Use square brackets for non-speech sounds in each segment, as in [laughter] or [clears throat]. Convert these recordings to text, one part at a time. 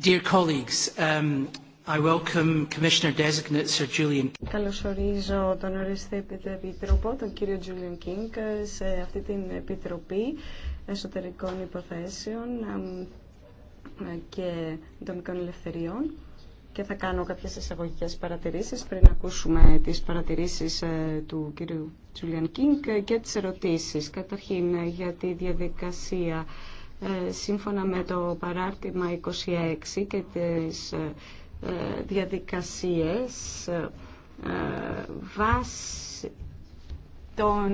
Dear colleagues, um, I welcome Καλωσορίζω τον οριστή επιτροπό, τον κύριο Julian King, σε αυτή την επιτροπή εσωτερικών υποθέσεων και δομικών ελευθεριών και θα κάνω κάποιες εισαγωγικές παρατηρήσεις πριν ακούσουμε τις παρατηρήσεις ε, του κύριου Τζουλιαν Κίνγκ και τις ερωτήσεις. Καταρχήν για τη διαδικασία ε, σύμφωνα με το παράρτημα 26 και τις ε, ε, διαδικασίες βάσει των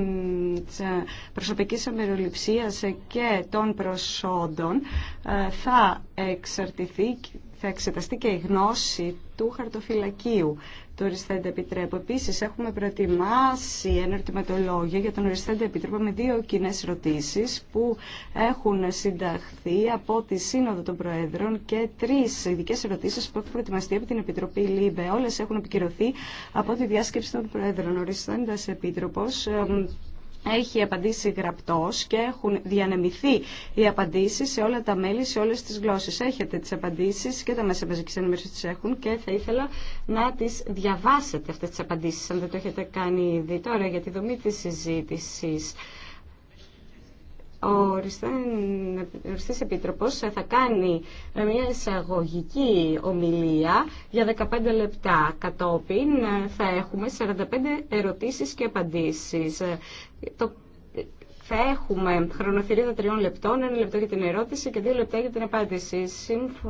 προσωπικής αμεροληψίας και των προσόντων θα εξαρτηθεί θα εξεταστεί και η γνώση του χαρτοφυλακίου του Οριστέντε επιτρέπου. Επίση, έχουμε προετοιμάσει ένα ερωτηματολόγιο για τον Οριστέντε επιτρέπου με δύο κοινέ ερωτήσει που έχουν συνταχθεί από τη Σύνοδο των Προέδρων και τρει ειδικέ ερωτήσει που έχουν προετοιμαστεί από την Επιτροπή ΛΥΜΠΕ. Όλε έχουν επικυρωθεί από τη διάσκεψη των Προέδρων. Ο επιτρόπο έχει απαντήσει γραπτός και έχουν διανεμηθεί οι απαντήσεις σε όλα τα μέλη, σε όλες τις γλώσσες. Έχετε τις απαντήσεις και τα μέσα μαζικής ενημέρωσης τις έχουν και θα ήθελα να τις διαβάσετε αυτές τις απαντήσεις αν δεν το έχετε κάνει ήδη τώρα για τη δομή της συζήτησης οριστής επίτροπος θα κάνει μια εισαγωγική ομιλία για 15 λεπτά. Κατόπιν ε, θα έχουμε 45 ερωτήσεις και απαντήσεις. Ε, το θα έχουμε χρονοθυρίδα τριών λεπτών, ένα λεπτό για την ερώτηση και δύο λεπτά για την απάντηση.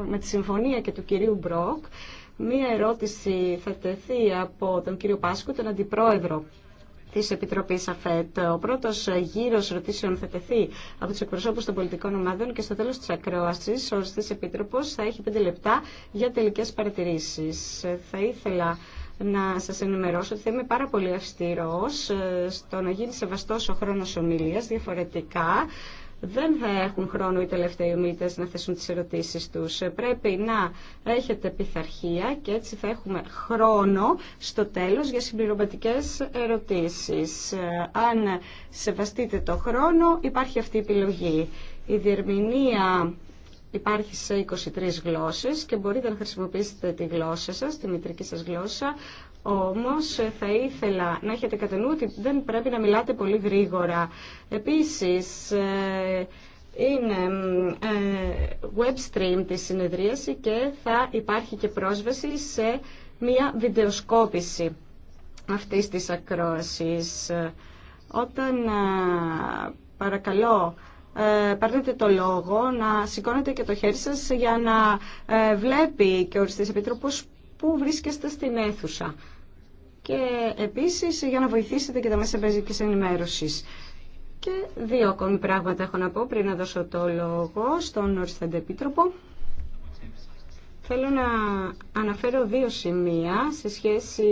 Με τη συμφωνία και του κυρίου Μπροκ, μία ερώτηση θα τεθεί από τον κύριο Πάσκου, τον αντιπρόεδρο τη Επιτροπή ΑΦΕΤ. Ο πρώτο γύρο ρωτήσεων θα τεθεί από του εκπροσώπου των πολιτικών ομάδων και στο τέλο τη ακρόαση ο οριστής επίτροπο, θα έχει πέντε λεπτά για τελικέ παρατηρήσει. Θα ήθελα να σα ενημερώσω ότι θα είμαι πάρα πολύ αυστηρό ε, στο να γίνει σεβαστό ο χρόνο ομιλία, διαφορετικά δεν θα έχουν χρόνο οι τελευταίοι ομίλητε να θέσουν τις ερωτήσεις τους. Πρέπει να έχετε πειθαρχία και έτσι θα έχουμε χρόνο στο τέλος για συμπληρωματικές ερωτήσεις. Αν σεβαστείτε το χρόνο υπάρχει αυτή η επιλογή. Η διερμηνία υπάρχει σε 23 γλώσσες και μπορείτε να χρησιμοποιήσετε τη γλώσσα σας, τη μητρική σας γλώσσα, όμως ε, θα ήθελα να έχετε κατά ότι δεν πρέπει να μιλάτε πολύ γρήγορα. Επίσης, ε, είναι ε, web stream της συνεδρίαση και θα υπάρχει και πρόσβαση σε μια βιντεοσκόπηση αυτής της ακρόασης. Όταν παρακαλώ παίρνετε το λόγο να σηκώνετε και το χέρι σας για να βλέπει και οριστής επιτροπός που βρίσκεστε στην αίθουσα και επίσης για να βοηθήσετε και τα μέσα μαζικής ενημέρωσης. Και δύο ακόμη πράγματα έχω να πω πριν να δώσω το λόγο στον Οριστέντε Επίτροπο. Θέλω να αναφέρω δύο σημεία σε σχέση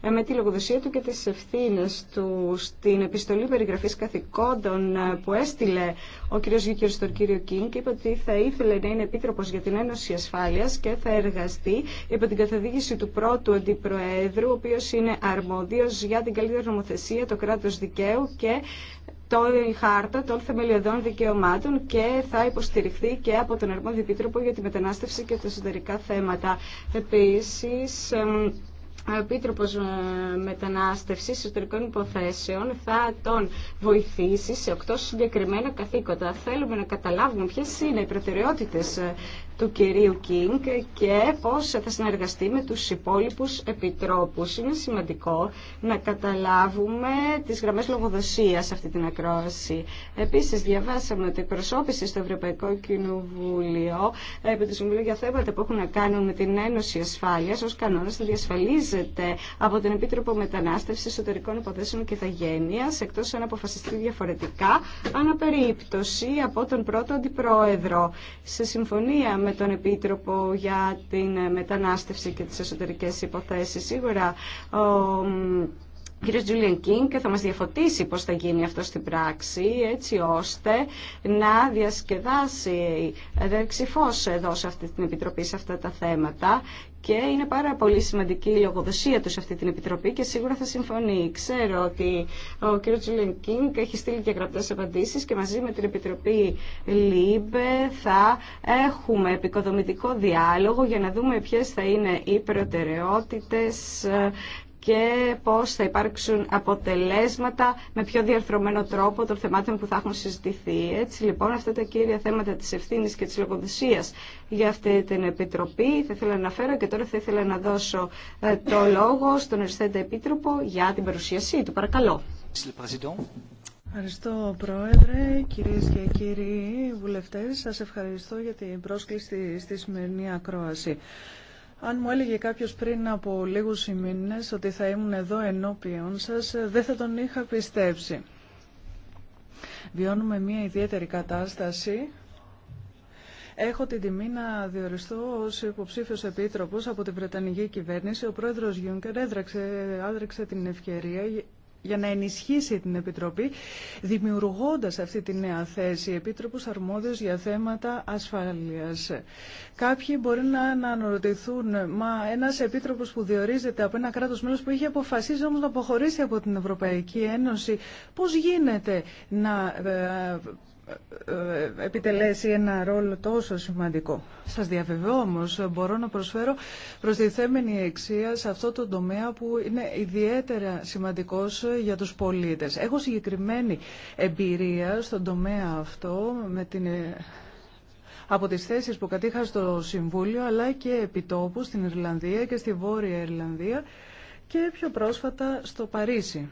ε, με τη λογοδοσία του και τις ευθύνες του στην επιστολή περιγραφής καθηκόντων ε, που έστειλε ο κ. Γιούκερ στον κύριο Κίνγκ και είπε ότι θα ήθελε να είναι επίτροπος για την Ένωση Ασφάλειας και θα εργαστεί υπό την καθοδήγηση του πρώτου αντιπροέδρου, ο οποίος είναι αρμόδιος για την καλύτερη νομοθεσία, το κράτος δικαίου και το η χάρτα των θεμελιωδών δικαιωμάτων και θα υποστηριχθεί και από τον Αρμόδιο Επίτροπο για τη μετανάστευση και τα εσωτερικά θέματα. Επίσης, ο Επίτροπος ε, Μετανάστευσης Ιστορικών Υποθέσεων θα τον βοηθήσει σε οκτώ συγκεκριμένα καθήκοντα. Θέλουμε να καταλάβουμε ποιες είναι οι προτεραιότητες ε, του κυρίου Κίνγκ και πώς θα συνεργαστεί με τους υπόλοιπους επιτρόπους. Είναι σημαντικό να καταλάβουμε τις γραμμές λογοδοσίας σε αυτή την ακρόαση. Επίσης, διαβάσαμε ότι η προσώπηση στο Ευρωπαϊκό Κοινοβούλιο ε, επί του Συμβουλίου για θέματα που έχουν να κάνουν με την Ένωση Ασφάλειας ως κανόνας θα διασφαλίζει από την Επίτροπο Μετανάστευση Εσωτερικών Υποθέσεων και Θαγένεια, εκτό αν αποφασιστεί διαφορετικά, αναπερίπτωση από τον πρώτο αντιπρόεδρο. Σε συμφωνία με τον Επίτροπο για την Μετανάστευση και τι Εσωτερικές υποθέσει. σίγουρα κ. Τζούλιαν Κίνγκ θα μα διαφωτίσει πώ θα γίνει αυτό στην πράξη, έτσι ώστε να διασκεδάσει δεξιφώς εδώ σε αυτή την Επιτροπή σε αυτά τα θέματα και είναι πάρα πολύ σημαντική η λογοδοσία του σε αυτή την επιτροπή και σίγουρα θα συμφωνεί. Ξέρω ότι ο κ. Τζουλίν Κίνγκ έχει στείλει και γραπτέ απαντήσει και μαζί με την επιτροπή ΛΥΜΠΕ θα έχουμε επικοδομητικό διάλογο για να δούμε ποιε θα είναι οι προτεραιότητε ε, και πώς θα υπάρξουν αποτελέσματα με πιο διαρθρωμένο τρόπο των θεμάτων που θα έχουν συζητηθεί. Έτσι λοιπόν αυτά τα κύρια θέματα της ευθύνη και της λογοδοσίας για αυτή την Επιτροπή θα ήθελα να φέρω και τώρα θα ήθελα να δώσω ε, το λόγο στον Εριστέντα Επίτροπο για την παρουσίασή του. Παρακαλώ. Ευχαριστώ Πρόεδρε, κυρίες και κύριοι βουλευτές. Σας ευχαριστώ για την πρόσκληση στη σημερινή ακρόαση. Αν μου έλεγε κάποιο πριν από λίγου μήνε ότι θα ήμουν εδώ ενώπιον σα, ε, δεν θα τον είχα πιστέψει. Βιώνουμε μια ιδιαίτερη κατάσταση. Έχω την τιμή να διοριστώ ω υποψήφιο επίτροπο από την Βρετανική κυβέρνηση. Ο πρόεδρο Γιούνκερ έδραξε, την ευκαιρία για να ενισχύσει την Επιτροπή, δημιουργώντας αυτή τη νέα θέση Επίτροπος αρμόδιο για θέματα ασφάλειας. Κάποιοι μπορεί να αναρωτηθούν, μα ένας Επίτροπος που διορίζεται από ένα κράτος μέλος που είχε αποφασίσει όμως να αποχωρήσει από την Ευρωπαϊκή Ένωση, πώς γίνεται να ε, ε, ε, επιτελέσει ένα ρόλο τόσο σημαντικό. Σας διαβεβαιώ όμως μπορώ να προσφέρω προστιθέμενη αξία σε αυτό το τομέα που είναι ιδιαίτερα σημαντικός για τους πολίτες. Έχω συγκεκριμένη εμπειρία στον τομέα αυτό με την ε, από τις θέσεις που κατήχα στο Συμβούλιο αλλά και επιτόπου στην Ιρλανδία και στη Βόρεια Ιρλανδία και πιο πρόσφατα στο Παρίσι.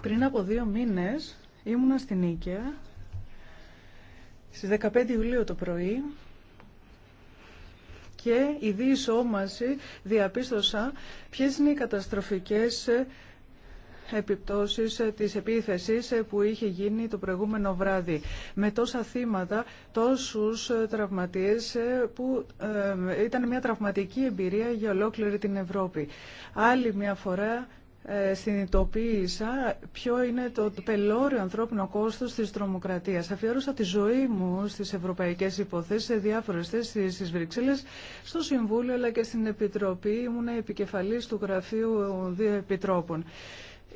Πριν από δύο μήνες ήμουνα στην Ίκαια στις 15 Ιουλίου το πρωί και η διεισόμαση διαπίστωσα ποιες είναι οι καταστροφικές επιπτώσεις της επίθεσης που είχε γίνει το προηγούμενο βράδυ. Με τόσα θύματα, τόσους τραυματίες που ε, ήταν μια τραυματική εμπειρία για ολόκληρη την Ευρώπη. Άλλη μια φορά ε, συνειδητοποίησα ποιο είναι το πελώριο ανθρώπινο κόστος της τρομοκρατίας. Αφιέρωσα τη ζωή μου στις ευρωπαϊκές υποθέσεις, σε διάφορες θέσεις στις Βρυξέλλες, στο Συμβούλιο αλλά και στην Επιτροπή. Ήμουν επικεφαλής του Γραφείου Δύο Επιτρόπων.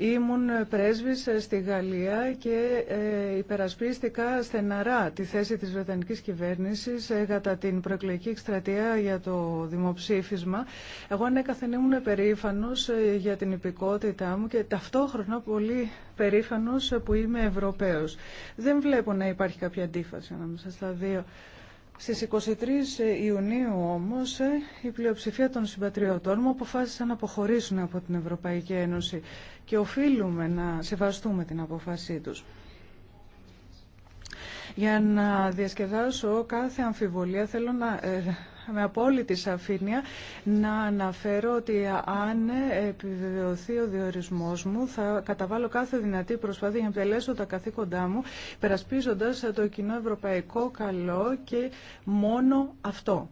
Ήμουν πρέσβης στη Γαλλία και ε, υπερασπίστηκα στεναρά τη θέση της Βρετανικής κυβέρνησης ε, κατά την προεκλογική εκστρατεία για το δημοψήφισμα. Εγώ ανέκαθεν ήμουν περήφανος ε, για την υπηκότητά μου και ταυτόχρονα πολύ περήφανος που είμαι Ευρωπαίος. Δεν βλέπω να υπάρχει κάποια αντίφαση ανάμεσα στα δύο. Στις 23 Ιουνίου όμως η πλειοψηφία των συμπατριωτών μου αποφάσισαν να αποχωρήσουν από την Ευρωπαϊκή Ένωση και οφείλουμε να σεβαστούμε την αποφασή τους. Για να διασκεδάσω κάθε αμφιβολία θέλω να ε, με απόλυτη σαφήνεια να αναφέρω ότι αν επιβεβαιωθεί ο διορισμός μου θα καταβάλω κάθε δυνατή προσπάθεια για να επιτελέσω τα καθήκοντά μου περασπίζοντας το κοινό ευρωπαϊκό καλό και μόνο αυτό.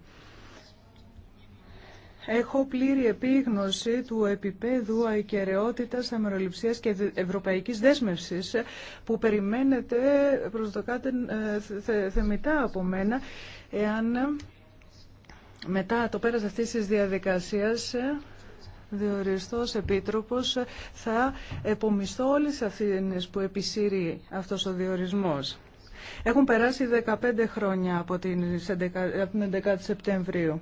Έχω πλήρη επίγνωση του επίπεδου αικαιρεότητας, αμεροληψίας και ευρωπαϊκής δέσμευσης που περιμένετε προσδοκάτε ε, θεμητά από μένα εάν μετά το πέρας αυτής της διαδικασίας ε, διοριστός επίτροπος ε, θα επομισθώ όλες αυτές που επισύρει αυτός ο διορισμός. Έχουν περάσει 15 χρόνια από την 11η Σεπτεμβρίου.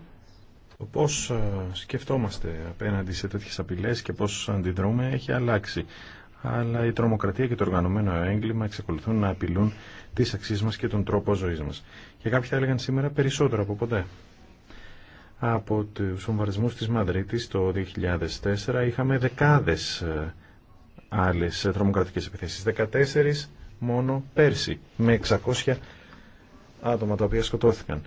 Πώς ε, σκεφτόμαστε απέναντι σε τέτοιες απειλές και πώς αντιδρούμε έχει αλλάξει. Αλλά τρομοκρατία και το οργανωμένο έγκλημα εξακολουθούν να απειλούν τις αξίες μας και τον τρόπο ζωής μας. Και κάποιοι θα έλεγαν σήμερα περισσότερο από ποτέ από τους βομβαρδισμούς της Μαδρίτης το 2004 είχαμε δεκάδες ε, άλλες τρομοκρατικές επιθέσεις. 14 μόνο πέρσι με 600 άτομα τα οποία σκοτώθηκαν.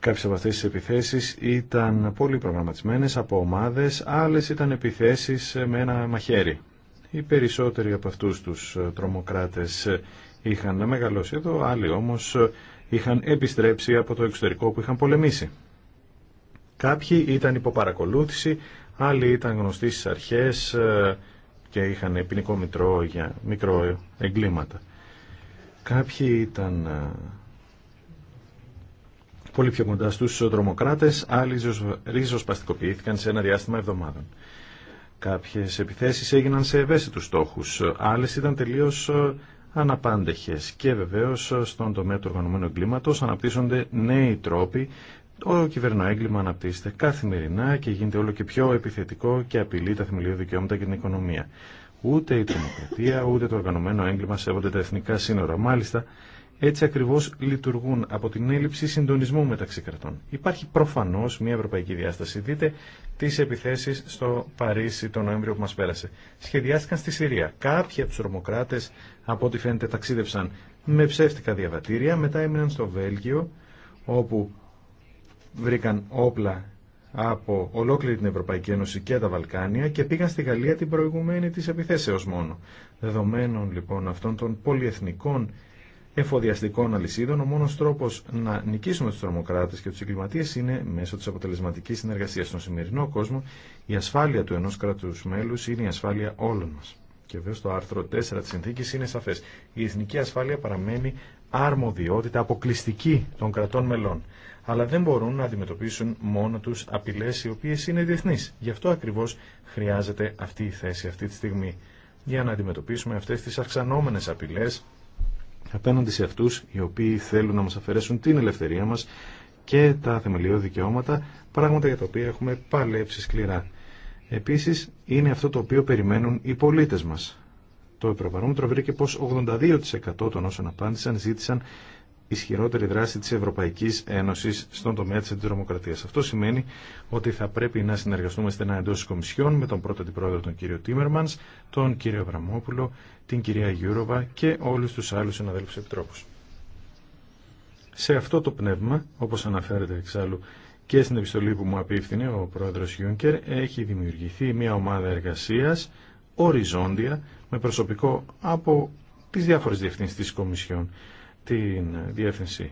Κάποιες από αυτές τις επιθέσεις ήταν πολύ προγραμματισμένες από ομάδες, άλλες ήταν επιθέσεις ε, με ένα μαχαίρι. Οι περισσότεροι από αυτούς τους ε, τρομοκράτες είχαν μεγαλώσει εδώ, άλλοι όμως είχαν επιστρέψει από το εξωτερικό που είχαν πολεμήσει. Κάποιοι ήταν υπό παρακολούθηση, άλλοι ήταν γνωστοί στις αρχές ε, και είχαν ποινικό μητρό για μικρό εγκλήματα. Κάποιοι ήταν ε, πολύ πιο κοντά στους δρομοκράτες, άλλοι ριζοσπαστικοποιήθηκαν σε ένα διάστημα εβδομάδων. Κάποιες επιθέσεις έγιναν σε ευαίσθητους στόχους, άλλες ήταν τελείως ε, αναπάντεχες και βεβαίως στον τομέα του οργανωμένου εγκλήματος αναπτύσσονται νέοι τρόποι το κυβερνοέγκλημα αναπτύσσεται καθημερινά και γίνεται όλο και πιο επιθετικό και απειλεί τα θεμελιώδη δικαιώματα και την οικονομία. Ούτε η τρομοκρατία, ούτε το οργανωμένο έγκλημα σέβονται τα εθνικά σύνορα. Μάλιστα, έτσι ακριβώ λειτουργούν από την έλλειψη συντονισμού μεταξύ κρατών. Υπάρχει προφανώ, μια ευρωπαϊκή διάσταση. Δείτε τι επιθέσει στο Παρίσι τον Νοέμβριο που μα πέρασε. Σχεδιάστηκαν στη Συρία. Κάποιοι από του τρομοκράτε, από ό,τι φαίνεται ταξίδευσαν με ψεύτικα διαβατήρια. Μετά έμειναν στο Βέλγιο όπου βρήκαν όπλα από ολόκληρη την Ευρωπαϊκή Ένωση και τα Βαλκάνια και πήγαν στη Γαλλία την προηγουμένη τη επιθέσεω μόνο. Δεδομένων λοιπόν αυτών των πολυεθνικών εφοδιαστικών αλυσίδων, ο μόνο τρόπο να νικήσουμε του τρομοκράτε και του εγκληματίε είναι μέσω τη αποτελεσματική συνεργασία. Στον σημερινό κόσμο η ασφάλεια του ενό κρατου μέλου είναι η ασφάλεια όλων μα. Και βέβαια στο άρθρο 4 τη συνθήκη είναι σαφέ. Η εθνική ασφάλεια παραμένει αρμοδιότητα αποκλειστική των κρατών μελών. Αλλά δεν μπορούν να αντιμετωπίσουν μόνο του απειλέ, οι οποίε είναι διεθνεί. Γι' αυτό ακριβώ χρειάζεται αυτή η θέση αυτή τη στιγμή για να αντιμετωπίσουμε αυτέ τι αυξανόμενε απειλέ απέναντι σε αυτούς οι οποίοι θέλουν να μας αφαιρέσουν την ελευθερία μας και τα θεμελιώδη δικαιώματα, πράγματα για τα οποία έχουμε παλέψει σκληρά. Επίσης, είναι αυτό το οποίο περιμένουν οι πολίτες μας. Το Ευρωπαρόμετρο βρήκε πως 82% των όσων απάντησαν ζήτησαν ισχυρότερη δράση της Ευρωπαϊκής Ένωσης στον τομέα της αντιδρομοκρατίας. Αυτό σημαίνει ότι θα πρέπει να συνεργαστούμε στενά εντό της Κομισιόν με τον πρώτο αντιπρόεδρο τον κύριο Τίμερμανς, τον κύριο Βραμόπουλο, την κυρία Γιούροβα και όλους τους άλλους συναδέλφους επιτρόπους. Σε αυτό το πνεύμα, όπως αναφέρεται εξάλλου και στην επιστολή που μου απίφθινε ο πρόεδρος Γιούνκερ, έχει δημιουργηθεί μια ομάδα εργασίας οριζόντια με προσωπικό από τις διάφορες διευθύνσεις της Κομισιόν την Διεύθυνση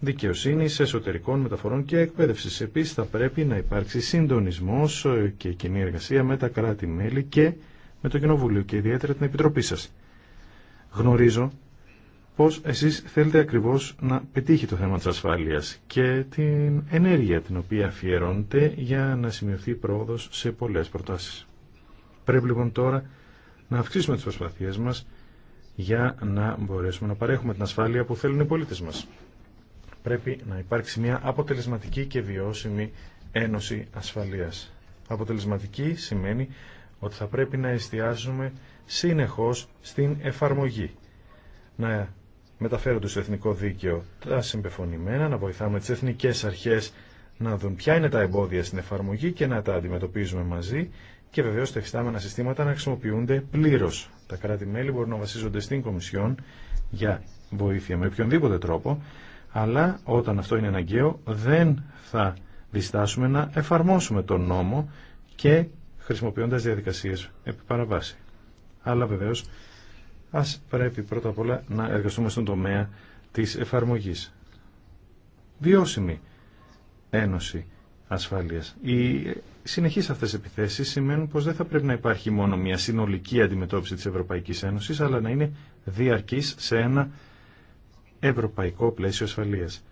Δικαιοσύνη, Εσωτερικών Μεταφορών και Εκπαίδευση. Επίση, θα πρέπει να υπάρξει συντονισμό και κοινή εργασία με τα κράτη-μέλη και με το Κοινοβούλιο και ιδιαίτερα την Επιτροπή σα. Γνωρίζω πώ εσεί θέλετε ακριβώ να πετύχει το θέμα τη ασφάλεια και την ενέργεια την οποία αφιερώνεται για να σημειωθεί πρόοδο σε πολλέ προτάσει. Πρέπει λοιπόν τώρα να αυξήσουμε τι προσπαθίε μα για να μπορέσουμε να παρέχουμε την ασφάλεια που θέλουν οι πολίτες μας. Πρέπει να υπάρξει μια αποτελεσματική και βιώσιμη ένωση ασφαλείας. Αποτελεσματική σημαίνει ότι θα πρέπει να εστιάζουμε συνεχώς στην εφαρμογή. Να μεταφέρονται στο εθνικό δίκαιο τα συμπεφωνημένα, να βοηθάμε τις εθνικές αρχές να δουν ποια είναι τα εμπόδια στην εφαρμογή και να τα αντιμετωπίζουμε μαζί και βεβαίως τα εφιστάμενα συστήματα να χρησιμοποιούνται πλήρως. Τα κράτη-μέλη μπορούν να βασίζονται στην Κομισιόν για βοήθεια με οποιονδήποτε τρόπο, αλλά όταν αυτό είναι αναγκαίο δεν θα διστάσουμε να εφαρμόσουμε τον νόμο και χρησιμοποιώντας διαδικασίες επί παραβάση. Αλλά βεβαίως ας πρέπει πρώτα απ' όλα να εργαστούμε στον τομέα της εφαρμογής. Βιώσιμη Ένωση Ασφάλειας συνεχείς αυτές τις επιθέσεις σημαίνουν πως δεν θα πρέπει να υπάρχει μόνο μια συνολική αντιμετώπιση της Ευρωπαϊκής Ένωσης, αλλά να είναι διαρκής σε ένα ευρωπαϊκό πλαίσιο ασφαλείας.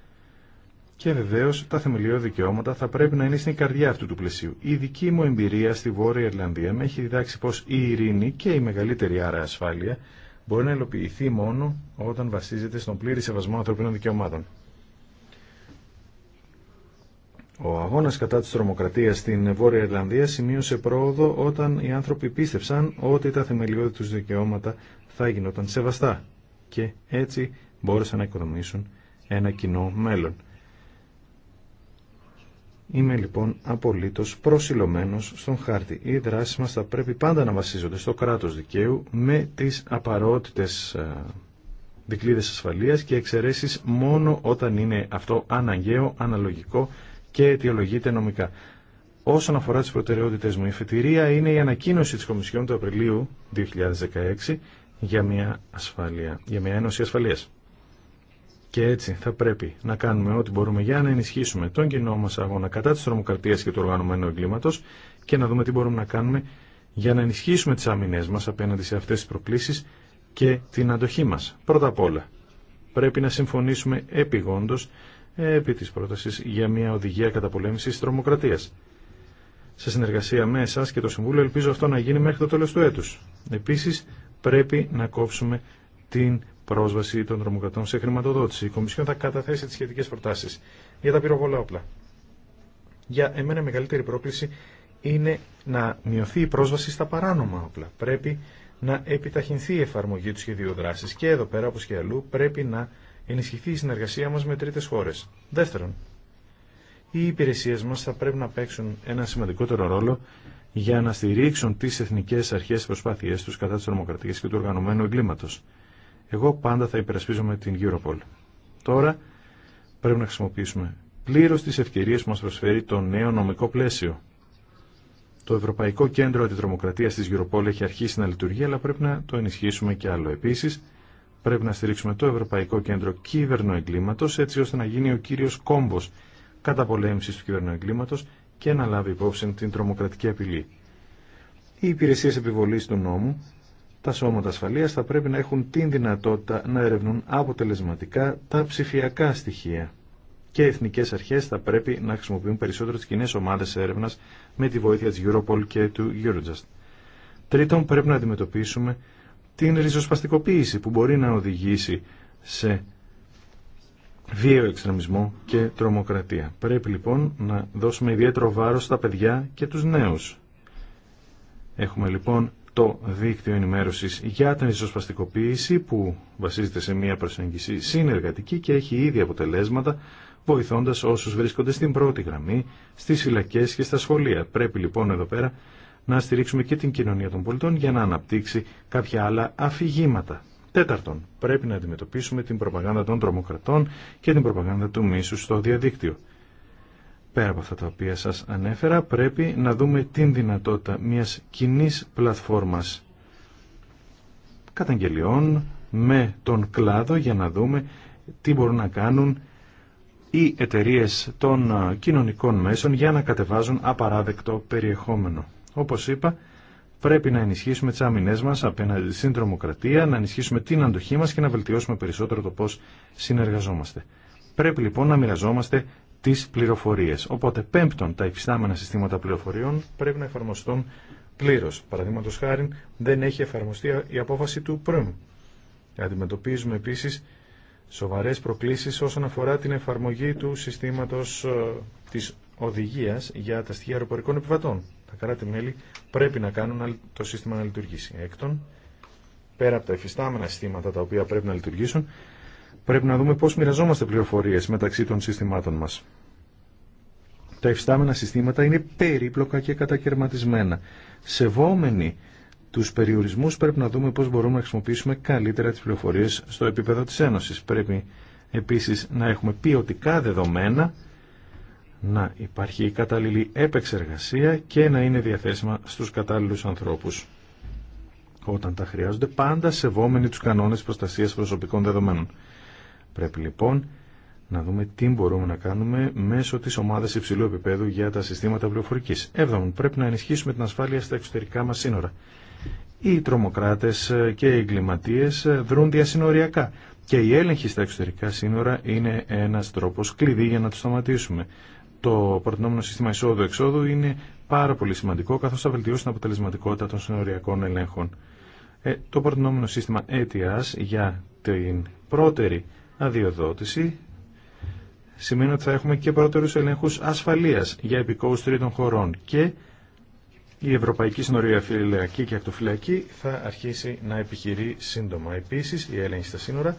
Και βεβαίω τα θεμελιώδη δικαιώματα θα πρέπει να είναι στην καρδιά αυτού του πλαισίου. Η δική μου εμπειρία στη Βόρεια Ιρλανδία με έχει διδάξει πω η ειρήνη και η μεγαλύτερη άρα ασφάλεια μπορεί να υλοποιηθεί μόνο όταν βασίζεται στον πλήρη σεβασμό ανθρωπίνων δικαιωμάτων. Ο αγώνας κατά της τρομοκρατίας στην Βόρεια Ιρλανδία σημείωσε πρόοδο όταν οι άνθρωποι πίστευσαν ότι τα θεμελιώδη τους δικαιώματα θα γινόταν σεβαστά και έτσι μπόρεσαν να οικοδομήσουν ένα κοινό μέλλον. Είμαι λοιπόν απολύτω προσιλωμένο στον χάρτη. Οι δράσει μα θα πρέπει πάντα να βασίζονται στο κράτο δικαίου με τι απαρότητε ε, δικλείδε ασφαλεία και εξαιρέσει μόνο όταν είναι αυτό αναγκαίο, αναλογικό και αιτιολογείται νομικά. Όσον αφορά τι προτεραιότητε μου, η φετηρία είναι η ανακοίνωση τη Κομισιόν του Απριλίου 2016 για μια, ασφάλεια, για μια ένωση ασφαλεία. Και έτσι θα πρέπει να κάνουμε ό,τι μπορούμε για να ενισχύσουμε τον κοινό μα αγώνα κατά της τρομοκρατία και του οργανωμένου εγκλήματο και να δούμε τι μπορούμε να κάνουμε για να ενισχύσουμε τι άμυνές μα απέναντι σε αυτές τις προκλήσεις και την αντοχή μα. Πρώτα απ' όλα, πρέπει να συμφωνήσουμε επιγόντω επί της πρότασης για μια οδηγία καταπολέμησης τρομοκρατίας. Σε συνεργασία με εσά και το Συμβούλιο ελπίζω αυτό να γίνει μέχρι το τέλος του έτους. Επίσης πρέπει να κόψουμε την πρόσβαση των τρομοκρατών σε χρηματοδότηση. Η Κομισιόν θα καταθέσει τις σχετικές προτάσεις για τα πυροβολά όπλα. Για εμένα μεγαλύτερη πρόκληση είναι να μειωθεί η πρόσβαση στα παράνομα όπλα. Πρέπει να επιταχυνθεί η εφαρμογή του σχεδίου δράσης Και εδώ πέρα, όπω και αλλού, πρέπει να ενισχυθεί η συνεργασία μας με τρίτες χώρες. Δεύτερον, οι υπηρεσίες μας θα πρέπει να παίξουν ένα σημαντικότερο ρόλο για να στηρίξουν τις εθνικές αρχές προσπάθειές τους κατά της τρομοκρατίας και του οργανωμένου εγκλήματος. Εγώ πάντα θα υπερασπίζομαι την Europol. Τώρα πρέπει να χρησιμοποιήσουμε πλήρως τις ευκαιρίες που μας προσφέρει το νέο νομικό πλαίσιο. Το Ευρωπαϊκό Κέντρο Αντιτρομοκρατίας της Europol έχει αρχίσει να λειτουργεί, αλλά πρέπει να το ενισχύσουμε και άλλο. Επίσης, Πρέπει να στηρίξουμε το Ευρωπαϊκό Κέντρο Κυβερνοεγκλήματο, έτσι ώστε να γίνει ο κύριος κατά καταπολέμησης του κυβερνοεγκλήματο και να λάβει υπόψη την τρομοκρατική απειλή. Οι υπηρεσίε επιβολή του νόμου, τα σώματα ασφαλεία θα πρέπει να έχουν την δυνατότητα να ερευνούν αποτελεσματικά τα ψηφιακά στοιχεία και οι εθνικέ αρχέ θα πρέπει να χρησιμοποιούν περισσότερο τι κοινέ ομάδε έρευνα με τη βοήθεια τη Europol και του Eurojust. Τρίτον, πρέπει να αντιμετωπίσουμε την ριζοσπαστικοποίηση που μπορεί να οδηγήσει σε βίαιο εξτρεμισμό και τρομοκρατία. Πρέπει λοιπόν να δώσουμε ιδιαίτερο βάρος στα παιδιά και τους νέους. Έχουμε λοιπόν το δίκτυο ενημέρωσης για την ριζοσπαστικοποίηση που βασίζεται σε μια προσέγγιση συνεργατική και έχει ήδη αποτελέσματα βοηθώντας όσους βρίσκονται στην πρώτη γραμμή, στις φυλακές και στα σχολεία. Πρέπει λοιπόν εδώ πέρα να στηρίξουμε και την κοινωνία των πολιτών για να αναπτύξει κάποια άλλα αφηγήματα. Τέταρτον, πρέπει να αντιμετωπίσουμε την προπαγάνδα των τρομοκρατών και την προπαγάνδα του μίσου στο διαδίκτυο. Πέρα από αυτά τα οποία σας ανέφερα, πρέπει να δούμε την δυνατότητα μιας κοινή πλατφόρμας καταγγελιών με τον κλάδο για να δούμε τι μπορούν να κάνουν οι εταιρείε των ε, κοινωνικών μέσων για να κατεβάζουν απαράδεκτο περιεχόμενο. Όπως είπα, πρέπει να ενισχύσουμε τις άμυνές μας απέναντι στην τρομοκρατία, να ενισχύσουμε την αντοχή μας και να βελτιώσουμε περισσότερο το πώς συνεργαζόμαστε. Πρέπει λοιπόν να μοιραζόμαστε τις πληροφορίες. Οπότε πέμπτον, τα υφιστάμενα συστήματα πληροφοριών πρέπει να εφαρμοστούν πλήρως. Παραδείγματος χάρη δεν έχει εφαρμοστεί η απόφαση του ΠΡΟΜ. Αντιμετωπίζουμε επίσης σοβαρές προκλήσεις όσον αφορά την εφαρμογή του συστήματος ε, της οδηγίας για τα στοιχεία αεροπορικών επιβατών. Τα κράτη-μέλη πρέπει να κάνουν το σύστημα να λειτουργήσει. Έκτον, πέρα από τα εφιστάμενα συστήματα τα οποία πρέπει να λειτουργήσουν, πρέπει να δούμε πώς μοιραζόμαστε πληροφορίες μεταξύ των συστημάτων μας. Τα εφιστάμενα συστήματα είναι περίπλοκα και κατακαιρματισμένα. Σεβόμενοι του περιορισμού πρέπει να δούμε πώ μπορούμε να χρησιμοποιήσουμε καλύτερα τι πληροφορίε στο επίπεδο τη Ένωση. Πρέπει επίση να έχουμε ποιοτικά δεδομένα να υπάρχει η κατάλληλη επεξεργασία και να είναι διαθέσιμα στους κατάλληλους ανθρώπους όταν τα χρειάζονται, πάντα σεβόμενοι τους κανόνες προστασίας προσωπικών δεδομένων. Πρέπει λοιπόν να δούμε τι μπορούμε να κάνουμε μέσω της ομάδας υψηλού επίπεδου για τα συστήματα πληροφορικής. Έβδομον, πρέπει να ενισχύσουμε την ασφάλεια στα εξωτερικά μας σύνορα. Οι τρομοκράτες και οι εγκληματίες δρούν διασυνοριακά και η έλεγχη στα εξωτερικά σύνορα είναι ένας τρόπος κλειδί για να τους σταματήσουμε το προτινόμενο σύστημα εισόδου-εξόδου είναι πάρα πολύ σημαντικό, καθώ θα βελτιώσει την αποτελεσματικότητα των συνοριακών ελέγχων. Ε, το προτινόμενο σύστημα ETIAS για την πρώτερη αδειοδότηση σημαίνει ότι θα έχουμε και πρώτερους ελέγχους ασφαλείας για επικόους τρίτων χωρών και η Ευρωπαϊκή Συνορία Φιλελεακή και Ακτοφυλακή θα αρχίσει να επιχειρεί σύντομα. Επίσης, η έλεγχοι στα σύνορα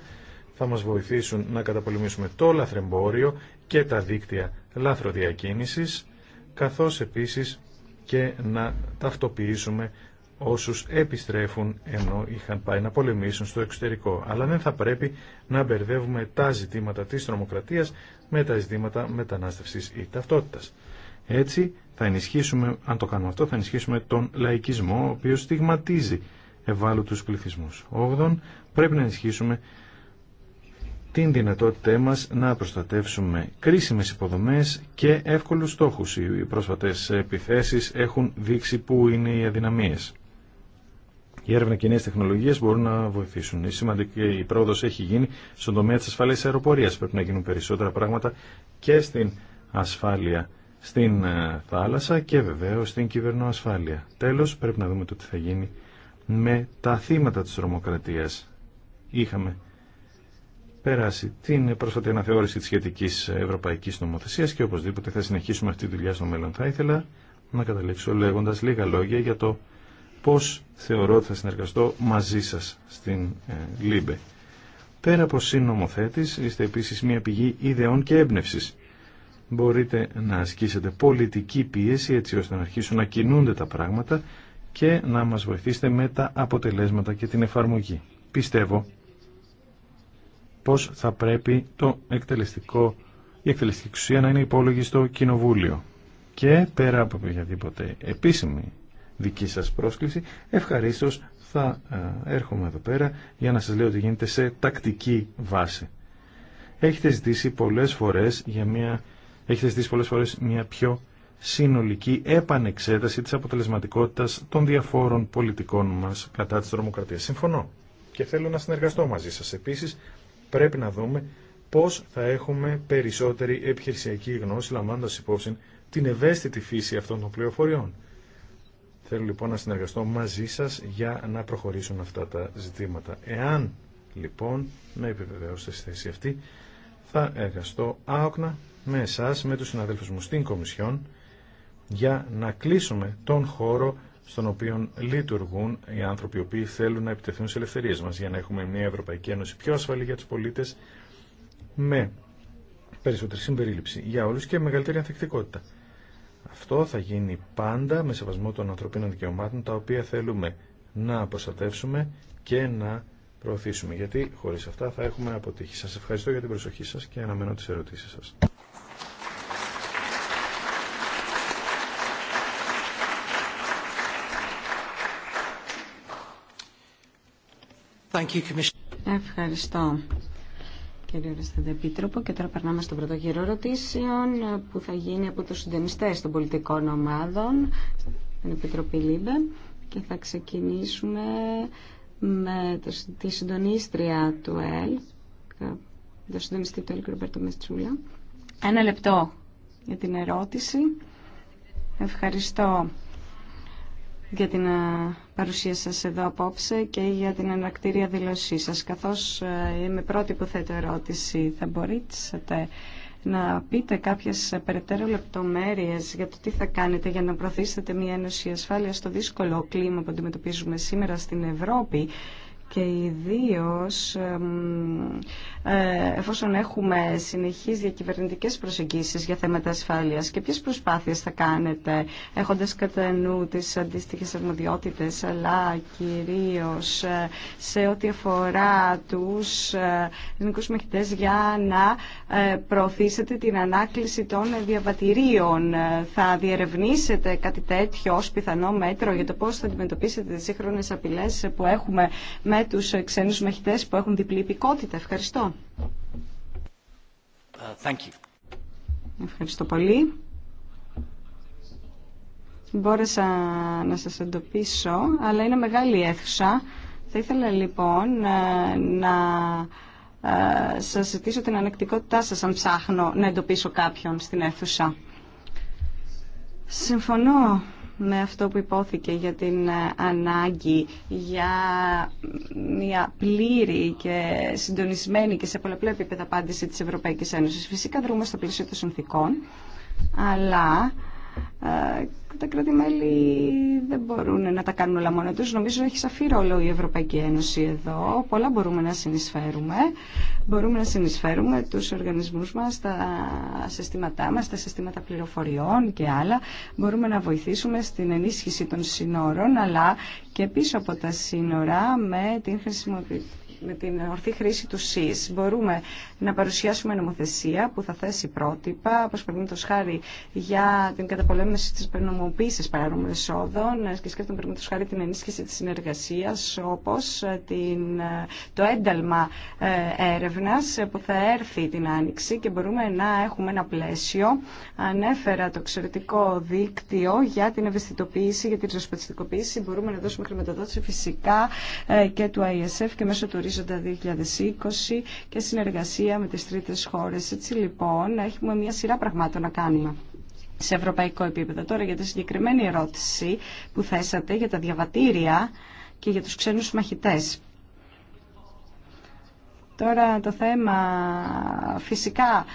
θα μας βοηθήσουν να καταπολεμήσουμε το λαθρεμπόριο, και τα δίκτυα λάθροδιακίνησης, καθώς επίσης και να ταυτοποιήσουμε όσους επιστρέφουν ενώ είχαν πάει να πολεμήσουν στο εξωτερικό. Αλλά δεν ναι, θα πρέπει να μπερδεύουμε τα ζητήματα της τρομοκρατίας με τα ζητήματα μετανάστευσης ή ταυτότητας. Έτσι θα ενισχύσουμε, αν το κάνουμε αυτό, θα ενισχύσουμε τον λαϊκισμό ο οποίος στιγματίζει ευάλωτους πληθυσμούς. Όγδον, πρέπει να ενισχύσουμε την δυνατότητά μας να προστατεύσουμε κρίσιμες υποδομές και εύκολους στόχους. Οι πρόσφατες επιθέσεις έχουν δείξει πού είναι οι αδυναμίες. Η έρευνα και οι νέε τεχνολογίε μπορούν να βοηθήσουν. Η σημαντική η πρόοδο έχει γίνει στον τομέα τη ασφαλή αεροπορία. Πρέπει να γίνουν περισσότερα πράγματα και στην ασφάλεια στην ε, θάλασσα και βεβαίω στην κυβερνοασφάλεια. Τέλο, πρέπει να δούμε το τι θα γίνει με τα θύματα τη τρομοκρατία. Είχαμε περάσει την πρόσφατη αναθεώρηση τη σχετική Ευρωπαϊκή Νομοθεσία και οπωσδήποτε θα συνεχίσουμε αυτή τη δουλειά στο μέλλον. Θα ήθελα να καταλήξω λέγοντα λίγα λόγια για το πώ θεωρώ ότι θα συνεργαστώ μαζί σα στην ε, ΛΥΜΠΕ. Πέρα από συνομοθέτη, είστε επίση μια πηγή ιδεών και έμπνευση. Μπορείτε να ασκήσετε πολιτική πίεση έτσι ώστε να αρχίσουν να κινούνται τα πράγματα και να μας βοηθήσετε με τα αποτελέσματα και την εφαρμογή. Πιστεύω πως θα πρέπει το εκτελεστικό, η εκτελεστική εξουσία να είναι υπόλογη στο Κοινοβούλιο. Και πέρα από οποιαδήποτε επίσημη δική σας πρόσκληση, ευχαρίστως θα ε, έρχομαι εδώ πέρα για να σας λέω ότι γίνεται σε τακτική βάση. Έχετε ζητήσει πολλές φορές, για μια, έχετε ζητήσει πολλές φορές μια πιο συνολική επανεξέταση της αποτελεσματικότητας των διαφόρων πολιτικών μας κατά της τρομοκρατίας. Συμφωνώ και θέλω να συνεργαστώ μαζί σας. Επίσης, πρέπει να δούμε πώς θα έχουμε περισσότερη επιχειρησιακή γνώση λαμβάνοντας υπόψη την ευαίσθητη φύση αυτών των πληροφοριών. Θέλω λοιπόν να συνεργαστώ μαζί σας για να προχωρήσουν αυτά τα ζητήματα. Εάν λοιπόν με επιβεβαιώσετε στη θέση αυτή, θα εργαστώ άοκνα με εσάς, με τους συναδέλφους μου στην Κομισιόν, για να κλείσουμε τον χώρο στον οποίο λειτουργούν οι άνθρωποι οι οποίοι θέλουν να επιτεθούν σε ελευθερίες μας για να έχουμε μια Ευρωπαϊκή Ένωση πιο ασφαλή για τους πολίτες με περισσότερη συμπερίληψη για όλους και μεγαλύτερη ανθεκτικότητα. Αυτό θα γίνει πάντα με σεβασμό των ανθρωπίνων δικαιωμάτων τα οποία θέλουμε να προστατεύσουμε και να προωθήσουμε γιατί χωρίς αυτά θα έχουμε αποτύχει. Σας ευχαριστώ για την προσοχή σας και αναμένω τις ερωτήσεις σας. Ευχαριστώ. Κύριε Ρεστέντε και τώρα περνάμε στον πρώτο γύρο ερωτήσεων που θα γίνει από τους συντονιστές των πολιτικών ομάδων στην Επιτροπή ΛΥΜΠΕ και θα ξεκινήσουμε με το, τη συντονίστρια του ΕΛ, το συντονιστή του ΕΛ, Ρομπέρτο Μετσούλα. Ένα λεπτό για την ερώτηση. Ευχαριστώ για την ε, παρουσία σας εδώ απόψε και για την ανακτήρια δηλωσή σας. Καθώς ε, είμαι πρώτη που θέτω ερώτηση, θα μπορείτε να πείτε κάποιες ε, περαιτέρω λεπτομέρειες για το τι θα κάνετε για να προωθήσετε μια ένωση ασφάλεια στο δύσκολο κλίμα που αντιμετωπίζουμε σήμερα στην Ευρώπη και ιδίω ε, εφόσον έχουμε συνεχείς διακυβερνητικές προσεγγίσεις για θέματα ασφάλειας και ποιες προσπάθειες θα κάνετε έχοντας κατά νου τις αντίστοιχες αρμοδιότητες αλλά κυρίως ε, σε ό,τι αφορά τους ελληνικούς μαχητές για να ε, προωθήσετε την ανάκληση των διαβατηρίων. Θα διερευνήσετε κάτι τέτοιο ως πιθανό μέτρο για το πώς θα αντιμετωπίσετε τις σύγχρονες απειλές που έχουμε με τους ξένους μαχητές που έχουν διπλή υπηκότητα. Ευχαριστώ. Uh, thank you. Ευχαριστώ πολύ. Μπόρεσα να σας εντοπίσω, αλλά είναι μεγάλη αίθουσα. Θα ήθελα λοιπόν ε, να ε, σας ζητήσω την ανεκτικότητά σας αν ψάχνω να εντοπίσω κάποιον στην αίθουσα. Συμφωνώ με αυτό που υπόθηκε για την ε, ανάγκη για μια πλήρη και συντονισμένη και σε πολλαπλό επίπεδα απάντηση της Ευρωπαϊκής Ένωσης. Φυσικά δρούμε στο πλαίσιο των συνθήκων, αλλά ε, τα κράτη-μέλη δεν μπορούν να τα κάνουν όλα μόνο τους. Νομίζω έχει σαφή ρόλο η Ευρωπαϊκή Ένωση εδώ. Πολλά μπορούμε να συνεισφέρουμε. Μπορούμε να συνεισφέρουμε τους οργανισμούς μας, τα συστήματά μας, τα συστήματα πληροφοριών και άλλα. Μπορούμε να βοηθήσουμε στην ενίσχυση των συνόρων, αλλά και πίσω από τα σύνορα με την με την ορθή χρήση του ΣΥΣ μπορούμε να παρουσιάσουμε νομοθεσία που θα θέσει πρότυπα, όπω παραδείγματο χάρη για την καταπολέμηση τη νομοποίησης παράνομων εσόδων ε, και σκέφτομαι παραδείγματο χάρη την ενίσχυση τη συνεργασία, όπω ε, ε, το ένταλμα έρευνα, που θα έρθει την Άνοιξη και μπορούμε να έχουμε ένα πλαίσιο. Ανέφερα το εξαιρετικό δίκτυο για την ευαισθητοποίηση, για την ριζοσπαστικοποίηση. Μπορούμε να δώσουμε χρηματοδότηση φυσικά και του ISF και μέσω του ορίζοντα 2020 και συνεργασία με τις τρίτες χώρες. Έτσι λοιπόν έχουμε μια σειρά πραγμάτων να κάνουμε σε ευρωπαϊκό επίπεδο. Τώρα για τη συγκεκριμένη ερώτηση που θέσατε για τα διαβατήρια και για τους ξένους μαχητές. Τώρα το θέμα φυσικά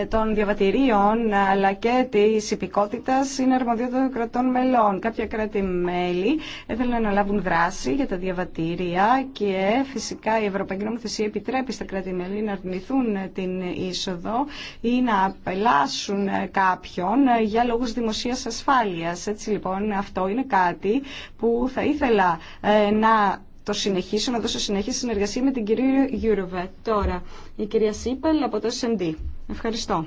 ε, των διαβατηρίων αλλά και τη υπηκότητα είναι αρμοδιότητα των κρατών μελών. Κάποια κράτη-μέλη θέλουν να λάβουν δράση για τα διαβατήρια και φυσικά η Ευρωπαϊκή Νομοθεσία επιτρέπει στα κράτη-μέλη να αρνηθούν την είσοδο ή να απελάσουν κάποιον για λόγους δημοσίας ασφάλειας. Έτσι λοιπόν αυτό είναι κάτι που θα ήθελα ε, να το συνεχίσω, να δώσω συνέχεια συνεργασία με την κυρία Γιούροβε. Τώρα, η κυρία Σίπελ από το SND. Ευχαριστώ.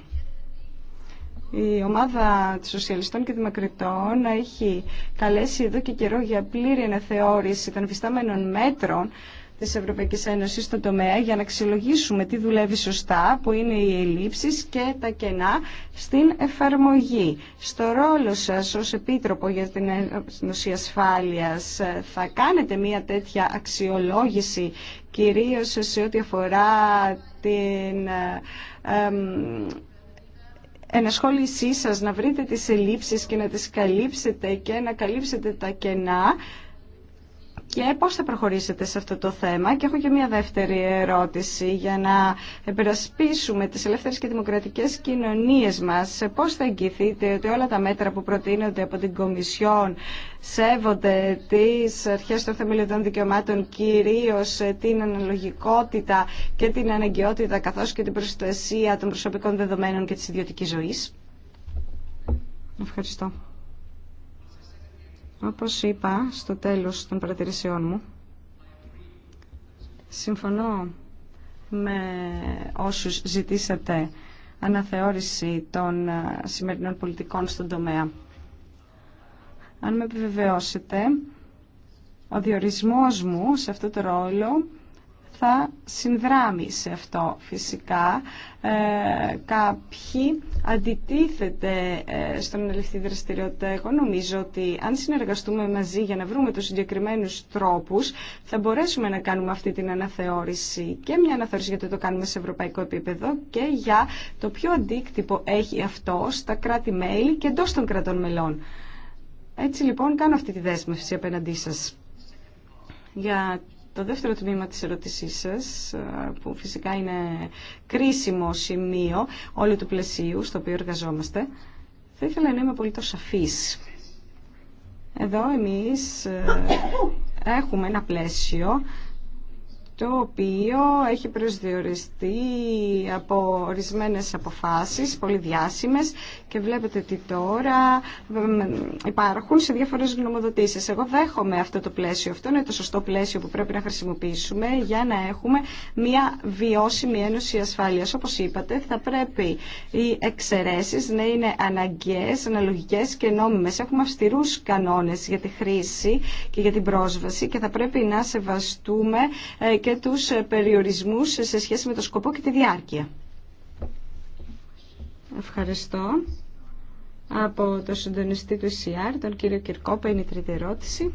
Η ομάδα των Σοσιαλιστών και Δημοκρατών έχει καλέσει εδώ και καιρό για πλήρη αναθεώρηση των φυστάμενων μέτρων Τη Ευρωπαϊκής Ένωσης στον τομέα για να αξιολογήσουμε τι δουλεύει σωστά, που είναι οι ελλείψεις και τα κενά στην εφαρμογή. Στο ρόλο σας ως Επίτροπο για την Ένωση Ασφάλειας ε, θα κάνετε μια τέτοια αξιολόγηση κυρίως σε ό,τι αφορά την ε, ενασχόλησή σας να βρείτε τις ελλείψεις και να τις καλύψετε και να καλύψετε τα κενά και πώς θα προχωρήσετε σε αυτό το θέμα. Και έχω και μια δεύτερη ερώτηση για να επερασπίσουμε τις ελεύθερες και δημοκρατικές κοινωνίες μας. Πώς θα εγγυηθείτε ότι όλα τα μέτρα που προτείνονται από την Κομισιόν σέβονται τις αρχές των θεμελιωδών δικαιωμάτων, κυρίως την αναλογικότητα και την αναγκαιότητα καθώς και την προστασία των προσωπικών δεδομένων και της ιδιωτικής ζωής. Ευχαριστώ. Όπως είπα στο τέλος των παρατηρήσεών μου, συμφωνώ με όσους ζητήσατε αναθεώρηση των ε, σημερινών πολιτικών στον τομέα. Αν με επιβεβαιώσετε, ο διορισμός μου σε αυτό το ρόλο θα συνδράμει σε αυτό φυσικά. Ε, κάποιοι αντιτίθεται ε, στον ελευθερή δραστηριότητα. Εγώ νομίζω ότι αν συνεργαστούμε μαζί για να βρούμε τους συγκεκριμένους τρόπους θα μπορέσουμε να κάνουμε αυτή την αναθεώρηση και μια αναθεώρηση γιατί το κάνουμε σε ευρωπαϊκό επίπεδο και για το ποιο αντίκτυπο έχει αυτό στα κράτη-μέλη και εντό των κρατών μελών. Έτσι λοιπόν κάνω αυτή τη δέσμευση απέναντί σας για το δεύτερο τμήμα της ερώτησής σας, που φυσικά είναι κρίσιμο σημείο όλου του πλαισίου στο οποίο εργαζόμαστε, θα ήθελα να είμαι πολύ το σαφής. Εδώ εμείς έχουμε ένα πλαίσιο το οποίο έχει προσδιοριστεί από ορισμένε αποφάσεις πολύ διάσημες και βλέπετε ότι τώρα υπάρχουν σε διάφορες γνωμοδοτήσεις. Εγώ δέχομαι αυτό το πλαίσιο. Αυτό είναι το σωστό πλαίσιο που πρέπει να χρησιμοποιήσουμε για να έχουμε μια βιώσιμη ένωση ασφάλειας. Όπως είπατε, θα πρέπει οι εξαιρέσεις να είναι αναγκαίες, αναλογικές και νόμιμες. Έχουμε αυστηρούς κανόνες για τη χρήση και για την πρόσβαση και θα πρέπει να σεβαστούμε ε, και και τους ε, περιορισμούς σε σχέση με το σκοπό και τη διάρκεια. Ευχαριστώ. Από το συντονιστή του ΕΣΥΑΡ, τον κύριο Κυρκόπα, είναι η τρίτη ερώτηση.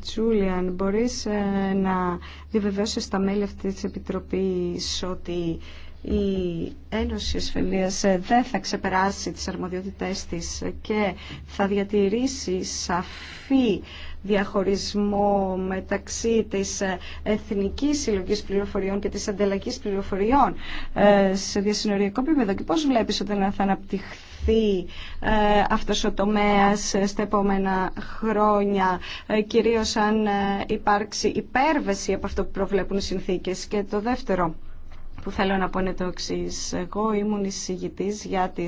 Τζούλιαν, μπορείς ε, να διαβεβαιώσεις στα μέλη αυτής της Επιτροπής ότι η Ένωση Ασφαλείας ε, δεν θα ξεπεράσει τις αρμοδιότητές της και θα διατηρήσει σαφή διαχωρισμό μεταξύ της ε, εθνικής συλλογής πληροφοριών και της ανταλλαγής πληροφοριών ε, σε διασυνοριακό επίπεδο και πώς βλέπεις ότι θα αναπτυχθεί ε, αυτός ο τομέας στα επόμενα χρόνια κυρίως αν υπάρξει υπέρβαση από αυτό που προβλέπουν οι συνθήκες και το δεύτερο που θέλω να πω είναι το εξή. Εγώ ήμουν εισηγητή για τι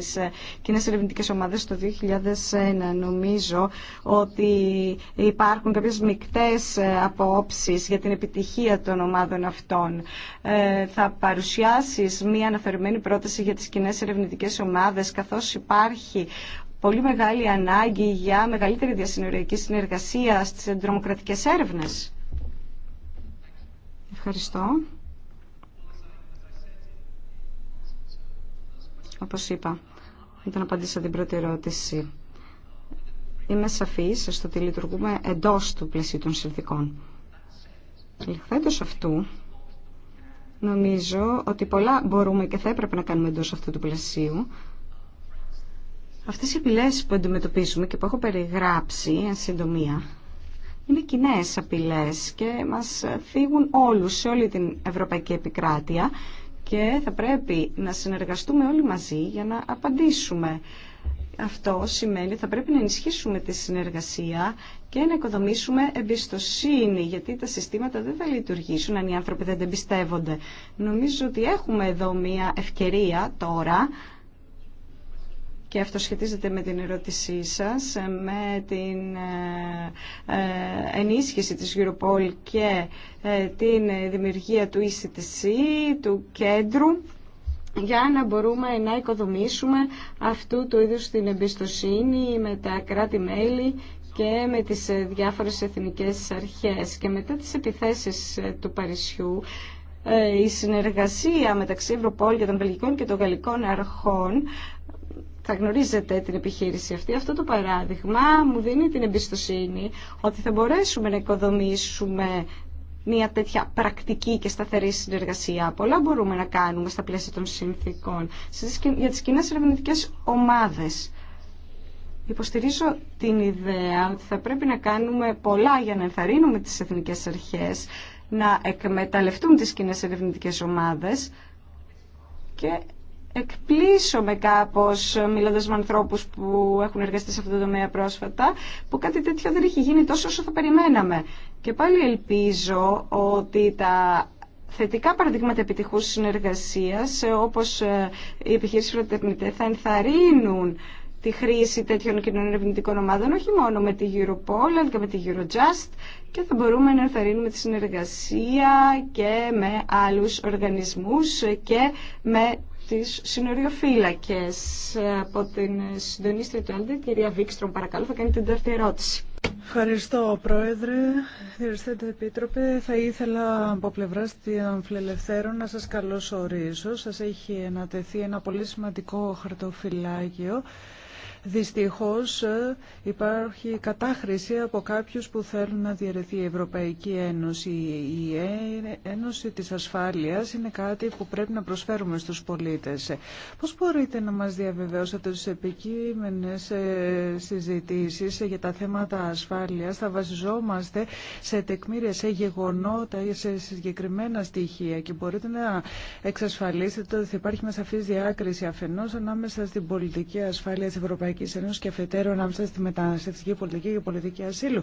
κοινέ ερευνητικέ ομάδε το 2001. Νομίζω ότι υπάρχουν κάποιε μεικτέ απόψει για την επιτυχία των ομάδων αυτών. Ε, θα παρουσιάσει μία αναφερμένη πρόταση για τι κοινέ ερευνητικέ ομάδε, καθώ υπάρχει πολύ μεγάλη ανάγκη για μεγαλύτερη διασυνοριακή συνεργασία στις αντιδρομοκρατικές έρευνες. Ευχαριστώ. Όπως είπα, όταν απαντήσα την πρώτη ερώτηση, είμαι σαφής στο ότι λειτουργούμε εντός του πλαισίου των συνθήκων. Λεχθέντος αυτού, νομίζω ότι πολλά μπορούμε και θα έπρεπε να κάνουμε εντός αυτού του πλαισίου. Αυτές οι απειλές που αντιμετωπίζουμε και που έχω περιγράψει, εν συντομία, είναι κοινέ απειλέ και μας φύγουν όλους σε όλη την ευρωπαϊκή επικράτεια και θα πρέπει να συνεργαστούμε όλοι μαζί για να απαντήσουμε. Αυτό σημαίνει ότι θα πρέπει να ενισχύσουμε τη συνεργασία και να οικοδομήσουμε εμπιστοσύνη, γιατί τα συστήματα δεν θα λειτουργήσουν αν οι άνθρωποι δεν εμπιστεύονται. Νομίζω ότι έχουμε εδώ μία ευκαιρία τώρα και αυτό σχετίζεται με την ερώτησή σας, με την ε, ε, ενίσχυση της Europol και ε, την δημιουργία του ECTC, του κέντρου, για να μπορούμε να οικοδομήσουμε αυτού του είδους την εμπιστοσύνη με τα κράτη-μέλη και με τις διάφορες εθνικές αρχές. Και μετά τις επιθέσεις του Παρισιού, η συνεργασία μεταξύ Ευρωπόλ και των Βελγικών και των Γαλλικών αρχών θα γνωρίζετε την επιχείρηση αυτή. Αυτό το παράδειγμα μου δίνει την εμπιστοσύνη ότι θα μπορέσουμε να οικοδομήσουμε μια τέτοια πρακτική και σταθερή συνεργασία. Πολλά μπορούμε να κάνουμε στα πλαίσια των συνθήκων για τις κοινέ ερευνητικέ ομάδες. Υποστηρίζω την ιδέα ότι θα πρέπει να κάνουμε πολλά για να ενθαρρύνουμε τις εθνικές αρχές να εκμεταλλευτούν τις κοινέ ερευνητικέ ομάδες και με κάπως μιλώντας με ανθρώπους που έχουν εργαστεί σε αυτό το τομέα πρόσφατα που κάτι τέτοιο δεν έχει γίνει τόσο όσο θα περιμέναμε. Και πάλι ελπίζω ότι τα θετικά παραδείγματα επιτυχούς συνεργασίας όπως ε, οι επιχείρησεις φροντιτεχνητέ θα ενθαρρύνουν τη χρήση τέτοιων κοινωνικών ομάδων όχι μόνο με τη Europol αλλά και με τη Eurojust και θα μπορούμε να ενθαρρύνουμε τη συνεργασία και με άλλους οργανισμούς και με τις συνοριοφύλακες από την συντονίστρια του κυρία Βίξτρομ, παρακαλώ, θα κάνει την δεύτερη ερώτηση. Ευχαριστώ, Πρόεδρε. Διευθύντε Επίτροπε, θα ήθελα από πλευρά των Φιλελευθέρων να σας καλωσορίσω. Σας έχει ανατεθεί ένα πολύ σημαντικό χαρτοφυλάκιο Δυστυχώς ε, υπάρχει κατάχρηση από κάποιους που θέλουν να διαιρεθεί η Ευρωπαϊκή Ένωση. Η ε- Ένωση της Ασφάλειας είναι κάτι που πρέπει να προσφέρουμε στους πολίτες. Πώς μπορείτε να μας διαβεβαιώσετε τις επικείμενες ε, συζητήσεις για τα θέματα ασφάλειας. Θα βασιζόμαστε σε τεκμήρια, σε γεγονότα, ή σε συγκεκριμένα στοιχεία και μπορείτε να εξασφαλίσετε ότι θα υπάρχει μια σαφής διάκριση αφενός ανάμεσα στην πολιτική ασφάλεια της Ευρωπαϊκής Ευρωπαϊκής Ένωση και αφετέρου ανάμεσα στη μεταναστευτική πολιτική και πολιτική ασύλου.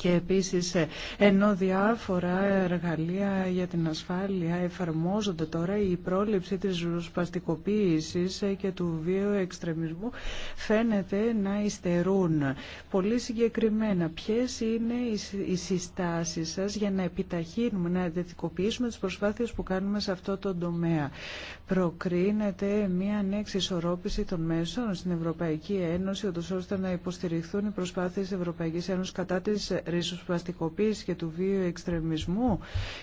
Και επίσης ε, ενώ διάφορα εργαλεία για την ασφάλεια εφαρμόζονται τώρα η πρόληψη της ρουσπαστικοποίησης ε, και του βίαιου εξτρεμισμού φαίνεται να υστερούν. Πολύ συγκεκριμένα, ποιες είναι οι συστάσεις σας για να επιταχύνουμε, να εντετικοποιήσουμε τις προσπάθειες που κάνουμε σε αυτό το τομέα. Προκρίνεται μια ανεξισορρόπηση των μέσων στην Ευρωπαϊκή Ένωση, ώστε να υποστηριχθούν οι προσπάθειες της Ευρωπαϊκής Ένωσης κατά της ε, ριζοσπαστικοποίηση και του βίου εξτρεμισμού,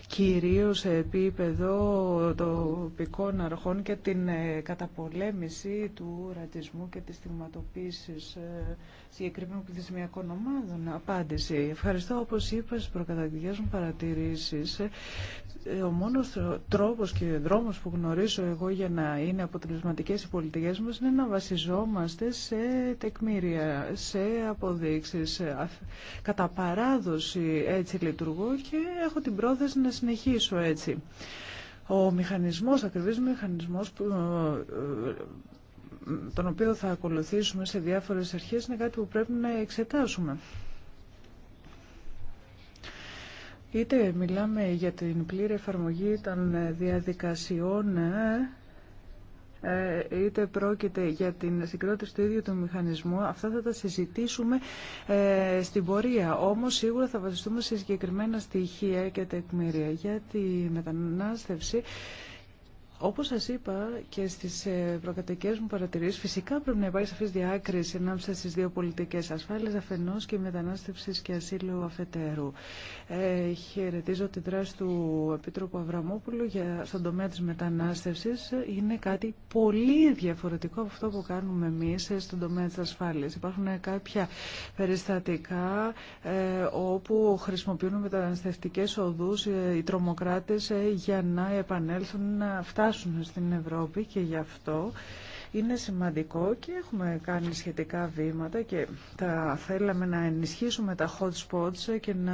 κυρίως σε επίπεδο τοπικών αρχών και την ε, καταπολέμηση του ρατσισμού και της στιγματοποίησης ε, συγκεκριμένων πληθυσμιακών ομάδων. Απάντηση. Ευχαριστώ, όπως είπα, στις μου παρατηρήσεις. Ε, ο μόνος τρόπος και δρόμος που γνωρίζω εγώ για να είναι αποτελεσματικές οι πολιτικές μας είναι να βασιζόμαστε σε τεκμήρια, σε αποδείξεις. Κατά παράδοση έτσι λειτουργώ και έχω την πρόθεση να συνεχίσω έτσι. Ο μηχανισμός, ακριβής μηχανισμός που, ε, τον οποίο θα ακολουθήσουμε σε διάφορες αρχές είναι κάτι που πρέπει να εξετάσουμε. Είτε μιλάμε για την πλήρη εφαρμογή των διαδικασιών ε, ε, είτε πρόκειται για την συγκρότηση του ίδιου του μηχανισμού, αυτά θα τα συζητήσουμε ε, στην πορεία. Όμως σίγουρα θα βασιστούμε σε συγκεκριμένα στοιχεία και τεκμήρια για τη μετανάστευση. Όπω σα είπα και στι ε, προκατοικές μου παρατηρήσει, φυσικά πρέπει να υπάρχει σαφή διάκριση ανάμεσα στι δύο πολιτικέ ασφάλεια, Αφενό και μετανάστευση και ασύλου αφετέρου. Ε, χαιρετίζω την δράση του Επίτροπου Αβραμόπουλου για, στον τομέα τη μετανάστευση Είναι κάτι πολύ διαφορετικό από αυτό που κάνουμε εμεί ε, στον τομέα τη ασφάλεια. Υπάρχουν κάποια περιστατικά ε, όπου χρησιμοποιούν μεταναστευτικέ οδού ε, οι τρομοκράτε ε, για να επανέλθουν αυτά φτάσουν στην Ευρώπη και γι' αυτό είναι σημαντικό και έχουμε κάνει σχετικά βήματα και τα θέλαμε να ενισχύσουμε τα hot spots και να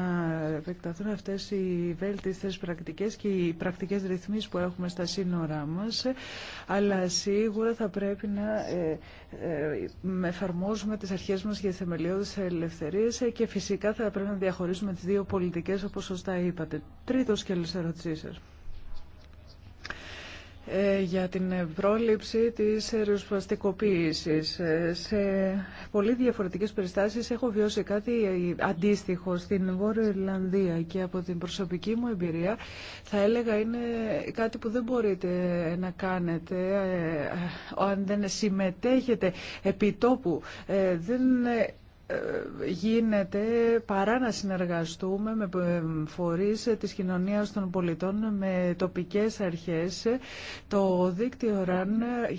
επεκταθούν αυτές οι βέλτιστες πρακτικές και οι πρακτικές ρυθμίσεις που έχουμε στα σύνορά μας αλλά σίγουρα θα πρέπει να ε, ε, εφαρμόζουμε τις αρχές μας για θεμελιώδει θεμελιώδεις ελευθερίες και φυσικά θα πρέπει να διαχωρίσουμε τις δύο πολιτικές όπως σωστά είπατε. Τρίτο σκέλος ε, για την πρόληψη της ρουσπαστικοποίησης. Ε, σε πολύ διαφορετικές περιστάσεις έχω βιώσει κάτι αντίστοιχο στην Βόρεια Ιρλανδία και από την προσωπική μου εμπειρία θα έλεγα είναι κάτι που δεν μπορείτε να κάνετε ε, αν δεν συμμετέχετε επί τόπου. Δεν γίνεται παρά να συνεργαστούμε με ε, φορείς της κοινωνίας των πολιτών, με τοπικές αρχές. Το δίκτυο ΡΑΝ,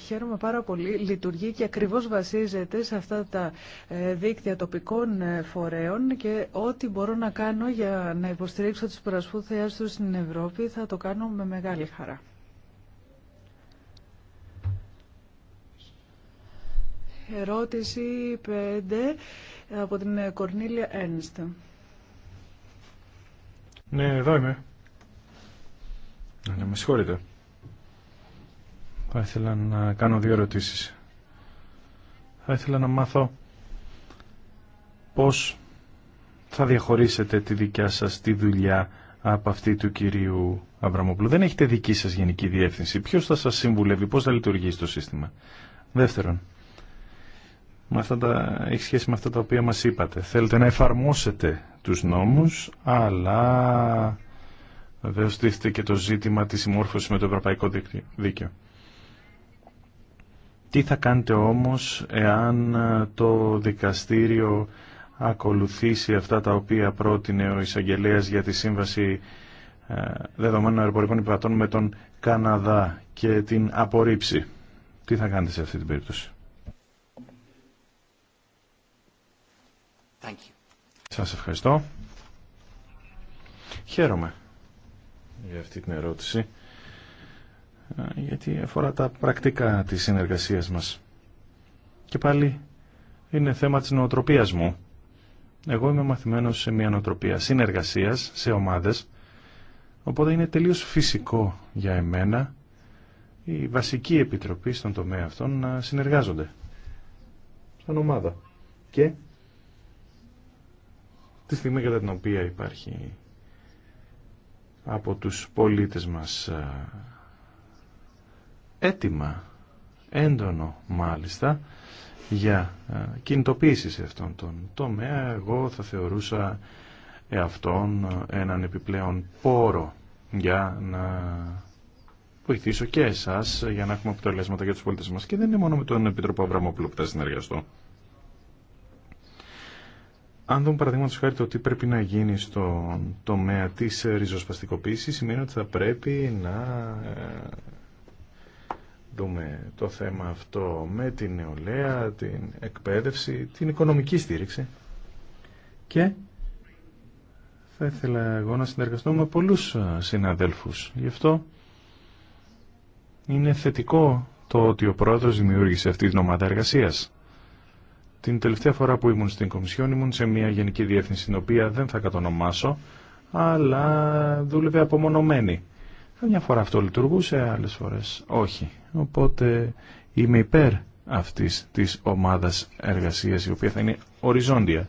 χαίρομαι πάρα πολύ, λειτουργεί και ακριβώς βασίζεται σε αυτά τα ε, δίκτυα τοπικών ε, φορέων και ό,τι μπορώ να κάνω για να υποστηρίξω τις προασπού τους στην Ευρώπη θα το κάνω με μεγάλη χαρά. Ερώτηση 5 από την ε, Κορνίλια Ένστα. Ναι, εδώ είμαι. Ναι, ναι, με συγχωρείτε. Θα ήθελα να κάνω δύο ερωτήσεις. Θα ήθελα να μάθω πώς θα διαχωρίσετε τη δικιά σας τη δουλειά από αυτή του κυρίου Αβραμόπουλου. Δεν έχετε δική σας γενική διεύθυνση. Ποιος θα σας συμβουλεύει, πώς θα λειτουργήσει το σύστημα. Δεύτερον, με αυτά τα, έχει σχέση με αυτά τα οποία μας είπατε. Θέλετε να εφαρμόσετε τους νόμους, αλλά βεβαίω τίθεται και το ζήτημα της συμμόρφωσης με το Ευρωπαϊκό Δίκαιο. Τι θα κάνετε όμως εάν ε, το δικαστήριο ακολουθήσει αυτά τα οποία πρότεινε ο εισαγγελέα για τη σύμβαση ε, δεδομένων αεροπορικών υπηρετών με τον Καναδά και την απορρίψη. Τι θα κάνετε σε αυτή την περίπτωση. Thank you. Σας ευχαριστώ. Χαίρομαι για αυτή την ερώτηση γιατί αφορά τα πρακτικά της συνεργασίας μας. Και πάλι είναι θέμα της νοοτροπίας μου. Εγώ είμαι μαθημένος σε μια νοοτροπία συνεργασίας, σε ομάδες, οπότε είναι τελείως φυσικό για εμένα η βασική επιτροπή στον τομέα αυτών να συνεργάζονται σαν ομάδα. Και τη στιγμή κατά την οποία υπάρχει από τους πολίτες μας έτοιμα, ε, έντονο μάλιστα, για ε, κινητοποίηση σε αυτόν τον τομέα, εγώ θα θεωρούσα εαυτόν ε, έναν επιπλέον πόρο για να βοηθήσω και εσάς για να έχουμε αποτελέσματα για τους πολίτες μας. Και δεν είναι μόνο με τον Επιτροπό Αβραμόπουλο που θα συνεργαστώ. Αν δούμε παραδείγματος χάρη το τι πρέπει να γίνει στον τομέα της ριζοσπαστικοποίηση, σημαίνει ότι θα πρέπει να ε, δούμε το θέμα αυτό με την νεολαία, την εκπαίδευση, την οικονομική στήριξη. Και θα ήθελα εγώ να συνεργαστώ με πολλούς ε, συναδέλφους. Γι' αυτό είναι θετικό το ότι ο πρόεδρος δημιούργησε αυτή την ομάδα εργασίας. Την τελευταία φορά που ήμουν στην Κομισιόν ήμουν σε μια γενική διεύθυνση την οποία δεν θα κατονομάσω, αλλά δούλευε απομονωμένη. Μια φορά αυτό λειτουργούσε, άλλες φορές όχι. Οπότε είμαι υπέρ αυτής της ομάδας εργασίας η οποία θα είναι οριζόντια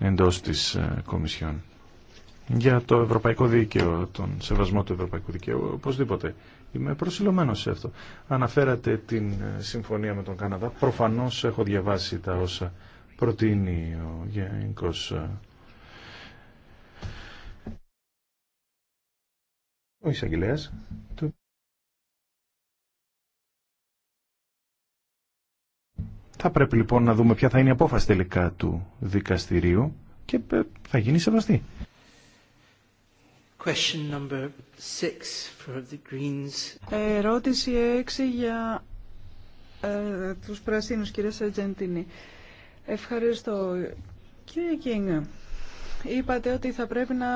εντός της ε, Κομισιόν. Για το ευρωπαϊκό δίκαιο, τον σεβασμό του ευρωπαϊκού δικαίου, οπωσδήποτε Είμαι προσιλωμένο σε αυτό. Αναφέρατε την ε, συμφωνία με τον Καναδά. Προφανώς έχω διαβάσει τα όσα προτείνει ο Γενικό. Ε, ο Θα πρέπει λοιπόν να δούμε ποια θα είναι η απόφαση τελικά του δικαστηρίου και ε, θα γίνει σεβαστή. Question number for the Greens. Ερώτηση 6 για ε, τους πράσινους, κυρία Σαρτζεντίνη. Ευχαριστώ. Κύριε Κίνγκ, Είπατε ότι θα πρέπει να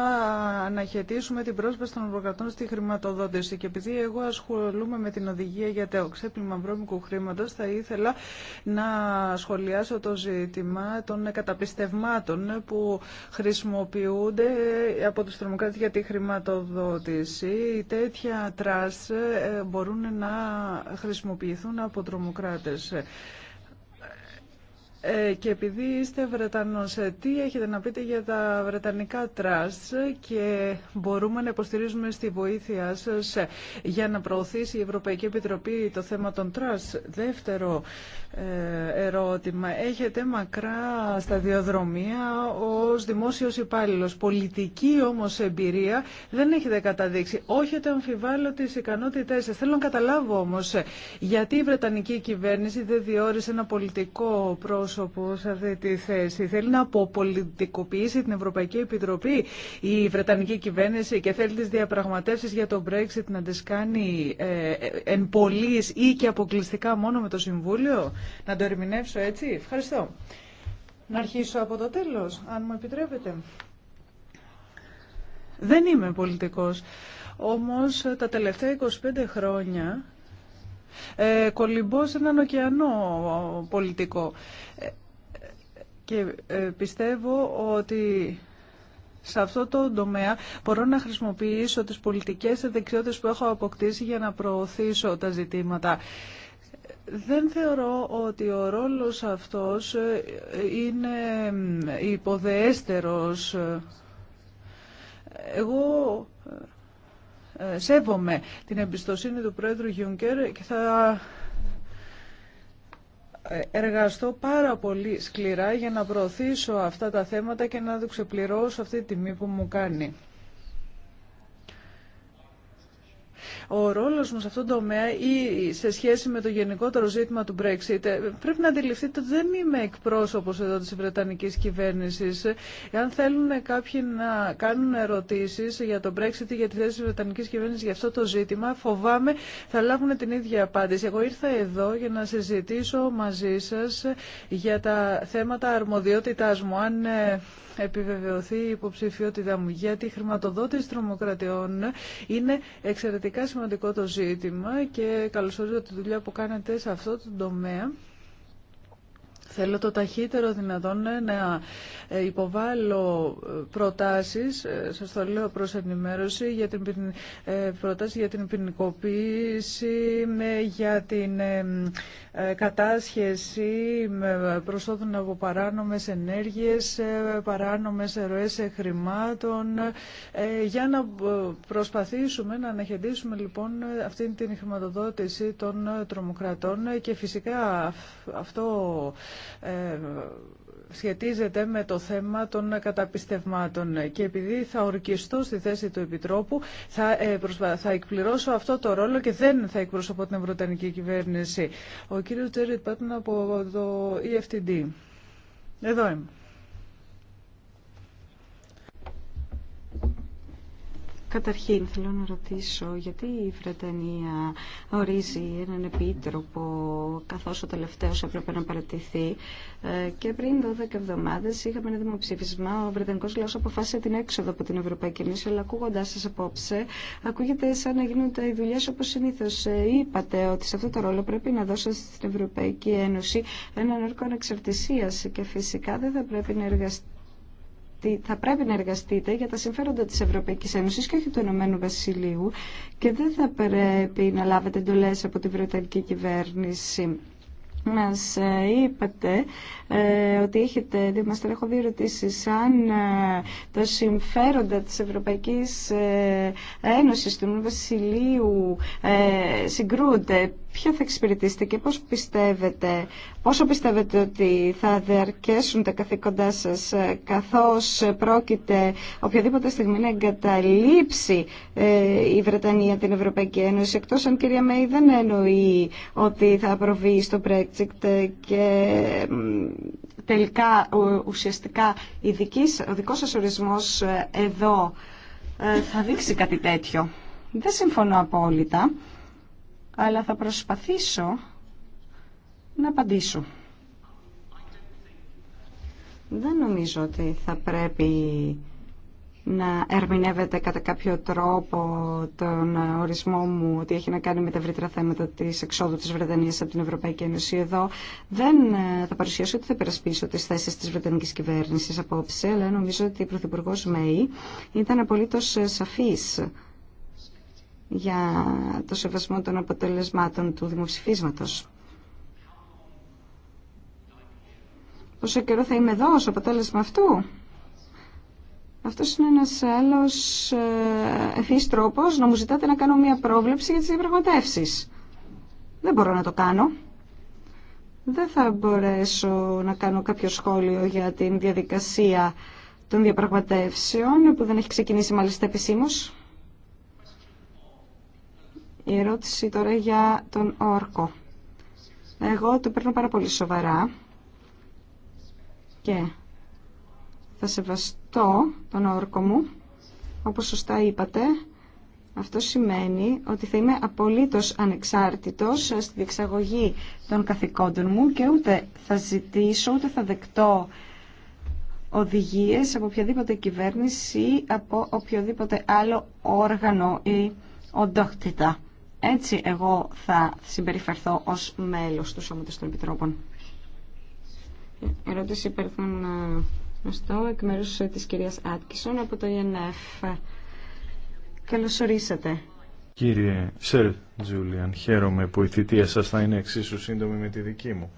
αναχαιτήσουμε την πρόσβαση των προκρατών στη χρηματοδότηση και επειδή εγώ ασχολούμαι με την οδηγία για το ξέπλυμα βρώμικου χρήματος θα ήθελα να σχολιάσω το ζήτημα των καταπιστευμάτων που χρησιμοποιούνται από τους τρομοκράτες για τη χρηματοδότηση. Τέτοια τρας ε, μπορούν να χρησιμοποιηθούν από τρομοκράτες. Ε, και επειδή είστε Βρετανός, ε, τι έχετε να πείτε για τα βρετανικά τρας και μπορούμε να υποστηρίζουμε στη βοήθεια σας ε, για να προωθήσει η Ευρωπαϊκή Επιτροπή το θέμα των τρας. Δεύτερο ερώτημα. Έχετε μακρά σταδιοδρομία ως δημόσιος υπάλληλος. Πολιτική όμως εμπειρία δεν έχετε καταδείξει. Όχι ότι αμφιβάλλω τις ικανότητές σας. Θέλω να καταλάβω όμως γιατί η Βρετανική κυβέρνηση δεν διόρισε ένα πολιτικό πρόσωπο πρόσωπο σε αυτή τη θέση. Θέλει να αποπολιτικοποιήσει την Ευρωπαϊκή Επιτροπή η Βρετανική κυβέρνηση και θέλει τι διαπραγματεύσει για το Brexit να τι κάνει ε, ε εν πωλής ή και αποκλειστικά μόνο με το Συμβούλιο. Να το ερμηνεύσω έτσι. Ευχαριστώ. Να αρχίσω από το τέλο. αν μου επιτρέπετε. Δεν είμαι πολιτικός, όμως τα τελευταία 25 χρόνια ε, κολυμπώ σε έναν ωκεανό πολιτικό. Ε, και ε, πιστεύω ότι σε αυτό το τομέα μπορώ να χρησιμοποιήσω τις πολιτικές δεξιότητες που έχω αποκτήσει για να προωθήσω τα ζητήματα. Δεν θεωρώ ότι ο ρόλος αυτός ε, είναι υποδεέστερος. Εγώ ε, σέβομαι την εμπιστοσύνη του Πρόεδρου Γιούγκερ και θα ε, εργαστώ πάρα πολύ σκληρά για να προωθήσω αυτά τα θέματα και να του ξεπληρώσω αυτή τη τιμή που μου κάνει. Ο ρόλος μου σε αυτόν τον τομέα ή σε σχέση με το γενικότερο ζήτημα του Brexit ε, πρέπει να αντιληφθείτε ότι δεν είμαι εκπρόσωπος εδώ της Βρετανικής κυβέρνησης. Εάν θέλουν κάποιοι να κάνουν ερωτήσεις για το Brexit ή για τη θέση της Βρετανικής κυβέρνησης για αυτό το ζήτημα, φοβάμαι θα λάβουν την ίδια απάντηση. Εγώ ήρθα εδώ για να συζητήσω μαζί σας για τα θέματα αρμοδιότητάς μου. Αν ε, επιβεβαιωθεί η υποψηφιότητά μου. Γιατί η χρηματοδότηση τρομοκρατιών είναι εξαιρετικά σημαντικό το ζήτημα και καλωσορίζω τη δουλειά που κάνετε σε αυτό το τομέα. Θέλω το ταχύτερο δυνατόν ναι, να ε, υποβάλω ε, προτάσεις, ε, σας το λέω προς ενημέρωση, για την, προτάσεις για την ποινικοποίηση, για την κατάσχεση προσόδων από παράνομες ενέργειες, παράνομες ροές χρημάτων, για να προσπαθήσουμε να αναχαιτήσουμε λοιπόν αυτή την χρηματοδότηση των τρομοκρατών και φυσικά αυτό ε, σχετίζεται με το θέμα των καταπιστευμάτων και επειδή θα ορκιστώ στη θέση του Επιτρόπου θα, ε, θα εκπληρώσω αυτό το ρόλο και δεν θα εκπροσωπώ την ευρωτανική κυβέρνηση. Ο κύριος Τζέριτ Πάτων από το EFTD. Εδώ είμαι. Καταρχήν θέλω να ρωτήσω γιατί η Βρετανία ορίζει έναν επίτροπο καθώς ο τελευταίος έπρεπε να παρατηθεί ε, και πριν 12 εβδομάδες είχαμε ένα δημοψήφισμα ο Βρετανικός λαός αποφάσισε την έξοδο από την Ευρωπαϊκή Ένωση αλλά ακούγοντάς σας απόψε ακούγεται σαν να γίνονται οι δουλειές όπως συνήθως ε, είπατε ότι σε αυτό το ρόλο πρέπει να δώσετε στην Ευρωπαϊκή Ένωση έναν όρκο ανεξαρτησίας και φυσικά δεν θα πρέπει να εργαστεί ότι θα πρέπει να εργαστείτε για τα συμφέροντα της Ευρωπαϊκής Ένωσης και όχι του Ενωμένου Βασιλείου και δεν θα πρέπει να λάβετε εντολές από την Βρετανική κυβέρνηση. Μας ε, είπατε ε, ότι έχετε δει, μας έχω δύο ερωτήσει αν ε, τα συμφέροντα της Ευρωπαϊκής ε, Ένωσης του Βασιλείου συγκρούνται ποια θα εξυπηρετήσετε και πώς πιστεύετε, πόσο πιστεύετε ότι θα διαρκέσουν τα καθήκοντά σας ε, καθώς πρόκειται οποιαδήποτε στιγμή να εγκαταλείψει ε, η Βρετανία την Ευρωπαϊκή Ένωση εκτός αν κυρία Μέη δεν εννοεί ότι θα προβεί στο Brexit και τελικά ουσιαστικά η ο δικός σας ορισμός ε, εδώ θα δείξει κάτι τέτοιο. Δεν συμφωνώ απόλυτα αλλά θα προσπαθήσω να απαντήσω. Δεν νομίζω ότι θα πρέπει να ερμηνεύεται κατά κάποιο τρόπο τον ορισμό μου ότι έχει να κάνει με τα ευρύτερα θέματα της εξόδου της Βρετανίας από την Ευρωπαϊκή Ένωση εδώ. Δεν ε, θα παρουσιάσω ότι θα υπερασπίσω τις θέσεις της Βρετανικής κυβέρνησης απόψε, αλλά νομίζω ότι ο Πρωθυπουργός Μέη ήταν απολύτως ε, σαφής για το σεβασμό των αποτελεσμάτων του δημοψηφίσματος. Πόσο καιρό θα είμαι εδώ ως αποτέλεσμα αυτού. Αυτός είναι ένας άλλος ε, ευθύς τρόπος να μου ζητάτε να κάνω μία πρόβλεψη για τις διαπραγματεύσεις. Δεν μπορώ να το κάνω. Δεν θα μπορέσω να κάνω κάποιο σχόλιο για την διαδικασία των διαπραγματεύσεων που δεν έχει ξεκινήσει μάλιστα επισήμως. Η ερώτηση τώρα για τον όρκο. Εγώ το παίρνω πάρα πολύ σοβαρά και θα σεβαστώ τον όρκο μου. Όπως σωστά είπατε, αυτό σημαίνει ότι θα είμαι απολύτως ανεξάρτητος στη διεξαγωγή των καθηκόντων μου και ούτε θα ζητήσω, ούτε θα δεκτώ οδηγίες από οποιαδήποτε κυβέρνηση ή από οποιοδήποτε άλλο όργανο ή οντότητα. Έτσι εγώ θα συμπεριφερθώ ως μέλος του Σώματος των Επιτρόπων. Ερώτηση υπέρθουν ε, γνωστό εκ μέρους ε, της κυρίας Άτκισον από το ΙΕΝΕΦ. Καλώς ορίσατε. Κύριε Σερ Τζούλιαν, χαίρομαι που η θητεία σας θα είναι εξίσου σύντομη με τη δική μου.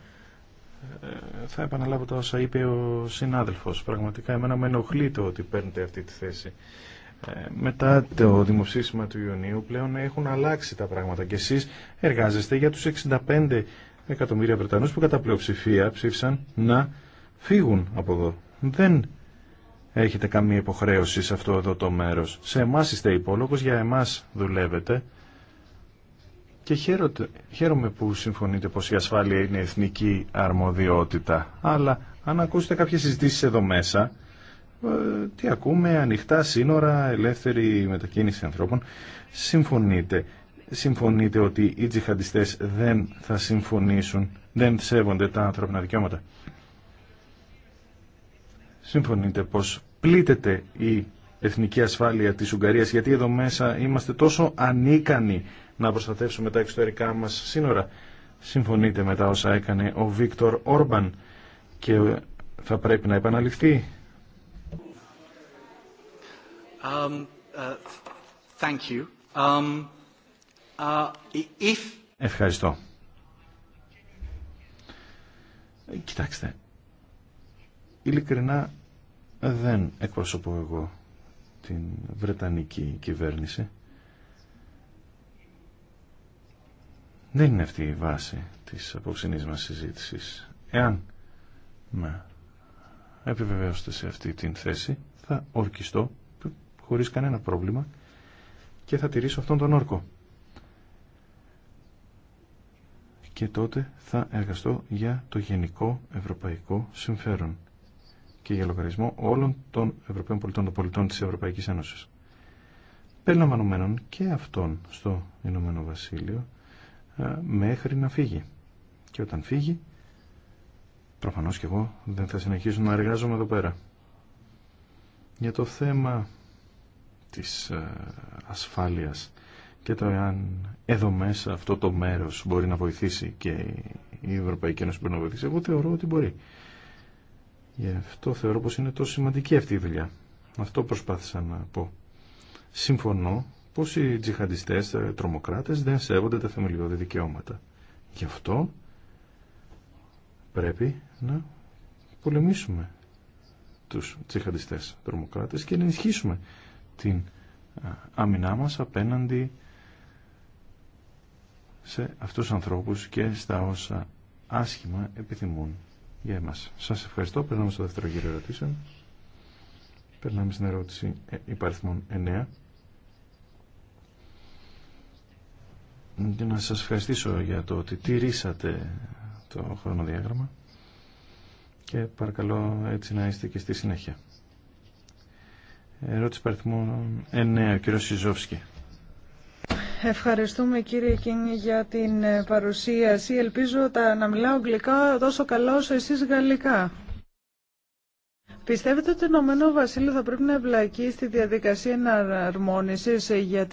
Ε, θα επαναλάβω τα όσα είπε ο συνάδελφος. Πραγματικά εμένα με ενοχλεί το ότι παίρνετε αυτή τη θέση μετά το δημοψήφισμα του Ιουνίου πλέον έχουν αλλάξει τα πράγματα και εσείς εργάζεστε για τους 65 εκατομμύρια Βρετανούς που κατά πλειοψηφία ψήφισαν να φύγουν από εδώ. Δεν έχετε καμία υποχρέωση σε αυτό εδώ το μέρος. Σε εμάς είστε υπόλογος, για εμάς δουλεύετε. Και χαίρομαι, χαίρομαι που συμφωνείτε πως η ασφάλεια είναι εθνική αρμοδιότητα. Αλλά αν ακούσετε κάποιες συζητήσεις εδώ μέσα, ε, τι ακούμε, ανοιχτά σύνορα, ελεύθερη μετακίνηση ανθρώπων. Συμφωνείτε. Συμφωνείτε ότι οι τζιχαντιστές δεν θα συμφωνήσουν, δεν σέβονται τα ανθρώπινα δικαιώματα. Συμφωνείτε πως πλήτεται η εθνική ασφάλεια της Ουγγαρίας, γιατί εδώ μέσα είμαστε τόσο ανίκανοι να προστατεύσουμε τα εξωτερικά μας σύνορα. Συμφωνείτε με τα όσα έκανε ο Βίκτορ Όρμπαν και θα πρέπει να επαναληφθεί Um, uh, thank you. Um, uh, if... Ευχαριστώ. Κοιτάξτε, ειλικρινά δεν εκπροσωπώ εγώ την Βρετανική κυβέρνηση. Δεν είναι αυτή η βάση της απόψινής μας συζήτησης. Εάν με επιβεβαιώσετε σε αυτή την θέση, θα ορκιστώ χωρίς κανένα πρόβλημα και θα τηρήσω αυτόν τον όρκο. Και τότε θα εργαστώ για το γενικό ευρωπαϊκό συμφέρον και για λογαριασμό όλων των Ευρωπαίων πολιτών, των πολιτών της Ευρωπαϊκής Ένωσης. Περιλαμβανομένων και αυτών στο Ηνωμένο Βασίλειο μέχρι να φύγει. Και όταν φύγει, προφανώς και εγώ δεν θα συνεχίσω να εργάζομαι εδώ πέρα. Για το θέμα της ε, ασφάλειας και το εάν εδώ μέσα αυτό το μέρος μπορεί να βοηθήσει και η Ευρωπαϊκή Ένωση μπορεί να βοηθήσει. Εγώ θεωρώ ότι μπορεί. Γι' αυτό θεωρώ πως είναι τόσο σημαντική αυτή η δουλειά. Αυτό προσπάθησα να πω. Συμφωνώ πως οι τζιχαντιστές, ε, τρομοκράτες δεν σέβονται τα θεμελιώδη δικαιώματα. Γι' αυτό πρέπει να πολεμήσουμε τους τζιχαντιστές τρομοκράτες και να ενισχύσουμε την άμυνά μας απέναντι σε αυτούς τους ανθρώπους και στα όσα άσχημα επιθυμούν για εμάς. Σας ευχαριστώ. Περνάμε στο δεύτερο γύρο ερωτήσεων. Περνάμε στην ερώτηση ε, υπαριθμών 9. Και να σας ευχαριστήσω για το ότι τηρήσατε το χρονοδιάγραμμα και παρακαλώ έτσι να είστε και στη συνέχεια. Ερώτηση παριθμών 9, κύριο Σιζόφσκι. Ευχαριστούμε κύριε Κίνη για την ε, παρουσίαση. Ελπίζω τα, να μιλάω αγγλικά τόσο καλά όσο εσείς γαλλικά. Πιστεύετε ότι το Ηνωμένο Βασίλειο θα πρέπει να εμπλακεί στη διαδικασία εναρμόνισης ε, για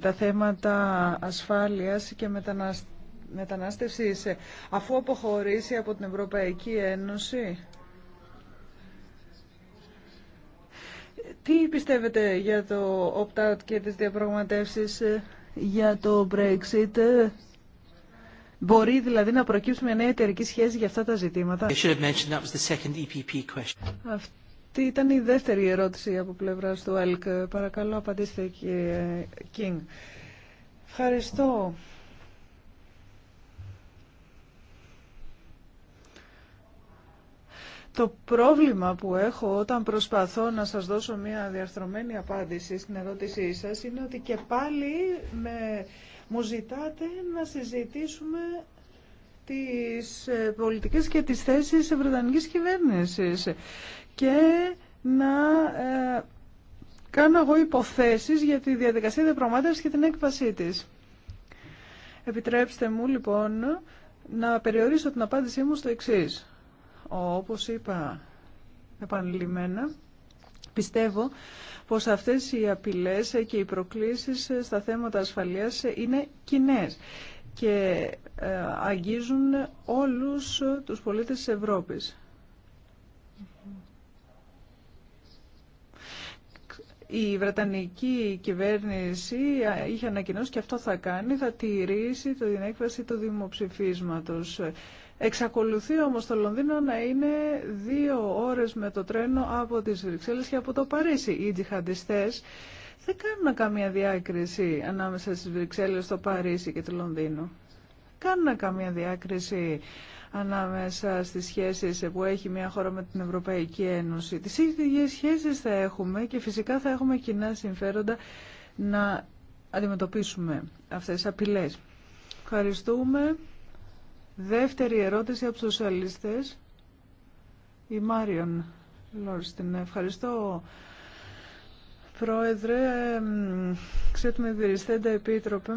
τα θέματα ασφάλειας και μετανάστευσης ε, αφού αποχωρήσει από την Ευρωπαϊκή Ένωση. Τι πιστεύετε για το opt-out και τις διαπραγματεύσεις ε, για το Brexit. Ε? Μπορεί δηλαδή να προκύψει μια νέα εταιρική σχέση για αυτά τα ζητήματα. E Αυτή ήταν η δεύτερη ερώτηση από πλευρά του ΕΛΚ. Παρακαλώ απαντήστε κύριε Κίνγκ. Ευχαριστώ. Το πρόβλημα που έχω όταν προσπαθώ να σας δώσω μια διαρθρωμένη απάντηση στην ερώτησή σας είναι ότι και πάλι με... μου ζητάτε να συζητήσουμε τις ε, πολιτικές και τις θέσεις της Βρετανικής κυβέρνησης και να ε, κάνω εγώ υποθέσεις για τη διαδικασία διαπραγμάτευσης και την έκβασή της. Επιτρέψτε μου λοιπόν να περιορίσω την απάντησή μου στο εξής. Όπως είπα επανειλημμένα, πιστεύω πως αυτές οι απειλές και οι προκλήσεις στα θέματα ασφαλείας είναι κοινέ και ε, αγγίζουν όλους τους πολίτες της Ευρώπης. Η Βρετανική κυβέρνηση είχε ανακοινώσει και αυτό θα κάνει, θα τηρήσει την έκβαση του δημοψηφίσματος. Εξακολουθεί όμως το Λονδίνο να είναι δύο ώρες με το τρένο από τις Βρυξέλλες και από το Παρίσι. Οι τζιχαντιστές δεν κάνουν καμία διάκριση ανάμεσα στις Βρυξέλλες, το Παρίσι και το Λονδίνο. Κάνουν καμία διάκριση ανάμεσα στις σχέσεις που έχει μια χώρα με την Ευρωπαϊκή Ένωση. Τις ίδιες σχέσεις θα έχουμε και φυσικά θα έχουμε κοινά συμφέροντα να αντιμετωπίσουμε αυτές τις απειλές. Ευχαριστούμε. Δεύτερη ερώτηση από τους σοσιαλιστές. Η Μάριον Λόρστιν. Ευχαριστώ. Πρόεδρε, ξέρετε διριστέντα επίτροπε,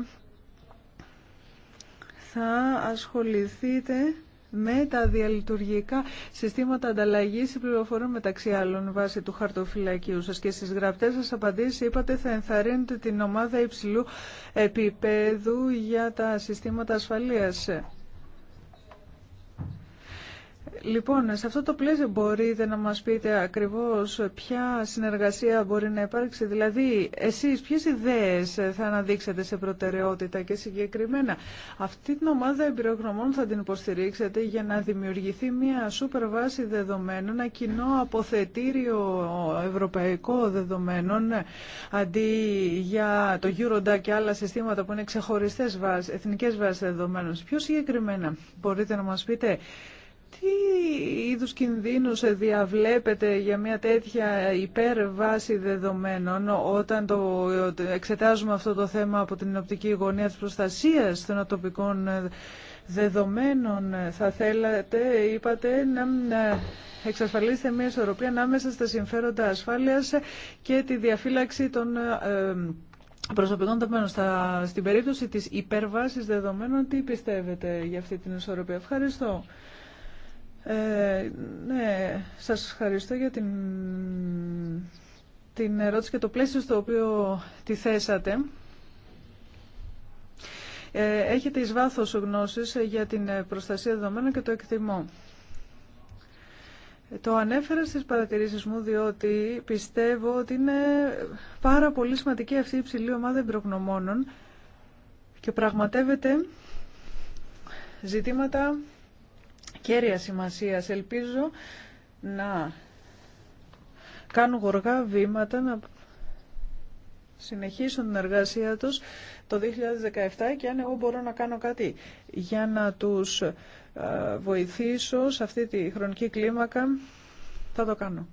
θα ασχοληθείτε με τα διαλειτουργικά συστήματα ανταλλαγή πληροφοριών μεταξύ άλλων βάσει του χαρτοφυλακίου σα και στι γραπτέ σα απαντήσει είπατε θα ενθαρρύνετε την ομάδα υψηλού επίπεδου για τα συστήματα ασφαλεία. Λοιπόν, σε αυτό το πλαίσιο μπορείτε να μας πείτε ακριβώς ποια συνεργασία μπορεί να υπάρξει. Δηλαδή, εσείς ποιες ιδέες θα αναδείξετε σε προτεραιότητα και συγκεκριμένα. Αυτή την ομάδα εμπειρογνωμών θα την υποστηρίξετε για να δημιουργηθεί μια σούπερ βάση δεδομένων, ένα κοινό αποθετήριο ευρωπαϊκό δεδομένων, αντί για το Eurodac και άλλα συστήματα που είναι ξεχωριστές βάσεις, εθνικές βάσεις δεδομένων. Ποιο συγκεκριμένα μπορείτε να μας πείτε τι είδους κινδύνους διαβλέπετε για μια τέτοια υπέρβαση δεδομένων όταν το εξετάζουμε αυτό το θέμα από την οπτική γωνία της προστασίας των ατοπικών δεδομένων θα θέλατε, είπατε, να εξασφαλίσετε μια ισορροπία ανάμεσα στα συμφέροντα ασφάλειας και τη διαφύλαξη των προσωπικών δεδομένων. στην περίπτωση της υπερβάσης δεδομένων, τι πιστεύετε για αυτή την ισορροπία. Ευχαριστώ. Ε, ναι, σας ευχαριστώ για την, την ερώτηση και το πλαίσιο στο οποίο τη θέσατε. Ε, έχετε εις βάθος γνώσεις για την προστασία δεδομένων και το εκτιμώ. Το ανέφερα στις παρατηρήσεις μου διότι πιστεύω ότι είναι πάρα πολύ σημαντική αυτή η υψηλή ομάδα εμπρογνωμόνων και πραγματεύεται ζητήματα κέρια σημασία. Ελπίζω να κάνουν γοργά βήματα, να συνεχίσουν την εργασία τους το 2017 και αν εγώ μπορώ να κάνω κάτι για να τους ε, βοηθήσω σε αυτή τη χρονική κλίμακα θα το κάνω.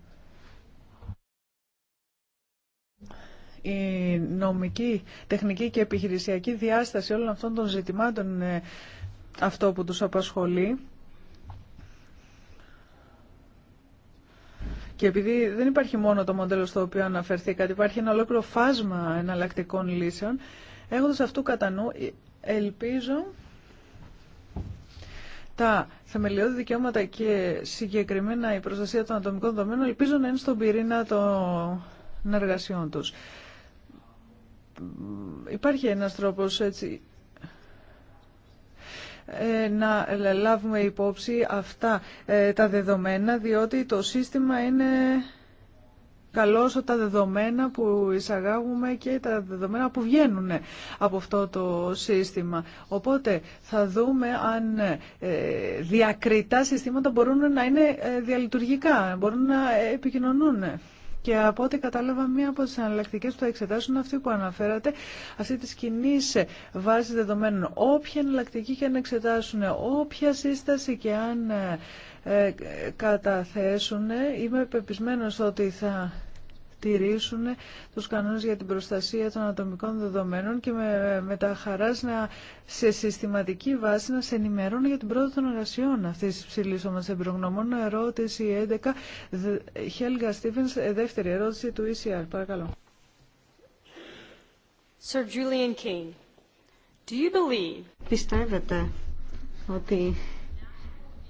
Η νομική, τεχνική και επιχειρησιακή διάσταση όλων αυτών των ζητημάτων είναι αυτό που τους απασχολεί. Και επειδή δεν υπάρχει μόνο το μοντέλο στο οποίο αναφερθήκατε, υπάρχει ένα ολόκληρο φάσμα εναλλακτικών λύσεων, έχοντας αυτού κατά νου, ε, ελπίζω τα θεμελιώδη δικαιώματα και συγκεκριμένα η προστασία των ατομικών δομένων, ελπίζω να είναι στον πυρήνα των εργασιών τους. Υπάρχει ένας τρόπος έτσι ε, να λάβουμε υπόψη αυτά ε, τα δεδομένα, διότι το σύστημα είναι όσο τα δεδομένα που εισαγάγουμε και τα δεδομένα που βγαίνουν από αυτό το σύστημα. Οπότε θα δούμε αν ε, διακριτά συστήματα μπορούν να είναι διαλειτουργικά, μπορούν να επικοινωνούν. Και από ό,τι κατάλαβα, μία από τι εναλλακτικέ που θα εξετάσουν αυτή που αναφέρατε, αυτή τη κοινή βάση δεδομένων. Όποια εναλλακτική και αν εξετάσουν, όποια σύσταση και αν ε, ε, καταθέσουν, είμαι πεπισμένο ότι θα τηρήσουν τους κανόνες για την προστασία των ατομικών δεδομένων και με, τα χαράς να, σε συστηματική βάση να σε ενημερώνουν για την πρόοδο των εργασιών αυτής της ψηλής όμως εμπειρογνωμών. Ερώτηση 11. Χέλγα Στίβεν, δεύτερη ερώτηση του ECR. Παρακαλώ. Sir Julian King, do you believe... Πιστεύετε ότι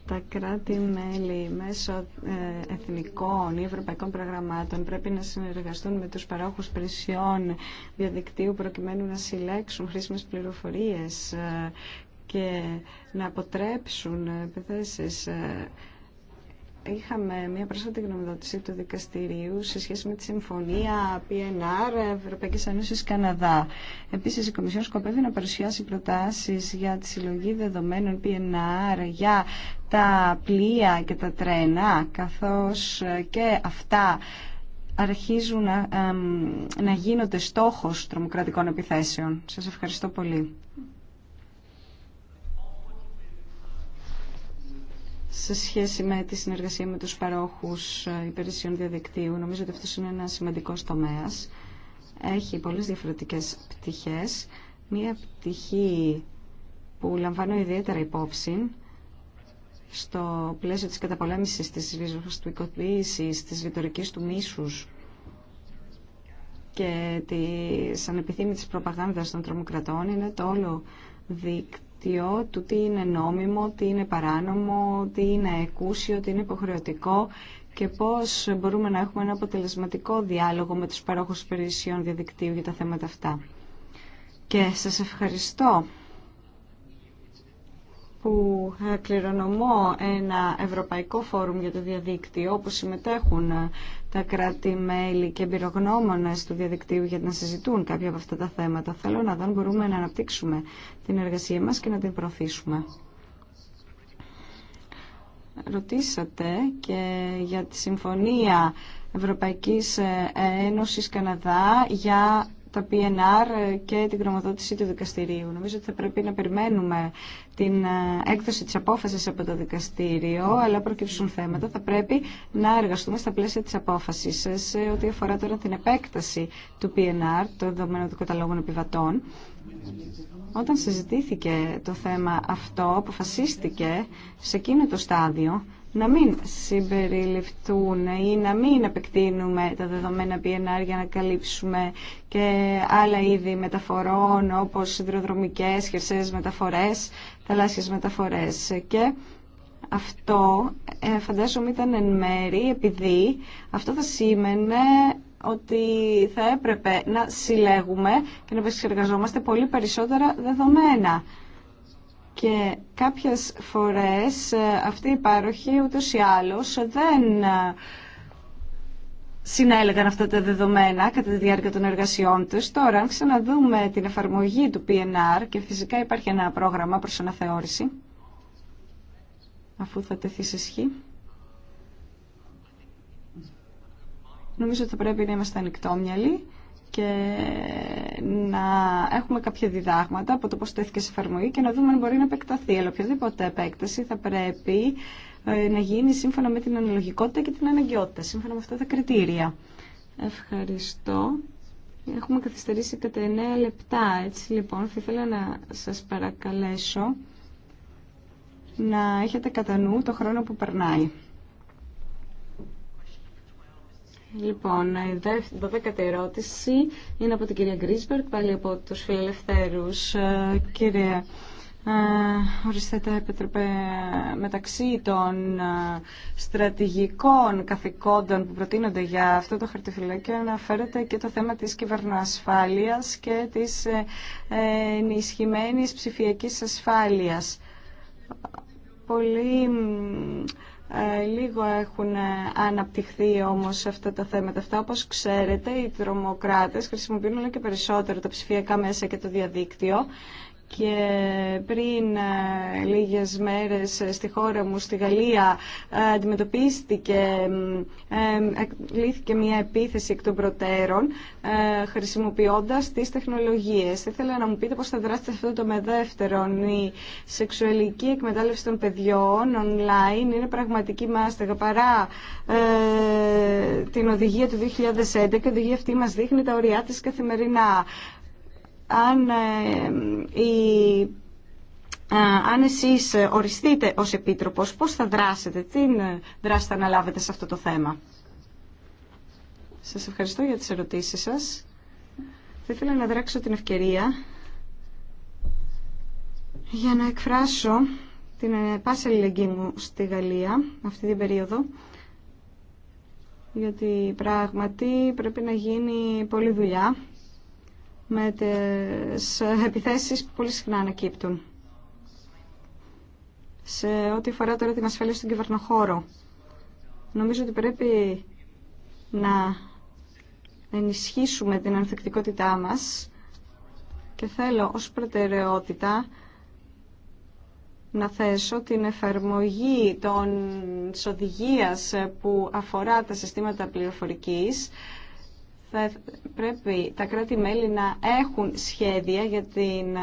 τα κράτη-μέλη μέσω ε, εθνικών ή ευρωπαϊκών προγραμμάτων πρέπει να συνεργαστούν με τους παρόχους πρισιών διαδικτύου προκειμένου να συλλέξουν χρήσιμες πληροφορίες ε, και να αποτρέψουν ε, επιθέσεις Είχαμε μια πρόσφατη γνωμοδότηση του δικαστηρίου σε σχέση με τη συμφωνία PNR Ευρωπαϊκή Ένωση Καναδά. Επίση, η Κομισιόν σκοπεύει να παρουσιάσει προτάσει για τη συλλογή δεδομένων PNR για τα πλοία και τα τρένα, καθώ και αυτά αρχίζουν να, να γίνονται στόχος τρομοκρατικών επιθέσεων. Σας ευχαριστώ πολύ. σε σχέση με τη συνεργασία με τους παρόχους ε, υπηρεσιών διαδικτύου. Νομίζω ότι αυτός είναι ένα σημαντικός τομέα. Έχει πολλές διαφορετικές πτυχές. Μία πτυχή που λαμβάνω ιδιαίτερα υπόψη στο πλαίσιο της καταπολέμησης της οικοποίησης, της ρητορικής του μίσους και της ανεπιθύμητης προπαγάνδας των τρομοκρατών είναι το όλο δίκτυο δίκτυο του τι είναι νόμιμο, τι είναι παράνομο, τι είναι εκούσιο, τι είναι υποχρεωτικό και πώς μπορούμε να έχουμε ένα αποτελεσματικό διάλογο με τους παρόχους υπηρεσιών διαδικτύου για τα θέματα αυτά. Και σας ευχαριστώ που ε, κληρονομώ ένα ευρωπαϊκό φόρουμ για το διαδίκτυο όπου συμμετέχουν ε, τα κράτη-μέλη και εμπειρογνώμονε του διαδικτύου για να συζητούν κάποια από αυτά τα θέματα. Θέλω να δω αν μπορούμε να αναπτύξουμε την εργασία μας και να την προωθήσουμε. Ρωτήσατε και για τη Συμφωνία Ευρωπαϊκής ε, Ένωσης Καναδά για τα PNR και την γνωμοδότηση του δικαστηρίου. Νομίζω ότι θα πρέπει να περιμένουμε την ε, έκδοση της απόφασης από το δικαστήριο, αλλά προκύψουν θέματα. Θα πρέπει να εργαστούμε στα πλαίσια της απόφασης σε ό,τι αφορά τώρα την επέκταση του PNR, το δεδομένο του καταλόγων επιβατών. Όταν συζητήθηκε το θέμα αυτό, αποφασίστηκε σε εκείνο το στάδιο να μην συμπεριληφθούν ή να μην επεκτείνουμε τα δεδομένα PNR για να καλύψουμε και άλλα είδη μεταφορών όπως σιδηροδρομικές, χερσαίες μεταφορές, θαλάσσιες μεταφορές και αυτό ε, φαντάζομαι ήταν εν μέρη επειδή αυτό θα σήμαινε ότι θα έπρεπε να συλλέγουμε και να επεξεργαζόμαστε πολύ περισσότερα δεδομένα. Και κάποιες φορές ε, αυτή η πάροχοι ούτως ή άλλως δεν ε, συνέλεγαν αυτά τα δεδομένα κατά τη διάρκεια των εργασιών τους. Τώρα, αν ξαναδούμε την εφαρμογή του PNR και φυσικά υπάρχει ένα πρόγραμμα προς αναθεώρηση, αφού θα τεθεί σε σχή. Νομίζω ότι θα πρέπει να είμαστε ανοιχτόμυαλοι και να έχουμε κάποια διδάγματα από το πώς τέθηκε σε εφαρμογή και να δούμε αν μπορεί να επεκταθεί. Αλλά οποιαδήποτε επέκταση θα πρέπει ε, να γίνει σύμφωνα με την αναλογικότητα και την αναγκαιότητα, σύμφωνα με αυτά τα κριτήρια. Ευχαριστώ. Έχουμε καθυστερήσει κατά 9 λεπτά, έτσι λοιπόν θα ήθελα να σας παρακαλέσω να έχετε κατά νου το χρόνο που περνάει. Λοιπόν, η δεύτερη ερώτηση είναι από την κυρία Γκρίσμπερκ, πάλι από τους φιλελευθέρους. Ε, κύριε, ε, τα επίτροπε, μεταξύ των ε, στρατηγικών καθηκόντων που προτείνονται για αυτό το χαρτοφυλάκιο αναφέρεται και το θέμα της κυβερνοασφάλειας και της ενισχυμένης ψηφιακής ασφάλειας. Πολύ ε, λίγο έχουν ε, αναπτυχθεί όμως αυτά τα θέματα αυτά. Όπως ξέρετε, οι τρομοκράτες χρησιμοποιούν όλο και περισσότερο τα ψηφιακά μέσα και το διαδίκτυο και πριν ε, λίγες μέρες ε, στη χώρα μου, στη Γαλλία, ε, αντιμετωπίστηκε, λύθηκε μια επίθεση εκ των προτέρων χρησιμοποιώντας τις τεχνολογίες. Ήθελα να μου πείτε πώς θα δράσετε σε αυτό το με δεύτερον. Η σεξουαλική εκμετάλλευση των παιδιών online είναι πραγματική μάστεγα παρά την οδηγία του 2011 και η οδηγία αυτή μας δείχνει τα ωριά της καθημερινά αν ε, η ε, αν εσείς οριστείτε ως Επίτροπος, πώς θα δράσετε, τι δράση θα αναλάβετε σε αυτό το θέμα. Σας ευχαριστώ για τις ερωτήσεις σας. Θα ήθελα να δράξω την ευκαιρία για να εκφράσω την ε, πάση αλληλεγγύη μου στη Γαλλία αυτή την περίοδο γιατί πράγματι πρέπει να γίνει πολλή δουλειά με τις επιθέσεις που πολύ συχνά ανακύπτουν. Σε ό,τι αφορά τώρα την ασφάλεια στον κυβερνοχώρο, νομίζω ότι πρέπει να ενισχύσουμε την ανθεκτικότητά μας και θέλω ως προτεραιότητα να θέσω την εφαρμογή των οδηγία που αφορά τα συστήματα πληροφορικής θα πρέπει τα κράτη-μέλη να έχουν σχέδια για την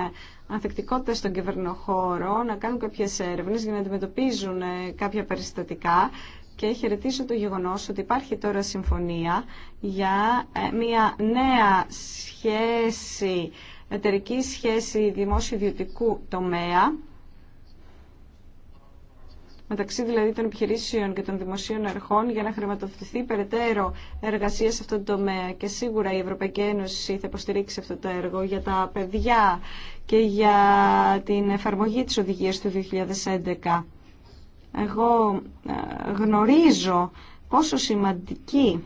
ανθεκτικότητα στον κυβερνοχώρο, να κάνουν κάποιες έρευνες για να αντιμετωπίζουν ε, κάποια περιστατικά και χαιρετίζω το γεγονός ότι υπάρχει τώρα συμφωνία για ε, μια νέα σχέση, εταιρική σχέση δημόσιο-ιδιωτικού τομέα μεταξύ δηλαδή των επιχειρήσεων και των δημοσίων αρχών για να χρηματοδοτηθεί περαιτέρω εργασία σε αυτό το τομέα. Και σίγουρα η Ευρωπαϊκή Ένωση θα υποστηρίξει αυτό το έργο για τα παιδιά και για την εφαρμογή της οδηγίας του 2011. Εγώ ε, γνωρίζω πόσο σημαντική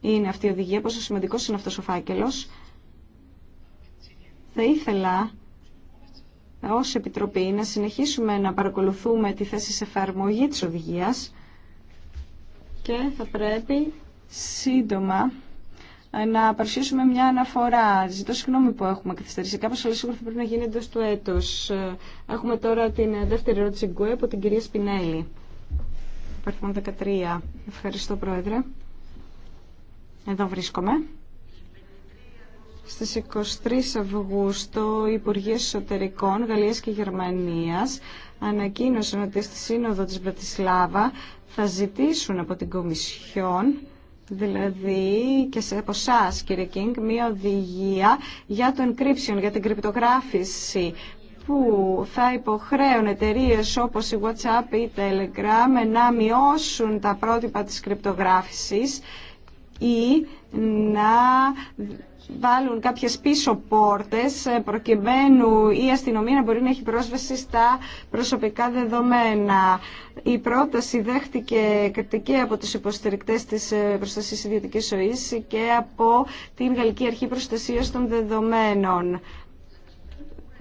είναι αυτή η οδηγία, πόσο σημαντικός είναι αυτός ο φάκελος. Θα ήθελα ως Επιτροπή να συνεχίσουμε να παρακολουθούμε τη θέση σε εφαρμογή της οδηγίας και θα πρέπει σύντομα να παρουσιάσουμε μια αναφορά. Ζητώ συγγνώμη που έχουμε καθυστερήσει κάπω, αλλά σίγουρα θα πρέπει να γίνει εντό του έτου. Έχουμε τώρα την δεύτερη ερώτηση από την κυρία Σπινέλη. Παρθμό 13. Ευχαριστώ, Πρόεδρε. Εδώ βρίσκομαι. Στις 23 Αυγούστου, οι Υπουργοί Εσωτερικών Γαλλίας και Γερμανίας ανακοίνωσαν ότι στη Σύνοδο της Βρατισλάβα θα ζητήσουν από την Κομισιόν δηλαδή και σε, από εσά, κύριε Κίνγκ, μία οδηγία για τον encryption, για την κρυπτογράφηση που θα υποχρέουν εταιρείε όπως η WhatsApp ή η Telegram να μειώσουν τα πρότυπα της κρυπτογράφησης ή να βάλουν κάποιες πίσω πόρτες ε, προκειμένου η αστυνομία να μπορεί να έχει πρόσβαση στα προσωπικά δεδομένα. Η πρόταση δέχτηκε κριτική από τους υποστηρικτές της ε, προστασίας ιδιωτικής ζωής και από την Γαλλική Αρχή Προστασίας των Δεδομένων.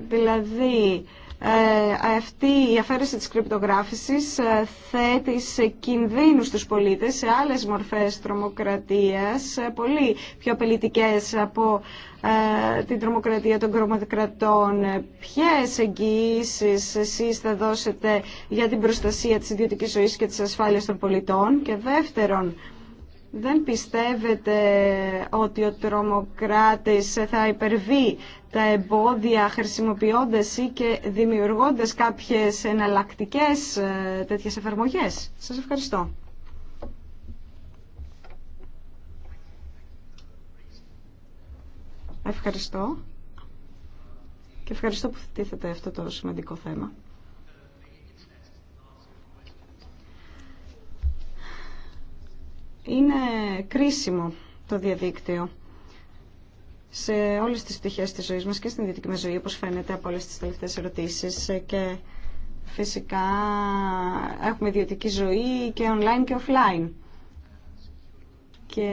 Δηλαδή, ε, αυτή η αφαίρεση της κρυπτογράφησης ε, θέτει σε κινδύνους τους πολίτες σε άλλες μορφές τρομοκρατίας, ε, πολύ πιο απελητικές από την τρομοκρατία των κρομοκρατών. Ποιες εγγυήσεις εσείς θα δώσετε για την προστασία της ιδιωτικής ζωής και της ασφάλειας των πολιτών και δεύτερον, δεν πιστεύετε ότι ο τρομοκράτης θα υπερβεί τα εμπόδια χρησιμοποιώντας ή και δημιουργώντας κάποιες εναλλακτικές ε, τέτοιες εφαρμογές. Σας ευχαριστώ. Ευχαριστώ. Και ευχαριστώ που θέτετε αυτό το σημαντικό θέμα. είναι κρίσιμο το διαδίκτυο σε όλες τις πτυχές της ζωής μας και στην ιδιωτική μας ζωή, όπως φαίνεται από όλες τις τελευταίες ερωτήσεις και φυσικά έχουμε ιδιωτική ζωή και online και offline. Και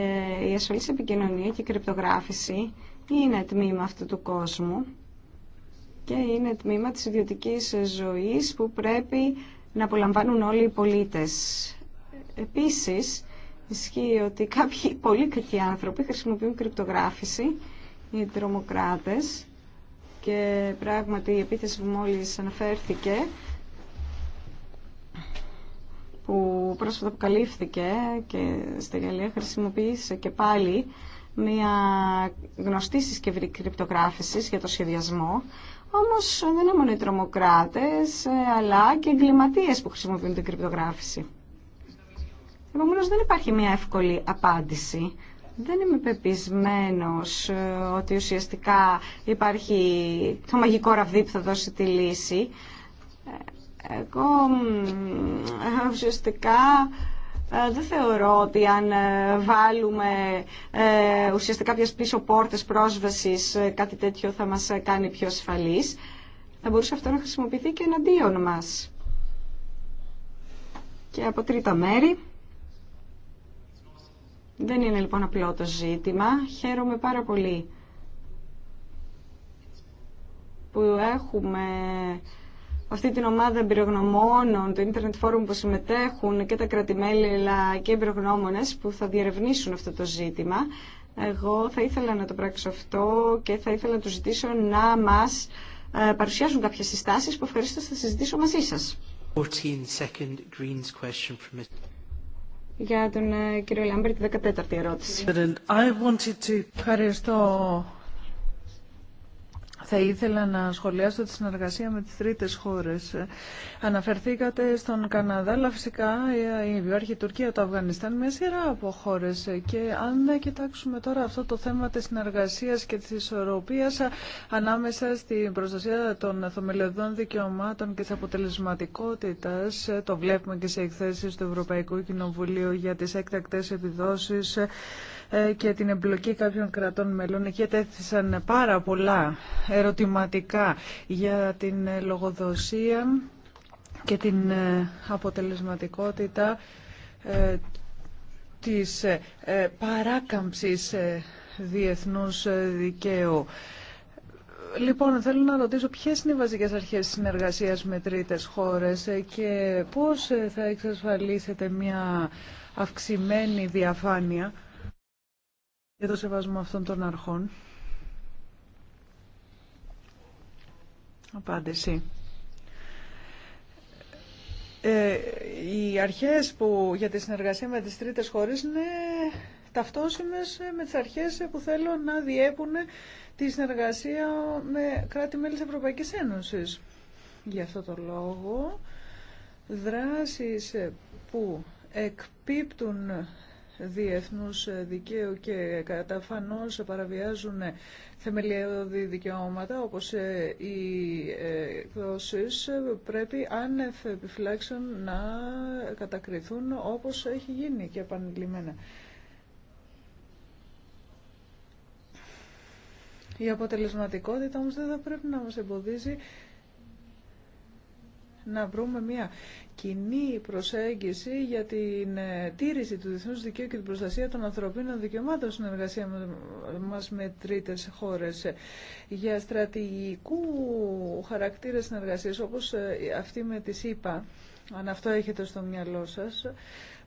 η ασφαλής επικοινωνία και η κρυπτογράφηση είναι τμήμα αυτού του κόσμου και είναι τμήμα της ιδιωτικής ζωής που πρέπει να απολαμβάνουν όλοι οι πολίτες. Επίσης, Ισχύει ότι κάποιοι πολύ κακοί άνθρωποι χρησιμοποιούν κρυπτογράφηση, οι τρομοκράτες και πράγματι η επίθεση που μόλις αναφέρθηκε που πρόσφατα αποκαλύφθηκε και στη Γαλλία χρησιμοποίησε και πάλι μια γνωστή συσκευή κρυπτογράφησης για το σχεδιασμό. Όμως δεν είναι μόνο οι τρομοκράτες, ε, αλλά και εγκληματίες που χρησιμοποιούν την κρυπτογράφηση. Επομένως δεν υπάρχει μια εύκολη απάντηση. Δεν είμαι πεπισμένος ε, ότι ουσιαστικά υπάρχει το μαγικό ραβδί που θα δώσει τη λύση. Ε, εγώ ε, ουσιαστικά δεν θεωρώ ότι αν βάλουμε ουσιαστικά κάποιες πίσω πόρτες πρόσβασης κάτι τέτοιο θα μας κάνει πιο ασφαλείς. Θα μπορούσε αυτό να χρησιμοποιηθεί και εναντίον μας. Και από τρίτα μέρη δεν είναι λοιπόν απλό το ζήτημα. Χαίρομαι πάρα πολύ που έχουμε αυτή την ομάδα εμπειρογνωμόνων, το Internet Forum που συμμετέχουν και τα κρατημέλη αλλά και εμπειρογνώμονε που θα διερευνήσουν αυτό το ζήτημα. Εγώ θα ήθελα να το πράξω αυτό και θα ήθελα να του ζητήσω να μας ε, παρουσιάσουν κάποιε συστάσεις που ευχαριστώ θα συζητήσω μαζί σα. 14 second Greens question from για τον ε, κύριο Λάμπερτ, 14η ερώτηση. Ευχαριστώ, θα ήθελα να σχολιάσω τη συνεργασία με τις τρίτες χώρες. Αναφερθήκατε στον Καναδά, αλλά φυσικά η Τουρκία, το Αφγανιστάν, μια σειρά από χώρες. Και αν κοιτάξουμε τώρα αυτό το θέμα της συνεργασίας και της ισορροπίας ανάμεσα στην προστασία των θεμελιωδών δικαιωμάτων και της αποτελεσματικότητας, το βλέπουμε και σε εκθέσεις του Ευρωπαϊκού Κοινοβουλίου για τις έκτακτες επιδόσεις ε, και την εμπλοκή κάποιων κρατών μελών. Εκεί τέθησαν πάρα πολλά ερωτηματικά για την ε, λογοδοσία και την ε, αποτελεσματικότητα της παράκαμψης διεθνούς δικαίου. Λοιπόν, θέλω να ρωτήσω ποιες είναι οι βασικές αρχές συνεργασίας με τρίτες χώρες και πώς θα εξασφαλίσετε μια αυξημένη διαφάνεια για το σεβασμό αυτών των αρχών. Απάντηση. Ε, οι αρχές που για τη συνεργασία με τις τρίτες χώρες είναι ταυτόσιμες με τις αρχές που θέλω να διέπουν τη συνεργασία με κράτη-μέλη της Ευρωπαϊκής Ένωσης. Για αυτό το λόγο δράσεις που εκπίπτουν διεθνούς δικαίου και καταφανώς παραβιάζουν θεμελιώδη δικαιώματα όπως ε, οι ε, εκδόσεις πρέπει άνευ επιφυλάξεων να κατακριθούν όπως έχει γίνει και επανειλημμένα. Η αποτελεσματικότητα όμως δεν θα πρέπει να μας εμποδίζει να βρούμε μια κοινή προσέγγιση για την ε, τήρηση του διεθνούς δικαίου και την προστασία των ανθρωπίνων δικαιωμάτων στην εργασία μας με τρίτες χώρες. Για στρατηγικού χαρακτήρα συνεργασίας όπως ε, αυτή με τις είπα, αν αυτό έχετε στο μυαλό σας,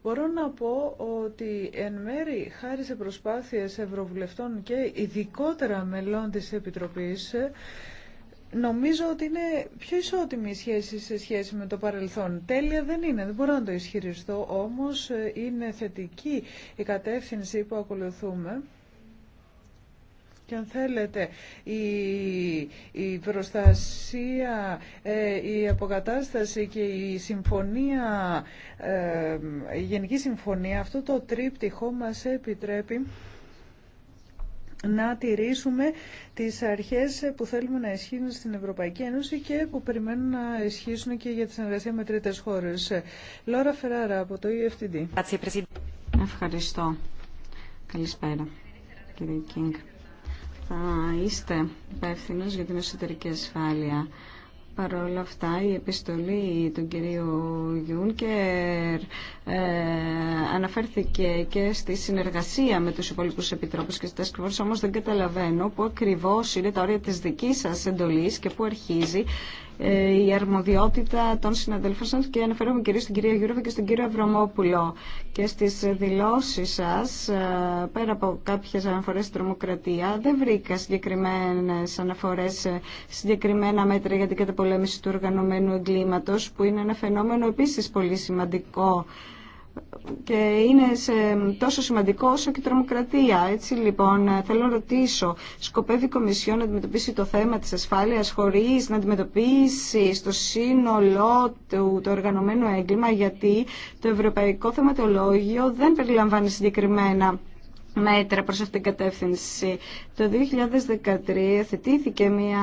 Μπορώ να πω ότι εν μέρη χάρη σε προσπάθειες ευρωβουλευτών και ειδικότερα μελών της Επιτροπής Νομίζω ότι είναι πιο ισότιμη η σχέση σε σχέση με το παρελθόν. Τέλεια δεν είναι, δεν μπορώ να το ισχυριστώ, όμως ε, είναι θετική η κατεύθυνση που ακολουθούμε. Και αν θέλετε, η, η προστασία, ε, η αποκατάσταση και η συμφωνία, ε, η Γενική Συμφωνία, αυτό το τρίπτυχο μας επιτρέπει να τηρήσουμε τις αρχές που θέλουμε να ισχύουν στην Ευρωπαϊκή Ένωση και που περιμένουν να ισχύσουν και για τη συνεργασία με τρίτες χώρες. Λόρα Φεράρα από το EFTD. Ευχαριστώ. Καλησπέρα, κύριε Κίνγκ. Θα είστε υπεύθυνο για την εσωτερική ασφάλεια. Παρ' όλα αυτά, η επιστολή του κυρίου Γιούνκερ ε, αναφέρθηκε και στη συνεργασία με τους υπόλοιπους επιτρόπους και στις όμως δεν καταλαβαίνω που ακριβώς είναι τα όρια της δικής σας εντολής και που αρχίζει ε, η αρμοδιότητα των συναδέλφων σας και αναφέρομαι κυρίως στην κυρία Γιούροβα και στον κύριο Ευρωμόπουλο και στις δηλώσεις σας ε, πέρα από κάποιες αναφορές στην τρομοκρατία δεν βρήκα συγκεκριμένες αναφορές συγκεκριμένα μέτρα για την καταπολέμηση του οργανωμένου εγκλήματος που είναι ένα φαινόμενο επίσης πολύ σημαντικό και είναι σε, τόσο σημαντικό όσο και η τρομοκρατία. Έτσι λοιπόν θέλω να ρωτήσω, σκοπεύει η Κομισιόν να αντιμετωπίσει το θέμα της ασφάλειας χωρίς να αντιμετωπίσει στο σύνολό του το οργανωμένο έγκλημα γιατί το ευρωπαϊκό θεματολόγιο δεν περιλαμβάνει συγκεκριμένα μέτρα προς αυτήν την κατεύθυνση. Το 2013 θετήθηκε μια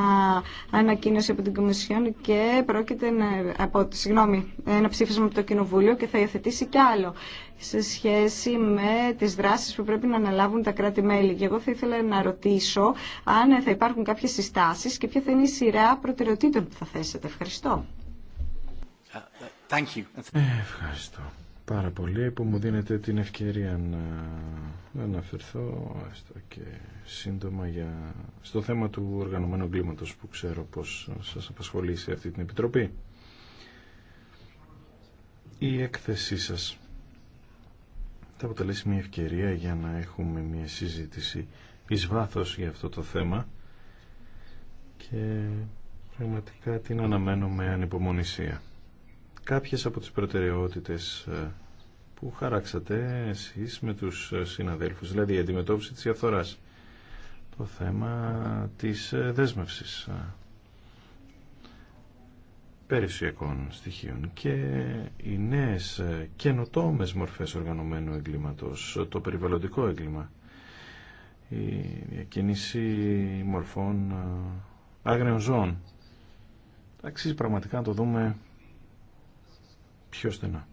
ανακοίνωση από την Κομισιόν και πρόκειται να, από, συγγνώμη, ένα ψήφισμα από το Κοινοβούλιο και θα υιοθετήσει κι άλλο σε σχέση με τις δράσεις που πρέπει να αναλάβουν τα κράτη-μέλη. Και εγώ θα ήθελα να ρωτήσω αν θα υπάρχουν κάποιες συστάσεις και ποια θα είναι η σειρά προτεραιοτήτων που θα θέσετε. Ευχαριστώ. Ε, ε, thank ε, Ευχαριστώ πάρα πολύ που μου δίνετε την ευκαιρία να αναφερθώ έστω και σύντομα για... στο θέμα του οργανωμένου κλίματος που ξέρω πως σας απασχολεί σε αυτή την Επιτροπή. Η έκθεσή σας θα αποτελέσει μια ευκαιρία για να έχουμε μια συζήτηση εις βάθος για αυτό το θέμα και πραγματικά την αναμένω με ανυπομονησία κάποιες από τις προτεραιότητες ε, που χαράξατε εσείς με τους ε, συναδέλφους, δηλαδή η αντιμετώπιση της διαφθοράς, το θέμα της ε, δέσμευσης περιουσιακών στοιχείων και οι νέες καινοτόμες μορφές οργανωμένου εγκλήματος, το περιβαλλοντικό έγκλημα, η διακίνηση μορφών άγνεων ζώων. Αξίζει πραγματικά να το δούμε πιο στενά.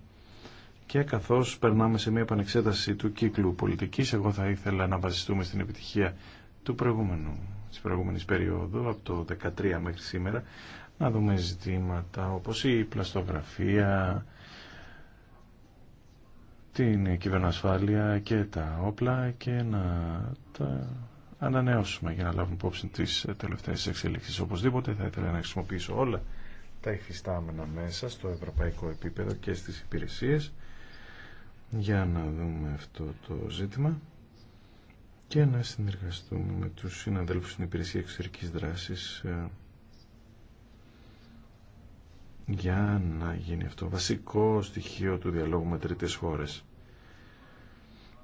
Και καθώς περνάμε σε μια επανεξέταση του κύκλου πολιτικής, εγώ θα ήθελα να βασιστούμε στην επιτυχία του προηγούμενου, της προηγούμενης περίοδου, από το 2013 μέχρι σήμερα, να δούμε ζητήματα όπως η πλαστογραφία, την κυβερνοασφάλεια και τα όπλα και να τα ανανεώσουμε για να λάβουμε υπόψη τις τελευταίες εξελίξεις. Οπωσδήποτε θα ήθελα να χρησιμοποιήσω όλα τα υφιστάμενα μέσα στο ευρωπαϊκό επίπεδο και στις υπηρεσίες για να δούμε αυτό το ζήτημα και να συνεργαστούμε με τους συναδέλφους στην υπηρεσία εξωτερικής δράσης ε, για να γίνει αυτό βασικό στοιχείο του διαλόγου με τρίτες χώρες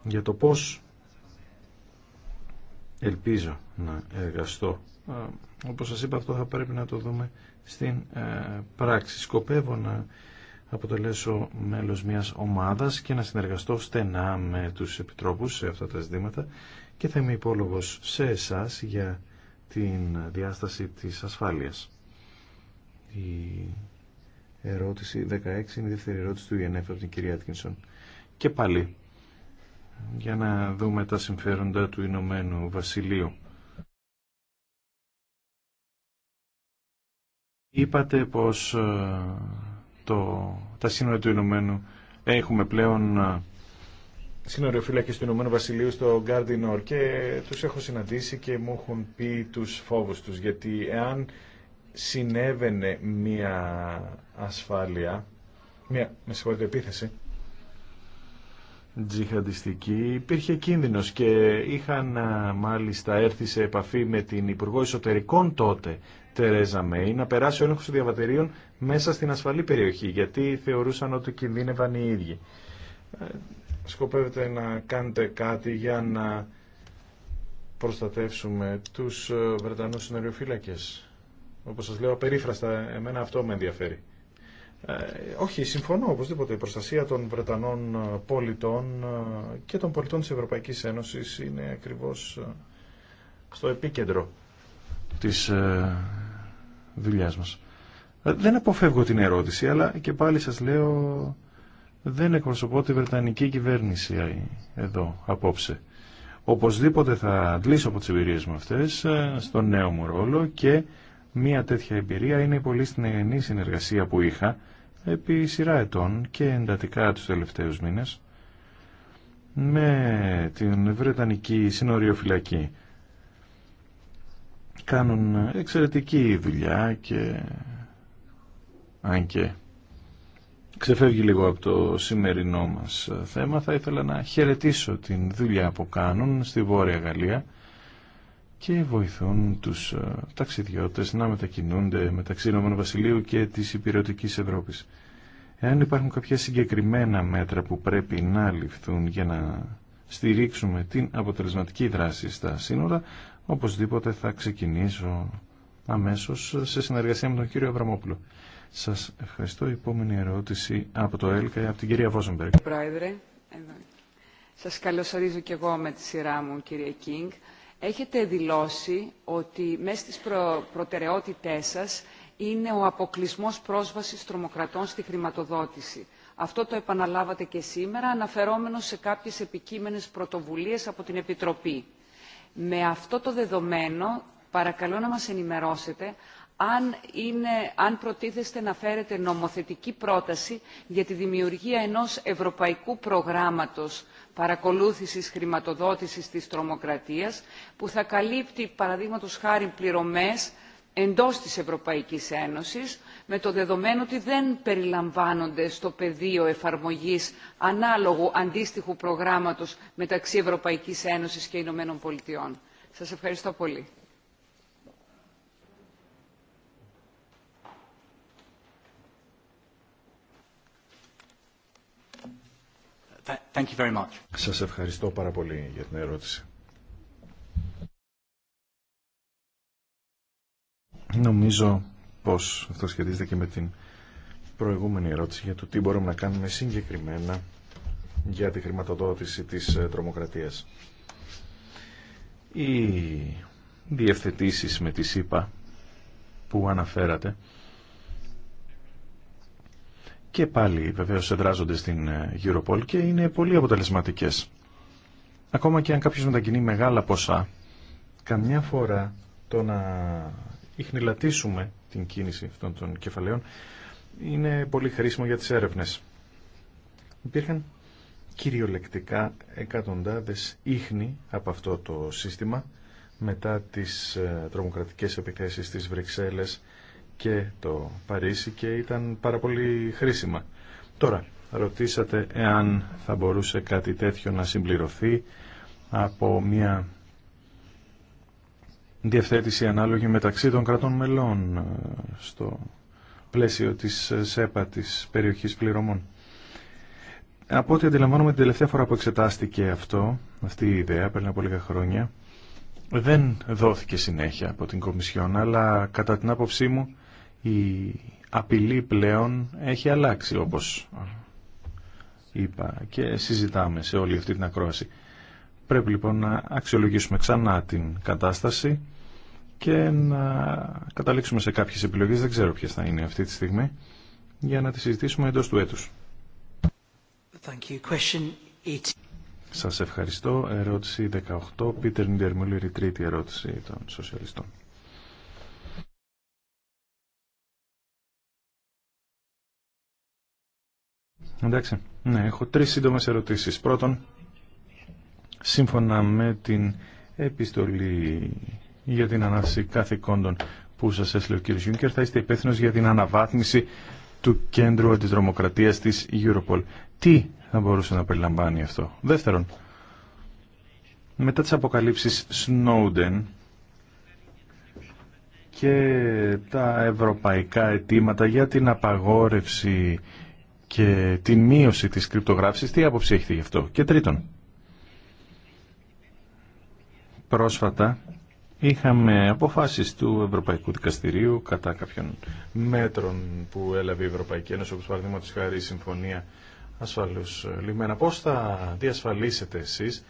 για το πώς ελπίζω να εργαστώ όπως σας είπα αυτό θα πρέπει να το δούμε στην ε, πράξη. Σκοπεύω να αποτελέσω μέλος μιας ομάδας και να συνεργαστώ στενά με τους επιτρόπους σε αυτά τα ζητήματα και θα είμαι υπόλογος σε εσάς για την διάσταση της ασφάλειας. Η ερώτηση 16 είναι η δεύτερη ερώτηση του ΙΕΝΕΦ από την κυρία Τκίνσον. Και πάλι, για να δούμε τα συμφέροντα του Ηνωμένου Βασιλείου. Είπατε πως ε, το, τα σύνορα του Ηνωμένου ε, έχουμε πλέον ε, και του Ηνωμένου Βασιλείου στο Γκάρντινορ και τους έχω συναντήσει και μου έχουν πει τους φόβους τους γιατί εάν συνέβαινε μια ασφάλεια μια, με συγχωρείτε, επίθεση τζιχαντιστική υπήρχε κίνδυνος και είχαν μάλιστα έρθει σε επαφή με την Υπουργό Εσωτερικών τότε Τερέζα Μέη να περάσει ο έλεγχο των διαβατηρίων μέσα στην ασφαλή περιοχή, γιατί θεωρούσαν ότι κινδύνευαν οι ίδιοι. Ε, σκοπεύετε να κάνετε κάτι για να προστατεύσουμε τους ε, Βρετανούς συνοριοφύλακες. Όπως σας λέω, απερίφραστα, εμένα αυτό με ενδιαφέρει. Ε, όχι, συμφωνώ οπωσδήποτε. Η προστασία των Βρετανών πολιτών και των πολιτών της Ευρωπαϊκής Ένωσης είναι ακριβώς στο επίκεντρο της δουλειά ε, Δεν αποφεύγω την ερώτηση, αλλά και πάλι σας λέω δεν εκπροσωπώ τη Βρετανική κυβέρνηση εδώ απόψε. Οπωσδήποτε θα αντλήσω από τις εμπειρίες μου αυτές ε, στον νέο μου ρόλο και μία τέτοια εμπειρία είναι η πολύ στενή συνεργασία που είχα επί σειρά ετών και εντατικά τους τελευταίους μήνες με την Βρετανική Συνοριοφυλακή κάνουν εξαιρετική δουλειά και αν και ξεφεύγει λίγο από το σημερινό μας θέμα θα ήθελα να χαιρετήσω την δουλειά που κάνουν στη Βόρεια Γαλλία και βοηθούν τους ε, ταξιδιώτες να μετακινούνται μεταξύ Ηνωμένου Βασιλείου και της Υπηρετικής Ευρώπης. Εάν υπάρχουν κάποια συγκεκριμένα μέτρα που πρέπει να ληφθούν για να στηρίξουμε την αποτελεσματική δράση στα σύνορα, οπωσδήποτε θα ξεκινήσω αμέσως σε συνεργασία με τον κύριο Αβραμόπουλο. Σας ευχαριστώ. Η επόμενη ερώτηση από το ΕΛΚΑ από την κυρία Βόζενμπεργκ. Πρόεδρε, σας καλωσορίζω και εγώ με τη σειρά μου, κύριε Κίνγκ. Έχετε δηλώσει ότι μέσα στις προ... προτεραιότητές σας είναι ο αποκλεισμός πρόσβασης τρομοκρατών στη χρηματοδότηση. Αυτό το επαναλάβατε και σήμερα, αναφερόμενο σε κάποιες επικείμενες πρωτοβουλίες από την Επιτροπή. Με αυτό το δεδομένο, παρακαλώ να μας ενημερώσετε αν, είναι, αν προτίθεστε να φέρετε νομοθετική πρόταση για τη δημιουργία ενός ευρωπαϊκού προγράμματος παρακολούθησης χρηματοδότησης της τρομοκρατίας που θα καλύπτει παραδείγματος χάρη πληρωμές εντός της Ευρωπαϊκής Ένωσης με το δεδομένο ότι δεν περιλαμβάνονται στο πεδίο εφαρμογής ανάλογου αντίστοιχου προγράμματος μεταξύ Ευρωπαϊκής Ένωσης και Ηνωμένων Πολιτειών. Σας ευχαριστώ πολύ. Thank you very much. Σας ευχαριστώ πάρα πολύ για την ερώτηση. Νομίζω πώς αυτό σχετίζεται και με την προηγούμενη ερώτηση για το τι μπορούμε να κάνουμε συγκεκριμένα για τη χρηματοδότηση της ε, τρομοκρατίας. Οι διευθετήσεις με τη ΣΥΠΑ που αναφέρατε και πάλι βεβαίως εδράζονται στην ε, Europol και είναι πολύ αποτελεσματικές. Ακόμα και αν κάποιος μετακινεί μεγάλα ποσά, καμιά φορά το να ιχνηλατήσουμε την κίνηση αυτών των κεφαλαίων είναι πολύ χρήσιμο για τις έρευνες. Υπήρχαν κυριολεκτικά εκατοντάδες ίχνη από αυτό το σύστημα μετά τις ε, τρομοκρατικές επιθέσεις στις Βρυξέλλες και το Παρίσι και ήταν πάρα πολύ χρήσιμα. Τώρα, ρωτήσατε εάν θα μπορούσε κάτι τέτοιο να συμπληρωθεί από μια διευθέτηση ανάλογη μεταξύ των κρατών μελών ε, στο πλαίσιο της ε, ΣΕΠΑ, της περιοχής πληρωμών. Από ό,τι αντιλαμβάνομαι την τελευταία φορά που εξετάστηκε αυτό, αυτή η ιδέα, πριν από λίγα χρόνια, δεν δόθηκε συνέχεια από την Κομισιόν, αλλά κατά την άποψή μου η απειλή πλέον έχει αλλάξει, όπως είπα και συζητάμε σε όλη αυτή την ακρόαση. Πρέπει λοιπόν να αξιολογήσουμε ξανά την κατάσταση και να καταλήξουμε σε κάποιες επιλογές, δεν ξέρω ποιες θα είναι αυτή τη στιγμή, για να τις συζητήσουμε εντός του έτους. Thank you. Question Σας ευχαριστώ. Ερώτηση 18. Πίτερ Ντερμούλερη, τρίτη ερώτηση των σοσιαλιστών. Εντάξει. Ναι, έχω τρεις σύντομες ερωτήσεις. Πρώτον, σύμφωνα με την επιστολή για την ανάθεση κάθε κόντων που σα έστειλε ο κ. Γιούνκερ. Θα είστε υπεύθυνο για την αναβάθμιση του κέντρου αντιδρομοκρατίας της Europol. Τι θα μπορούσε να περιλαμβάνει αυτό. Δεύτερον, μετά τι αποκαλύψει Snowden και τα ευρωπαϊκά αιτήματα για την απαγόρευση και την μείωση της κρυπτογράφησης, τι άποψη έχετε γι' αυτό. Και τρίτον, πρόσφατα Είχαμε αποφάσεις του Ευρωπαϊκού Δικαστηρίου κατά κάποιων μέτρων που έλαβε η Ευρωπαϊκή Ένωση, όπως παραδείγματος χάρη η Συμφωνία Ασφαλούς Λιμένα. Πώς θα διασφαλίσετε εσείς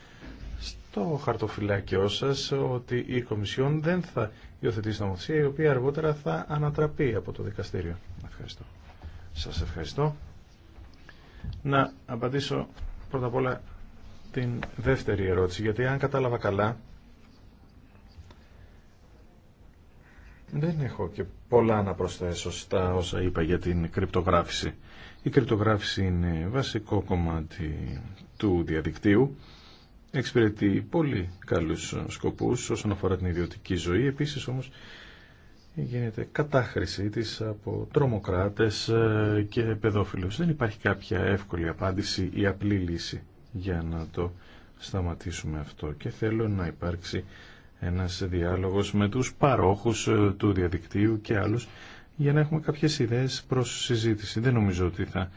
στο χαρτοφυλάκιό σας ότι η Κομισιόν δεν θα υιοθετήσει νομοθεσία η οποία αργότερα θα ανατραπεί από το Δικαστήριο. Ευχαριστώ. Σας ευχαριστώ. Να απαντήσω πρώτα απ' όλα την δεύτερη ερώτηση, γιατί αν κατάλαβα καλά, Δεν έχω και πολλά να προσθέσω στα όσα είπα για την κρυπτογράφηση. Η κρυπτογράφηση είναι βασικό κομμάτι του διαδικτύου. Εξυπηρετεί πολύ καλούς σκοπούς όσον αφορά την ιδιωτική ζωή. Επίσης όμως γίνεται κατάχρηση της από τρομοκράτες ε, και παιδόφιλους. Δεν υπάρχει κάποια εύκολη απάντηση ή απλή λύση για να το σταματήσουμε αυτό και θέλω να υπάρξει ένας διάλογος με τους παρόχους ε, του διαδικτύου και άλλους για να έχουμε κάποιες ιδέες προς συζήτηση. Δεν νομίζω ότι θα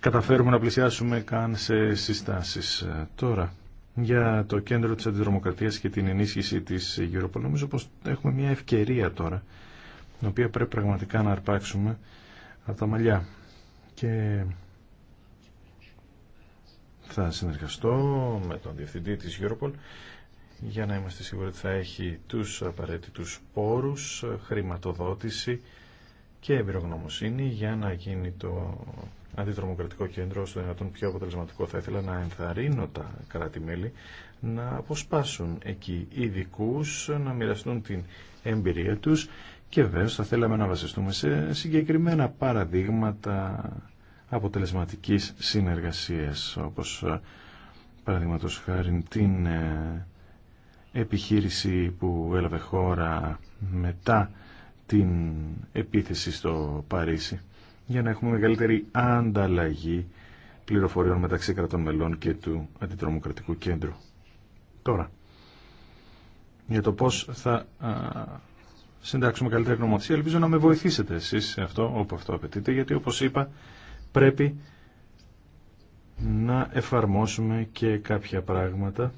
καταφέρουμε να πλησιάσουμε καν σε συστάσεις. Ε, τώρα, για το κέντρο της αντιδρομοκρατίας και την ενίσχυση της Europol, νομίζω πως έχουμε μια ευκαιρία τώρα, την οποία πρέπει πραγματικά να αρπάξουμε από τα μαλλιά. Και θα συνεργαστώ με τον Διευθυντή της Europol για να είμαστε σίγουροι ότι θα έχει τους απαραίτητους πόρους, χρηματοδότηση και εμπειρογνωμοσύνη για να γίνει το αντιτρομοκρατικό κέντρο στο δυνατόν πιο αποτελεσματικό. Θα ήθελα να ενθαρρύνω τα κράτη-μέλη να αποσπάσουν εκεί ειδικού, να μοιραστούν την εμπειρία τους και βέβαια θα θέλαμε να βασιστούμε σε συγκεκριμένα παραδείγματα αποτελεσματικής συνεργασίας όπως παραδείγματος χάρη την ε, επιχείρηση που έλαβε χώρα μετά την επίθεση στο Παρίσι για να έχουμε μεγαλύτερη ανταλλαγή πληροφοριών μεταξύ κρατών μελών και του Αντιτρομοκρατικού Κέντρου. Τώρα, για το πώς θα συντάξουμε καλύτερη νομοθεσία, ελπίζω να με βοηθήσετε εσείς σε αυτό, όπου αυτό απαιτείται, γιατί όπως είπα πρέπει να εφαρμόσουμε και κάποια πράγματα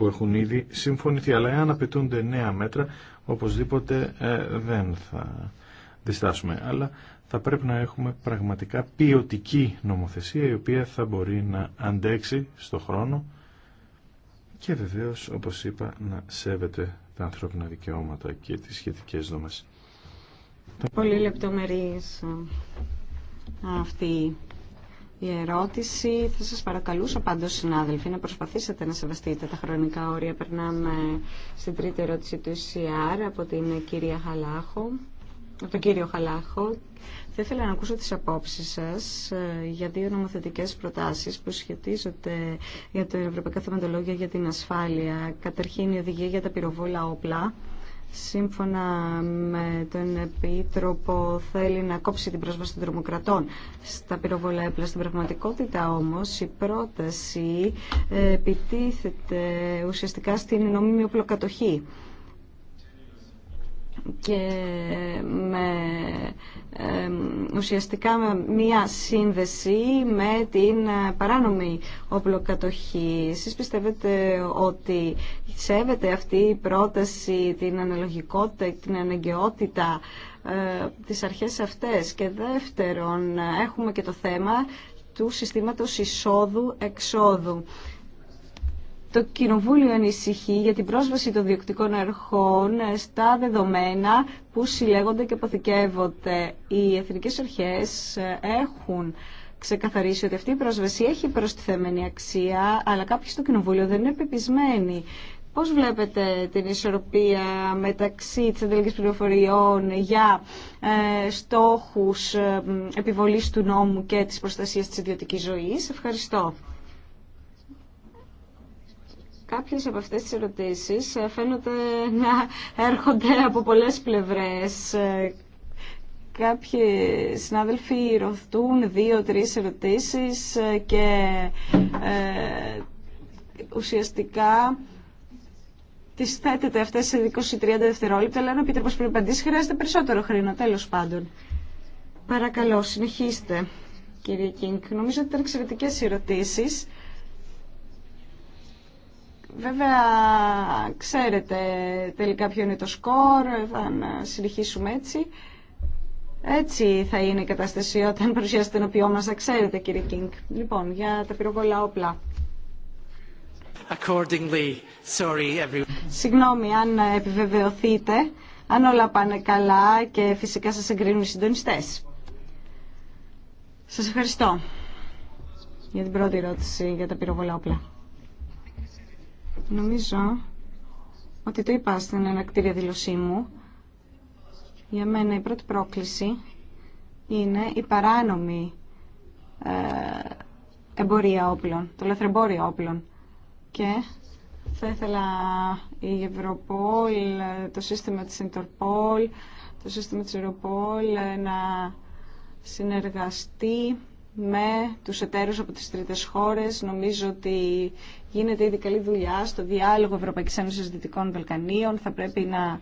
που έχουν ήδη συμφωνηθεί. Αλλά εάν απαιτούνται νέα μέτρα, οπωσδήποτε ε, δεν θα διστάσουμε. Αλλά θα πρέπει να έχουμε πραγματικά ποιοτική νομοθεσία η οποία θα μπορεί να αντέξει στο χρόνο και βεβαίως, όπως είπα, να σέβεται τα ανθρώπινα δικαιώματα και τις σχετικές δομές. Πολύ λεπτομερής ε, αυτή η ερώτηση. Θα σας παρακαλούσα πάντως, συνάδελφοι, να προσπαθήσετε να σεβαστείτε τα χρονικά όρια. Περνάμε στην τρίτη ερώτηση του ECR από την κυρία Χαλάχο. Από τον κύριο Χαλάχο. Θα ήθελα να ακούσω τις απόψεις σας ε, για δύο νομοθετικές προτάσεις που σχετίζονται για το Ευρωπαϊκό Θεματολόγιο για την Ασφάλεια. Καταρχήν η οδηγία για τα πυροβόλα όπλα σύμφωνα με τον Επίτροπο θέλει να κόψει την πρόσβαση των τρομοκρατών στα πυροβολά Στην πραγματικότητα όμως η πρόταση ε, επιτίθεται ουσιαστικά στην νομίμη οπλοκατοχή και ε, με ουσιαστικά μία σύνδεση με την ε, παράνομη οπλοκατοχή. Εσείς πιστεύετε ότι σέβεται αυτή η πρόταση την αναλογικότητα, την αναγκαιότητα ε, της αρχές αυτές και δεύτερον έχουμε και το θέμα του συστήματος εισόδου-εξόδου το Κοινοβούλιο ανησυχεί για την πρόσβαση των διοκτικών αρχών στα δεδομένα που συλλέγονται και αποθηκεύονται. Οι εθνικές αρχές έχουν ξεκαθαρίσει ότι αυτή η πρόσβαση έχει προστιθέμενη αξία, αλλά κάποιοι στο Κοινοβούλιο δεν είναι πεπισμένοι. Πώς βλέπετε την ισορροπία μεταξύ της ανταλλαγής πληροφοριών για ε, στόχους ε, επιβολής του νόμου και της προστασίας της ιδιωτικής ζωής. Ευχαριστώ. Κάποιες από αυτές τις ερωτήσεις ε, φαίνονται να έρχονται από πολλές πλευρές. Ε, κάποιοι συνάδελφοι ρωτούν δύο-τρεις ερωτήσεις ε, και ουσιαστικά τις θέτεται αυτές σε 20-30 δευτερόλεπτα, αλλά αν ο πρέπει να απαντήσει χρειάζεται περισσότερο χρήμα, τέλος πάντων. Παρακαλώ, συνεχίστε, κύριε Κίνκ. Νομίζω ότι ήταν εξαιρετικέ οι ερωτήσεις. Βέβαια, ξέρετε τελικά ποιο είναι το σκορ, θα συνεχίσουμε έτσι. Έτσι θα είναι η κατάσταση όταν [laughs] παρουσιάσετε οποίο μας, θα ξέρετε κύριε Κίνγκ. Λοιπόν, για τα πυροβολά όπλα. Accordingly, sorry, everyone. Συγγνώμη αν επιβεβαιωθείτε, αν όλα πάνε καλά και φυσικά σας εγκρίνουν οι συντονιστές. Σας ευχαριστώ για την πρώτη ερώτηση για τα πυροβολά όπλα. Νομίζω ότι το είπα στην ανακτήρια δήλωσή μου. Για μένα η πρώτη πρόκληση είναι η παράνομη ε, εμπορία όπλων, το λαθρεμπόριο όπλων. Και θα ήθελα η Ευρωπόλ, το σύστημα της Interpol, το σύστημα της Ευρωπόλ να συνεργαστεί με τους εταίρους από τις τρίτες χώρες. Νομίζω ότι γίνεται ήδη καλή δουλειά στο διάλογο Ευρωπαϊκής Ένωσης Δυτικών Βαλκανίων. Θα πρέπει να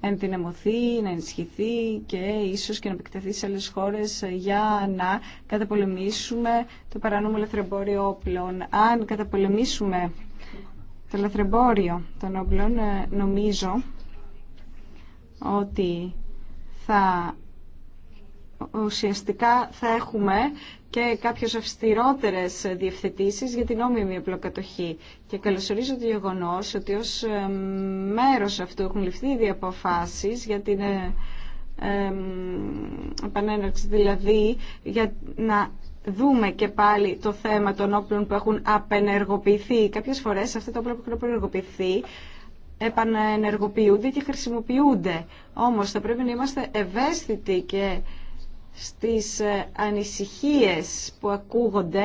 ενδυναμωθεί, να ενισχυθεί και ίσως και να επεκταθεί σε άλλες χώρες για να καταπολεμήσουμε το παράνομο λαθρεμπόριο όπλων. Αν καταπολεμήσουμε το λαθρεμπόριο των όπλων, ε, νομίζω ότι θα ουσιαστικά θα έχουμε και κάποιε αυστηρότερε διευθετήσεις για την όμιμη απλοκατοχή. Και καλωσορίζω το γεγονό ότι ω ε, μέρος αυτού έχουν ληφθεί ήδη αποφάσει για την ε, επανέναρξη, δηλαδή για να δούμε και πάλι το θέμα των όπλων που έχουν απενεργοποιηθεί. Κάποιες φορές αυτά τα όπλα που έχουν απενεργοποιηθεί επανενεργοποιούνται και χρησιμοποιούνται. Όμως θα πρέπει να είμαστε ευαίσθητοι και στις ε, ανησυχίες που ακούγονται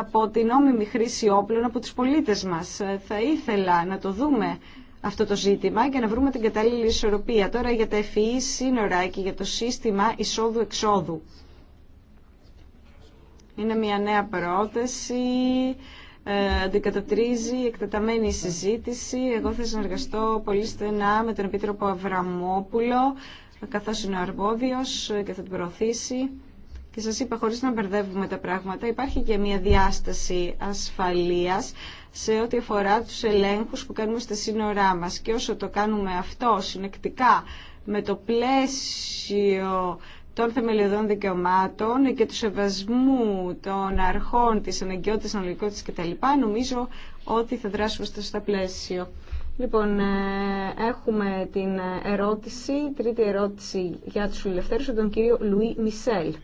από την νόμιμη χρήση όπλων από τους πολίτες μας. Ε, θα ήθελα να το δούμε αυτό το ζήτημα και να βρούμε την κατάλληλη ισορροπία. Τώρα για τα ΕΦΗ e e σύνορα και για το σύστημα εισόδου-εξόδου. Είναι μια νέα πρόταση, ε, αντικατατρίζει εκτεταμένη συζήτηση. Εγώ θα συνεργαστώ πολύ στενά με τον Επίτροπο Αβραμόπουλο Καθώ είναι ο αρμόδιο και θα την προωθήσει. Και σας είπα, χωρί να μπερδεύουμε τα πράγματα, υπάρχει και μια διάσταση ασφαλεία σε ό,τι αφορά του ελέγχου που κάνουμε στα σύνορά μας. Και όσο το κάνουμε αυτό συνεκτικά με το πλαίσιο των θεμελιωδών δικαιωμάτων και του σεβασμού των αρχών της αναγκαιότητας, αναλογικότητας κτλ. Νομίζω ότι θα δράσουμε στο στα πλαίσιο. Λοιπόν, ε, έχουμε την ερώτηση, τρίτη ερώτηση για τους φιλελευθέρους, τον κύριο Λουί Μισελ.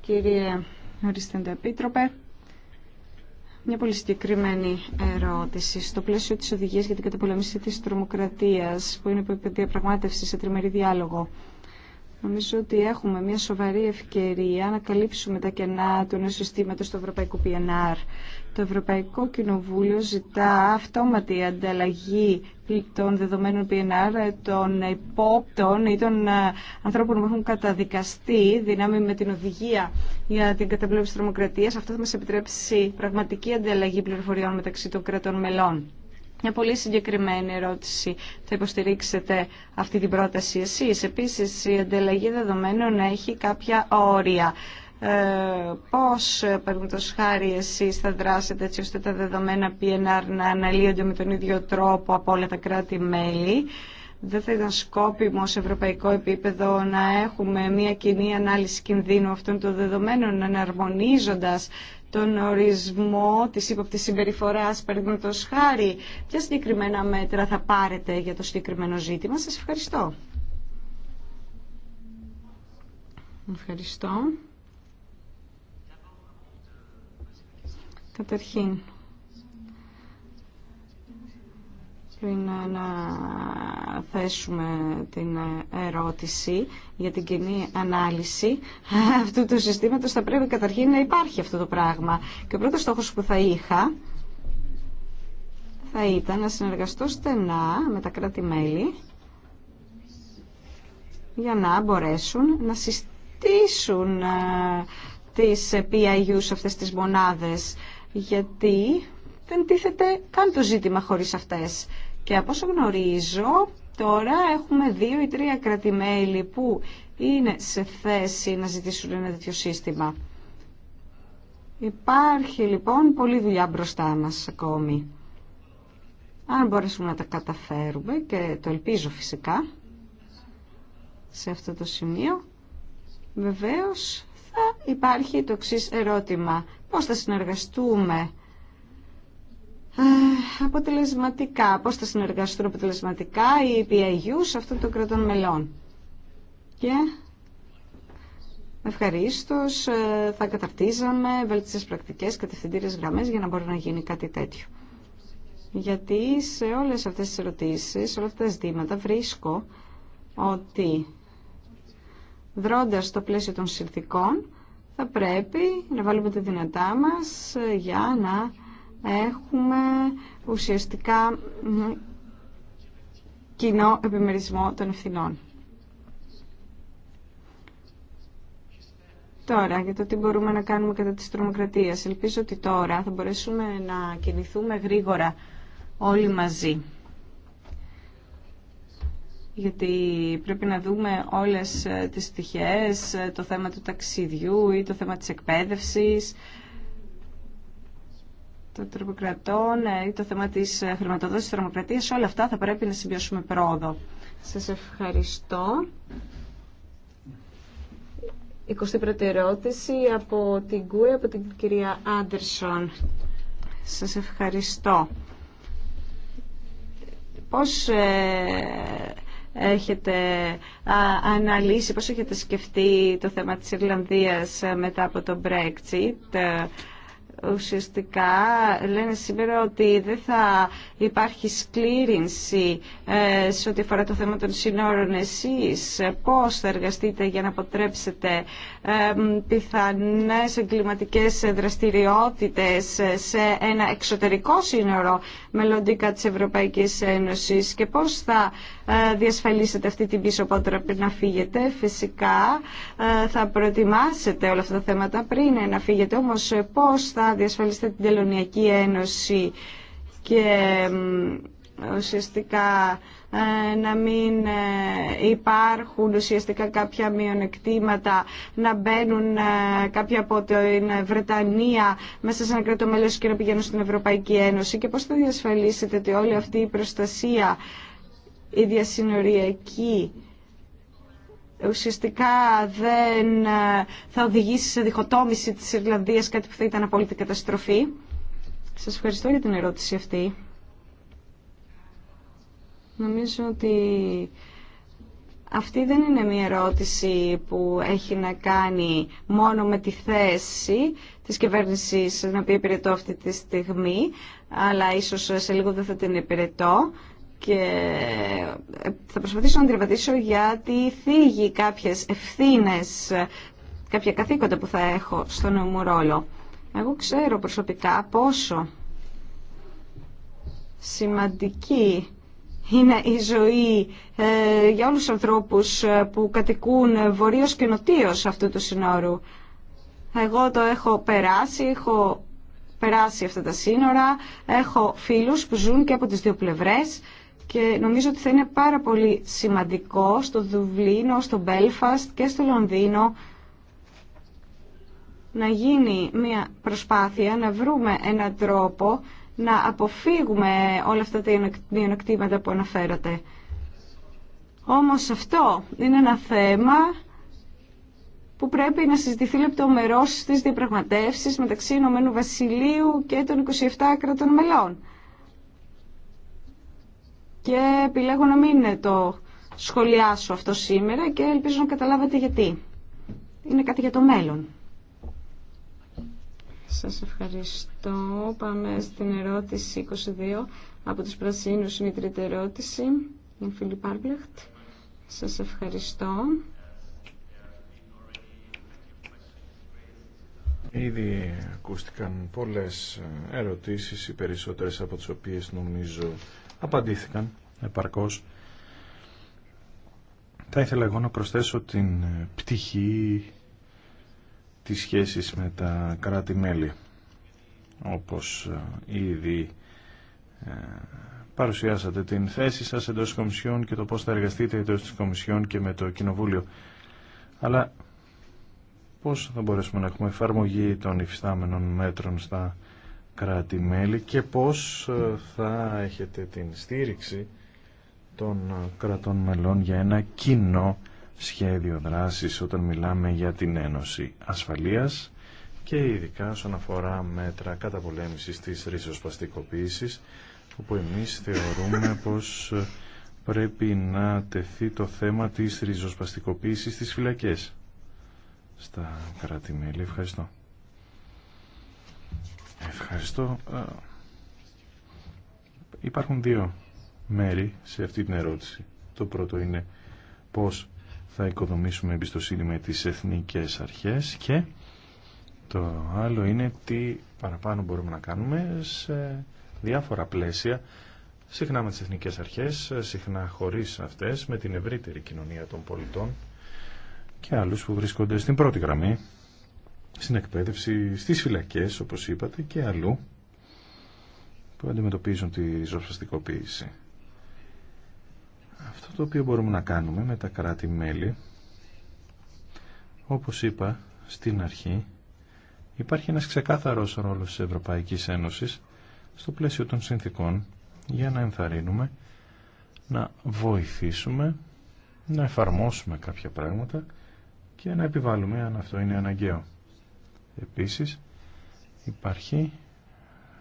Κύριε Οριστέντα Επίτροπε, μια πολύ συγκεκριμένη ερώτηση. Στο πλαίσιο της οδηγίας για την καταπολέμηση της τρομοκρατίας, που είναι διαπραγμάτευση σε τριμερή διάλογο, Νομίζω ότι έχουμε μια σοβαρή ευκαιρία να καλύψουμε τα κενά του νέου συστήματος του Ευρωπαϊκού PNR. Το Ευρωπαϊκό Κοινοβούλιο ζητά αυτόματη ανταλλαγή των δεδομένων PNR των υπόπτων ή των ε, ανθρώπων που έχουν καταδικαστεί δυνάμει με την οδηγία για την καταπλήρωση τρομοκρατίας. Αυτό θα μας επιτρέψει πραγματική ανταλλαγή πληροφοριών μεταξύ των κρατών μελών. Μια πολύ συγκεκριμένη ερώτηση. Θα υποστηρίξετε αυτή την πρόταση εσείς. Επίσης, η ανταλλαγή δεδομένων έχει κάποια όρια. Ε, πώς, παραδείγματο χάρη, εσείς θα δράσετε έτσι ώστε τα δεδομένα PNR να αναλύονται με τον ίδιο τρόπο από όλα τα κράτη-μέλη. Δεν θα ήταν σκόπιμο σε ευρωπαϊκό επίπεδο να έχουμε μια κοινή ανάλυση κινδύνου αυτών των δεδομένων, αναρμονίζοντα τον ορισμό της ύποπτης συμπεριφοράς, παραδείγματο χάρη. Ποια συγκεκριμένα μέτρα θα πάρετε για το συγκεκριμένο ζήτημα. Σας ευχαριστώ. Ευχαριστώ. Καταρχήν, Πριν να θέσουμε την ερώτηση για την κοινή ανάλυση αυτού του συστήματος. Θα πρέπει καταρχήν να υπάρχει αυτό το πράγμα. Και ο πρώτος στόχος που θα είχα θα ήταν να συνεργαστώ στενά με τα κράτη-μέλη για να μπορέσουν να συστήσουν ε, τις PIU αυτές τις μονάδες γιατί δεν τίθεται καν το ζήτημα χωρίς αυτές. Και από όσο γνωρίζω, τώρα έχουμε δύο ή τρία κρατημέλη που είναι σε θέση να ζητήσουν ένα τέτοιο σύστημα. Υπάρχει λοιπόν πολλή δουλειά μπροστά μας ακόμη. Αν μπορέσουμε να τα καταφέρουμε και το ελπίζω φυσικά σε αυτό το σημείο, βεβαίως θα υπάρχει το εξή ερώτημα. Πώς θα συνεργαστούμε ε, αποτελεσματικά. Πώς θα συνεργαστούν αποτελεσματικά οι σε αυτό το κρατών μελών. Και ευχαρίστω ε, θα καταρτίζαμε βέλτιστε πρακτικές, κατευθυντήρε γραμμές για να μπορεί να γίνει κάτι τέτοιο. Γιατί σε όλες αυτές τις ερωτήσεις, σε όλα αυτά τα ζητήματα βρίσκω ότι δρώντας το πλαίσιο των συνθηκών θα πρέπει να βάλουμε τη δυνατά μας ε, για να έχουμε ουσιαστικά κοινό επιμερισμό των ευθυνών. Τώρα, για το τι μπορούμε να κάνουμε κατά της τρομοκρατίας. Ελπίζω ότι τώρα θα μπορέσουμε να κινηθούμε γρήγορα όλοι μαζί. Γιατί πρέπει να δούμε όλες τις στοιχείες, το θέμα του ταξιδιού ή το θέμα της εκπαίδευσης, των τρομοκρατών ε, ή το θέμα τη χρηματοδότηση της ε, τρομοκρατία. όλα αυτά θα πρέπει να συμπιώσουμε πρόοδο. Σα ευχαριστώ. 21η ερώτηση από την ΚΟΕ, από την κυρία Άντερσον. Σας ευχαριστώ. Πώς ε, έχετε αναλύσει, πώς έχετε σκεφτεί το θέμα της Ιρλανδίας μετά από το Brexit ουσιαστικά λένε σήμερα ότι δεν θα υπάρχει σκλήρινση ε, σε ό,τι αφορά το θέμα των συνόρων. Εσείς πώς θα εργαστείτε για να αποτρέψετε πιθανές εγκληματικές δραστηριότητες σε ένα εξωτερικό σύνορο μελλοντικά της Ευρωπαϊκής Ένωσης και πώς θα ε, διασφαλίσετε αυτή την πίσω πότρα πριν να φύγετε. Φυσικά ε, θα προετοιμάσετε όλα αυτά τα θέματα πριν να φύγετε, όμως πώς θα διασφαλίσετε την Τελωνιακή Ένωση και ουσιαστικά ε, να μην ε, υπάρχουν ουσιαστικά κάποια μειονεκτήματα, να μπαίνουν ε, κάποια από την Βρετανία μέσα σε ένα κράτο μέλο και να πηγαίνουν στην Ευρωπαϊκή Ένωση και πώς θα διασφαλίσετε ότι όλη αυτή η προστασία, η διασυνοριακή, ουσιαστικά δεν θα οδηγήσει σε διχοτόμηση της Ιρλανδίας, κάτι που θα ήταν απόλυτη καταστροφή. Σας ευχαριστώ για την ερώτηση αυτή. Νομίζω ότι αυτή δεν είναι μια ερώτηση που έχει να κάνει μόνο με τη θέση της κυβέρνησης να πει υπηρετώ αυτή τη στιγμή, αλλά ίσως σε λίγο δεν θα την υπηρετώ και θα προσπαθήσω να αντιβατήσω γιατί θίγει κάποιες ευθύνες, κάποια καθήκοντα που θα έχω στον νέο μου ρόλο. Εγώ ξέρω προσωπικά πόσο σημαντική είναι η ζωή ε, για όλους τους ανθρώπους ε, που κατοικούν βορείως και νοτίως αυτού του συνόρου. Εγώ το έχω περάσει, έχω περάσει αυτά τα σύνορα, έχω φίλους που ζουν και από τις δύο πλευρές και νομίζω ότι θα είναι πάρα πολύ σημαντικό στο Δουβλίνο, στο Μπέλφαστ και στο Λονδίνο να γίνει μια προσπάθεια να βρούμε έναν τρόπο να αποφύγουμε όλα αυτά τα μειονεκτήματα που αναφέρατε. Όμως αυτό είναι ένα θέμα που πρέπει να συζητηθεί λεπτομερώς στις διαπραγματεύσεις μεταξύ Ηνωμένου Βασιλείου και των 27 κρατών μελών. Και επιλέγω να μην το σχολιάσω αυτό σήμερα και ελπίζω να καταλάβετε γιατί. Είναι κάτι για το μέλλον. Σας ευχαριστώ. Πάμε στην ερώτηση 22 από τους Πρασίνους. Είναι η τρίτη ερώτηση. Είναι Φίλιπ Άρμπλεχτ. Σας ευχαριστώ. Ήδη ακούστηκαν πολλές ερωτήσεις, οι περισσότερες από τις οποίες νομίζω απαντήθηκαν επαρκώς. Θα ήθελα εγώ να προσθέσω την πτυχή τις σχέσεις με τα κράτη-μέλη. Όπως ε, ήδη ε, παρουσιάσατε την θέση σας εντός της Κομισιόν και το πώς θα εργαστείτε εντός της Κομισιόν και με το Κοινοβούλιο. Αλλά πώς θα μπορέσουμε να έχουμε εφαρμογή των υφιστάμενων μέτρων στα κράτη-μέλη και πώς ε, θα έχετε την στήριξη των κρατών μελών για ένα κοινό σχέδιο δράσης όταν μιλάμε για την Ένωση Ασφαλείας και ειδικά όσον αφορά μέτρα καταπολέμησης της ρίσοσπαστικοποίησης όπου εμείς θεωρούμε πως πρέπει να τεθεί το θέμα της ριζοσπαστικοποίησης στις φυλακές στα κρατη Ευχαριστώ. Ευχαριστώ. Ε, υπάρχουν δύο μέρη σε αυτή την ερώτηση. Το πρώτο είναι πώς θα οικοδομήσουμε εμπιστοσύνη με τις εθνικές αρχές και το άλλο είναι τι παραπάνω μπορούμε να κάνουμε σε διάφορα πλαίσια, συχνά με τις εθνικές αρχές, συχνά χωρίς αυτές, με την ευρύτερη κοινωνία των πολιτών και άλλους που βρίσκονται στην πρώτη γραμμή, στην εκπαίδευση, στις φυλακές όπως είπατε και αλλού που αντιμετωπίζουν τη ζωσπαστικοποίηση. Αυτό το οποίο μπορούμε να κάνουμε με τα κράτη-μέλη, όπως είπα στην αρχή, υπάρχει ένας ξεκάθαρος ρόλος της Ευρωπαϊκής Ένωσης στο πλαίσιο των συνθήκων για να ενθαρρύνουμε, να βοηθήσουμε, να εφαρμόσουμε κάποια πράγματα και να επιβάλλουμε αν αυτό είναι αναγκαίο. Επίσης υπάρχει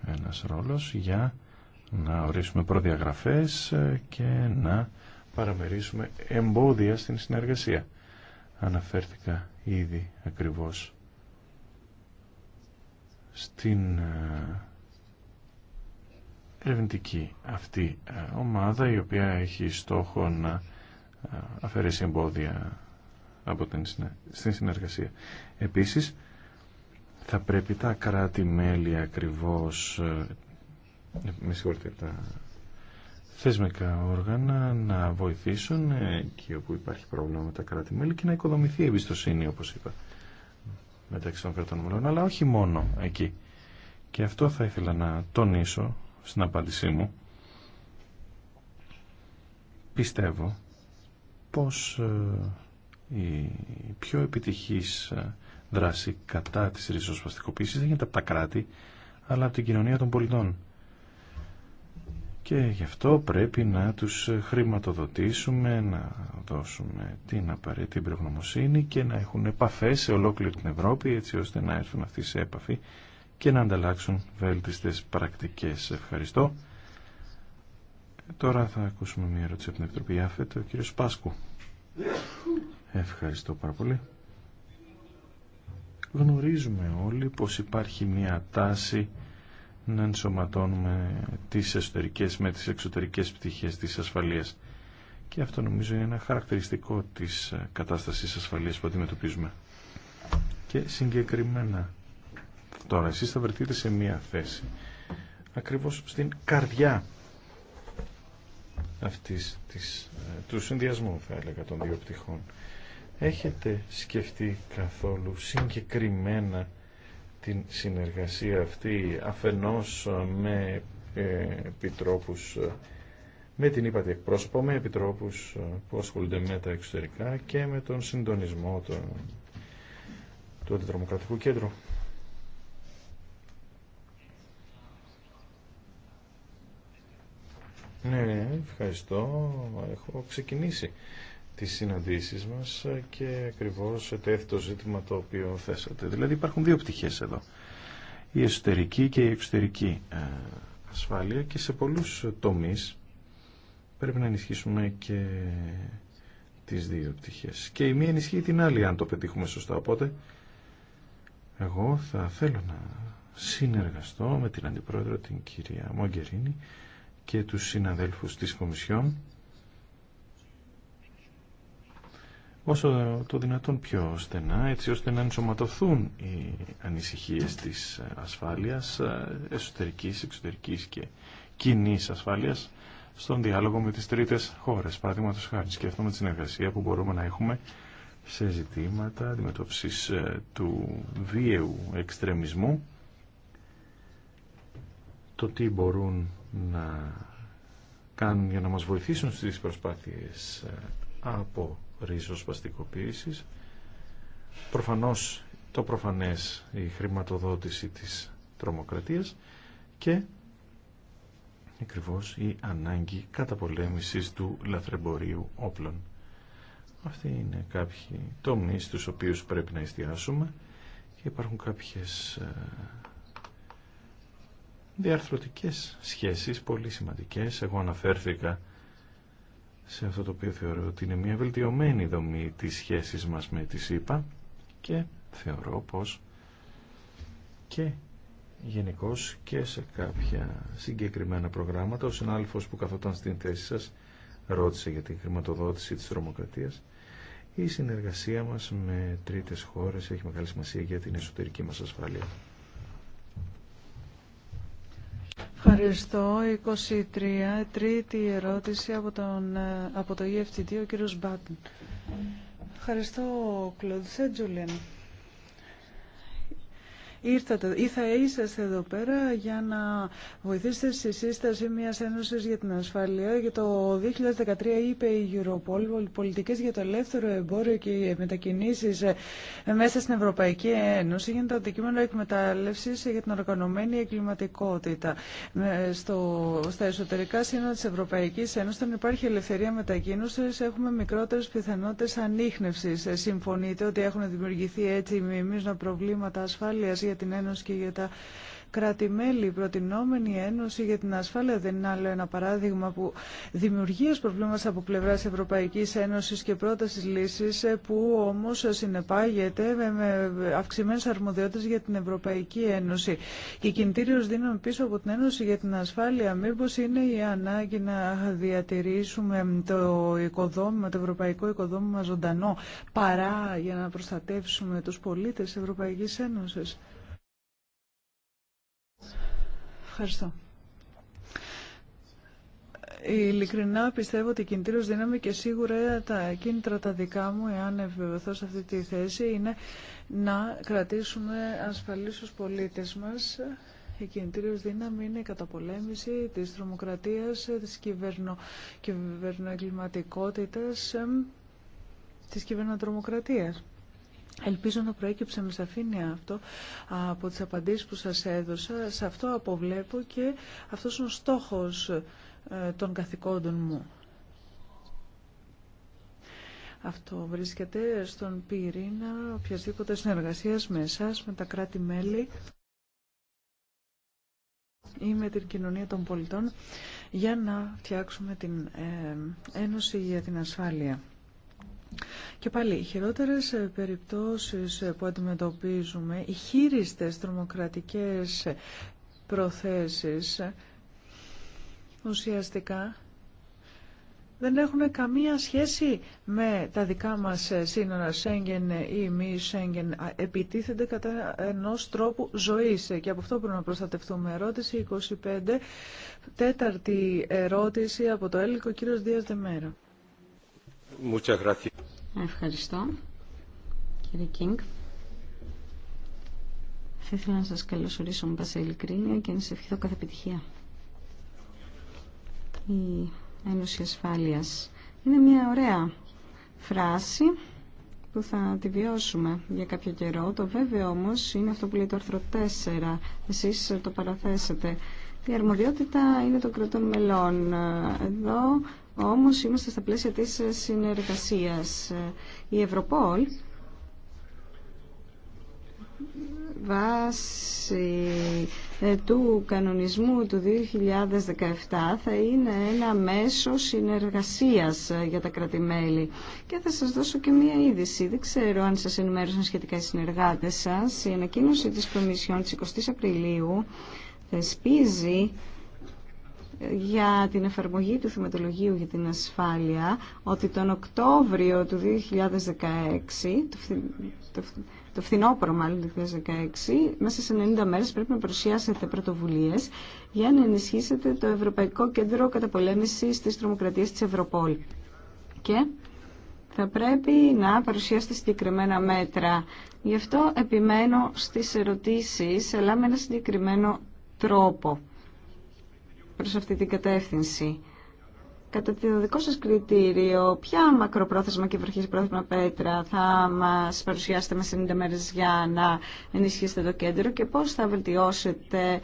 ένας ρόλος για να ορίσουμε προδιαγραφές και να παραμερίσουμε εμπόδια στην συνεργασία. Αναφέρθηκα ήδη ακριβώς στην ε, ερευνητική αυτή ε, ομάδα η οποία έχει στόχο να ε, αφαιρέσει εμπόδια από την, στην συνεργασία. Επίσης, θα πρέπει τα κράτη-μέλη ακριβώς με συγχωρείτε τα θεσμικά όργανα να βοηθήσουν ε, εκεί όπου υπάρχει πρόβλημα με τα κράτη-μέλη και να οικοδομηθεί η εμπιστοσύνη, όπως είπα, μεταξύ των κρατών μελών, αλλά όχι μόνο εκεί. Και αυτό θα ήθελα να τονίσω στην απάντησή μου. Πιστεύω πως ε, η πιο επιτυχής ε, δράση κατά της ριζοσπαστικοποίηση δεν γίνεται από τα κράτη, αλλά από την κοινωνία των πολιτών και γι' αυτό πρέπει να τους χρηματοδοτήσουμε, να δώσουμε την απαραίτητη προγνωμοσύνη και να έχουν επαφές σε ολόκληρη την Ευρώπη έτσι ώστε να έρθουν αυτοί σε επαφή και να ανταλλάξουν βέλτιστες πρακτικές. Ευχαριστώ. Τώρα θα ακούσουμε μια ερώτηση από την Επιτροπή Άφετ, ο κύριος Πάσκου. Ευχαριστώ πάρα πολύ. Γνωρίζουμε όλοι πως υπάρχει μια τάση να ενσωματώνουμε τις εσωτερικές με τις εξωτερικές πτυχές της ασφαλείας. Και αυτό νομίζω είναι ένα χαρακτηριστικό της ε, κατάστασης ασφαλείας που αντιμετωπίζουμε. Και συγκεκριμένα τώρα εσείς θα βρεθείτε σε μία θέση ακριβώς στην καρδιά αυτής της, ε, του συνδυασμού θα έλεγα των δύο πτυχών έχετε σκεφτεί καθόλου συγκεκριμένα την συνεργασία αυτή αφενός ε, με ε, επιτρόπους ε, με την είπατε εκπρόσωπο, με επιτρόπους που ασχολούνται με τα εξωτερικά και με τον συντονισμό του, του Κέντρου. Ναι, ευχαριστώ. Έχω ξεκινήσει τις συναντήσεις μας και ακριβώς το το ζήτημα το οποίο θέσατε. Δηλαδή υπάρχουν δύο πτυχές εδώ. Η εσωτερική και η εξωτερική ε, ασφάλεια και σε πολλούς τομείς πρέπει να ενισχύσουμε και τις δύο πτυχές. Και η μία ενισχύει την άλλη αν το πετύχουμε σωστά. Οπότε εγώ θα θέλω να συνεργαστώ με την Αντιπρόεδρο την κυρία Μογκερίνη και τους συναδέλφους της Κομισιόν όσο το δυνατόν πιο στενά, έτσι ώστε να ενσωματωθούν οι ανησυχίες της ασφάλειας, εσωτερικής, εξωτερικής και κοινή ασφάλειας, στον διάλογο με τις τρίτες χώρες. Παραδείγματο χάρη, σκέφτομαι τη συνεργασία που μπορούμε να έχουμε σε ζητήματα αντιμετώπισης ε, του βίαιου εξτρεμισμού, το τι μπορούν να κάνουν για να μας βοηθήσουν στις προσπάθειες ε, από ριζοσπαστικοποίησης. Προφανώς το προφανές η χρηματοδότηση της τρομοκρατίας και ακριβώ η ανάγκη καταπολέμησης του λαθρεμπορίου όπλων. Αυτοί είναι κάποιοι τομεί στους οποίους πρέπει να εστιάσουμε και υπάρχουν κάποιες ε, διαρθρωτικές σχέσεις πολύ σημαντικές. Εγώ αναφέρθηκα σε αυτό το οποίο θεωρώ ότι είναι μια βελτιωμένη δομή της σχέσης μας με τη ΣΥΠΑ και θεωρώ πως και γενικώ και σε κάποια συγκεκριμένα προγράμματα ο συνάδελφος που καθόταν στην θέση σας ρώτησε για την χρηματοδότηση της τρομοκρατίας η συνεργασία μας με τρίτες χώρες έχει μεγάλη σημασία για την εσωτερική μας ασφάλεια. Ευχαριστώ. 23. Τρίτη ερώτηση από, τον, ε, από το EFTD, ο κύριος Μπάτν. Ευχαριστώ, Κλοντ Τζούλεν ήρθατε ή θα είσαστε εδώ πέρα για να βοηθήσετε στη σύσταση μια Ένωση για την Ασφαλεία. Για το 2013 είπε η Europol, πολιτικέ για το ελεύθερο εμπόριο και οι μετακίνησει ε, μέσα στην Ευρωπαϊκή Ένωση το αντικείμενο εκμετάλλευση για την οργανωμένη εγκληματικότητα. Στο, στα εσωτερικά σύνορα τη Ευρωπαϊκή Ένωση, όταν υπάρχει ελευθερία μετακίνηση, έχουμε μικρότερε πιθανότητε ανείχνευση. Ε, συμφωνείτε ότι έχουν δημιουργηθεί έτσι μιμίζωνα προβλήματα ασφάλειας για την Ένωση και για τα κράτη-μέλη. Η προτινόμενη Ένωση για την Ασφάλεια δεν είναι άλλο ένα παράδειγμα που δημιουργεί ως προβλήμα από πλευράς Ευρωπαϊκής Ένωσης και πρότασης λύσης ε, που όμως συνεπάγεται με αυξημένες αρμοδιότητες για την Ευρωπαϊκή Ένωση. Και κινητήριος δίνουμε πίσω από την Ένωση για την Ασφάλεια μήπως είναι η ανάγκη να διατηρήσουμε το, οικοδόμημα, το ευρωπαϊκό οικοδόμημα ζωντανό παρά για να προστατεύσουμε τους πολίτες της Ευρωπαϊκής Ένωσης. Ευχαριστώ. Ειλικρινά πιστεύω ότι η κινητήριο δύναμη και σίγουρα τα κίνητρα τα δικά μου, εάν επιβεβαιωθώ σε αυτή τη θέση, είναι να κρατήσουμε ασφαλείς τους πολίτες μας. Η κινητήριο δύναμη είναι η καταπολέμηση της τρομοκρατίας, της κυβερνο... κυβερνοεγκληματικότητας, της κυβερνοτρομοκρατίας. Ελπίζω να προέκυψε με σαφήνεια αυτό από τις απαντήσεις που σας έδωσα. Σε αυτό αποβλέπω και αυτός είναι ο στόχος ε, των καθηκόντων μου. Αυτό βρίσκεται στον πυρήνα οποιασδήποτε συνεργασίας με εσάς, με τα κράτη-μέλη ή με την κοινωνία των πολιτών για να φτιάξουμε την ε, Ένωση για την Ασφάλεια. Και πάλι, οι χειρότερες ε, περιπτώσεις ε, που αντιμετωπίζουμε, οι χείριστες τρομοκρατικές ε, προθέσεις, ουσιαστικά δεν έχουν καμία σχέση με τα δικά μας σύνορα Σέγγεν ή μη Σέγγεν. Επιτίθενται κατά ενός τρόπου ζωής και από αυτό πρέπει να προστατευτούμε. Ερώτηση 25, τέταρτη ερώτηση από το έλικο κύριος Δίας Δεμέρα. Ευχαριστώ. Κύριε Κίνγκ. Θα ήθελα να σας καλωσορίσω με πάσα ειλικρίνεια και να σας ευχηθώ κάθε επιτυχία. Η Ένωση ασφάλεια. είναι μια ωραία φράση που θα τη βιώσουμε για κάποιο καιρό. Το βέβαιο όμως είναι αυτό που λέει το άρθρο 4. Εσείς το παραθέσετε. Η αρμοδιότητα είναι των κρατών μελών. Εδώ όμως είμαστε στα πλαίσια της συνεργασίας. Η Ευρωπόλ βάσει ε, του κανονισμού του 2017 θα είναι ένα μέσο συνεργασίας ε, για τα κρατημέλη. Και θα σας δώσω και μία είδηση. Δεν ξέρω αν σας ενημέρωσαν σχετικά οι συνεργάτες σας. Η ανακοίνωση της Κομισιόν της 20 Απριλίου θεσπίζει για την εφαρμογή του θεματολογίου για την ασφάλεια ότι τον Οκτώβριο του 2016, το, φθι, το, το φθινόπωρο μάλλον του 2016, μέσα σε 90 μέρες πρέπει να παρουσιάσετε πρωτοβουλίες για να ενισχύσετε το Ευρωπαϊκό Κέντρο Καταπολέμησης της Τρομοκρατίας της Ευρωπόλη. Και θα πρέπει να παρουσιάσετε συγκεκριμένα μέτρα. Γι' αυτό επιμένω στις ερωτήσεις, αλλά με ένα συγκεκριμένο τρόπο προς αυτή την κατεύθυνση. Κατά το δικό σας κριτήριο, ποια μακροπρόθεσμα και πρόθεσμα πέτρα θα μας παρουσιάσετε με 90 μέρες για να ενισχύσετε το κέντρο και πώς θα βελτιώσετε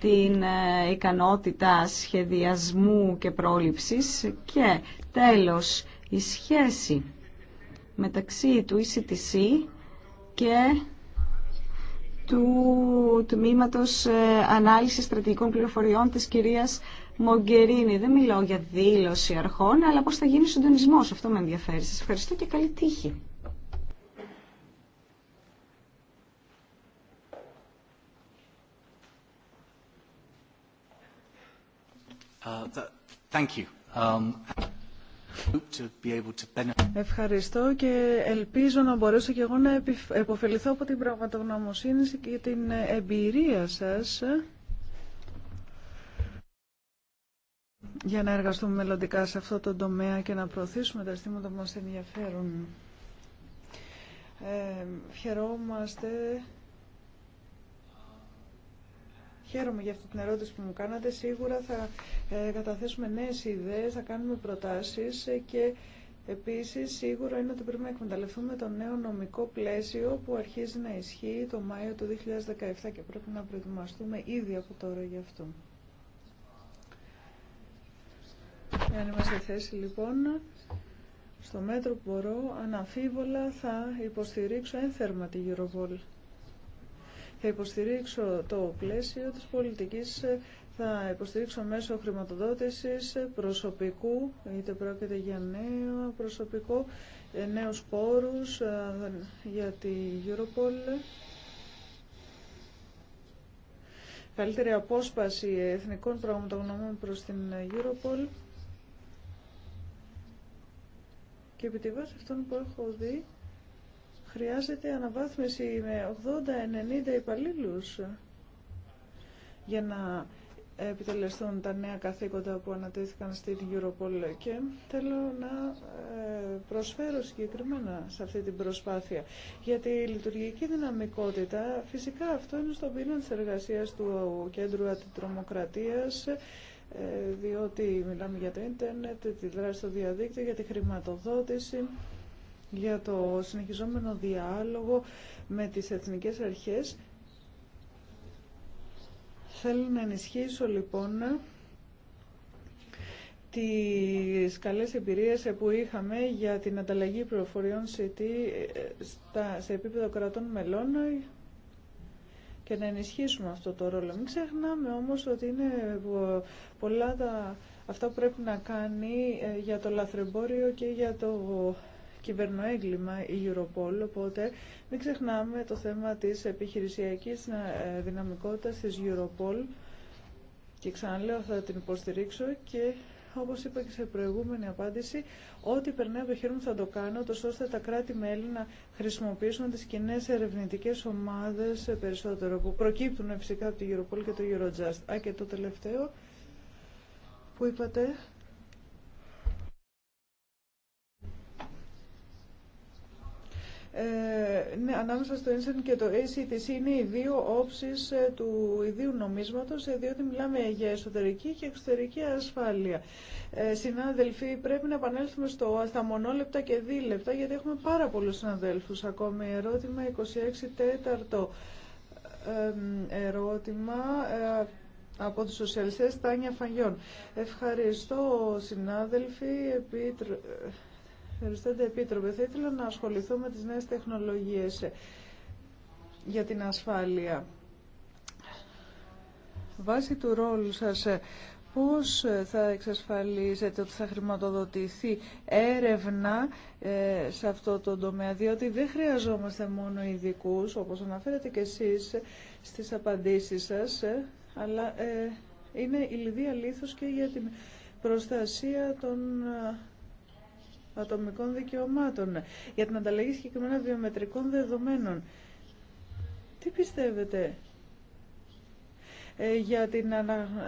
την ε, ικανότητα σχεδιασμού και πρόληψης και τέλος η σχέση μεταξύ του ECTC και του Τμήματος ε, Ανάλυσης Στρατηγικών Πληροφοριών της κυρίας Μογκερίνη. Δεν μιλάω για δήλωση αρχών, αλλά πώς θα γίνει ο συντονισμός. Αυτό με ενδιαφέρει. Σας ευχαριστώ και καλή τύχη. Uh, thank you. Um... Ευχαριστώ και ελπίζω να μπορέσω και εγώ να επωφεληθώ από την πραγματογνωμοσύνη και την εμπειρία σας για να εργαστούμε μελλοντικά σε αυτό το τομέα και να προωθήσουμε τα αισθήματα που μας ενδιαφέρουν. Ε, χαιρόμαστε Χαίρομαι για αυτή την ερώτηση που μου κάνατε. Σίγουρα θα ε, καταθέσουμε νέες ιδέες, θα κάνουμε προτάσεις και επίσης σίγουρα είναι ότι πρέπει να εκμεταλλευτούμε το νέο νομικό πλαίσιο που αρχίζει να ισχύει το Μάιο του 2017 και πρέπει να προετοιμαστούμε ήδη από τώρα γι' αυτό. να είμαστε θέση λοιπόν, στο μέτρο που μπορώ, αναφίβολα θα υποστηρίξω ένθερμα τη θα υποστηρίξω το πλαίσιο της πολιτικής, θα υποστηρίξω μέσω χρηματοδότησης προσωπικού, είτε πρόκειται για νέο προσωπικό, ε, νέους πόρους ε, για τη Europol, καλύτερη απόσπαση εθνικών πραγματογνωμών προς την Europol και επί τη βάση που έχω δει χρειάζεται αναβάθμιση με 80-90 υπαλλήλους για να επιτελεστούν τα νέα καθήκοντα που ανατέθηκαν στην Europol και θέλω να ε, προσφέρω συγκεκριμένα σε αυτή την προσπάθεια. γιατί η λειτουργική δυναμικότητα, φυσικά αυτό είναι στο πίνον της εργασίας του Κέντρου Αντιτρομοκρατίας, ε, διότι μιλάμε για το ίντερνετ, τη δράση στο διαδίκτυο, για τη χρηματοδότηση για το συνεχιζόμενο διάλογο με τις εθνικές αρχές. Θέλω να ενισχύσω λοιπόν τις καλές εμπειρίες που είχαμε για την ανταλλαγή πληροφοριών σε επίπεδο κρατών μελών και να ενισχύσουμε αυτό το ρόλο. Μην ξεχνάμε όμως ότι είναι πολλά τα, αυτά που πρέπει να κάνει ε, για το λαθρεμπόριο και για το κυβερνοέγκλημα η Europol, οπότε μην ξεχνάμε το θέμα της επιχειρησιακής ε, δυναμικότητας της Europol και ξαναλέω θα την υποστηρίξω και όπως είπα και σε προηγούμενη απάντηση, ό,τι περνάει από το χέρι μου θα το κάνω, τόσο ώστε τα κράτη-μέλη να χρησιμοποιήσουν τις κοινέ ερευνητικέ ομάδες περισσότερο, που προκύπτουν φυσικά από το Europol και το Eurojust. Α, και το τελευταίο που είπατε, Ε, ναι, ανάμεσα στο Ένσεν και το ACTC είναι οι δύο όψεις ε, του ιδίου νομίσματος, ε, διότι μιλάμε για εσωτερική και εξωτερική ασφάλεια. Ε, συνάδελφοι, πρέπει να επανέλθουμε στο, στα μονόλεπτα και δίλεπτα, γιατί έχουμε πάρα πολλούς συναδέλφους ακόμη. Ερώτημα 26 τέταρτο. Ε, ερώτημα από τους σοσιαλιστές Τάνια Φαγιών. Ευχαριστώ συνάδελφοι, Ευχαριστώ, Επίτροπε. Θα ήθελα να ασχοληθώ με τις νέες τεχνολογίες για την ασφάλεια. Βάσει του ρόλου σας, πώς θα εξασφαλίζετε ότι θα χρηματοδοτηθεί έρευνα ε, σε αυτό το τομέα, διότι δεν χρειαζόμαστε μόνο ειδικού, όπως αναφέρετε και εσείς στις απαντήσεις σας, ε, αλλά ε, είναι η λιδία λήθος και για την προστασία των ατομικών δικαιωμάτων, για την ανταλλαγή συγκεκριμένα βιομετρικών δεδομένων. Τι πιστεύετε, ε, για την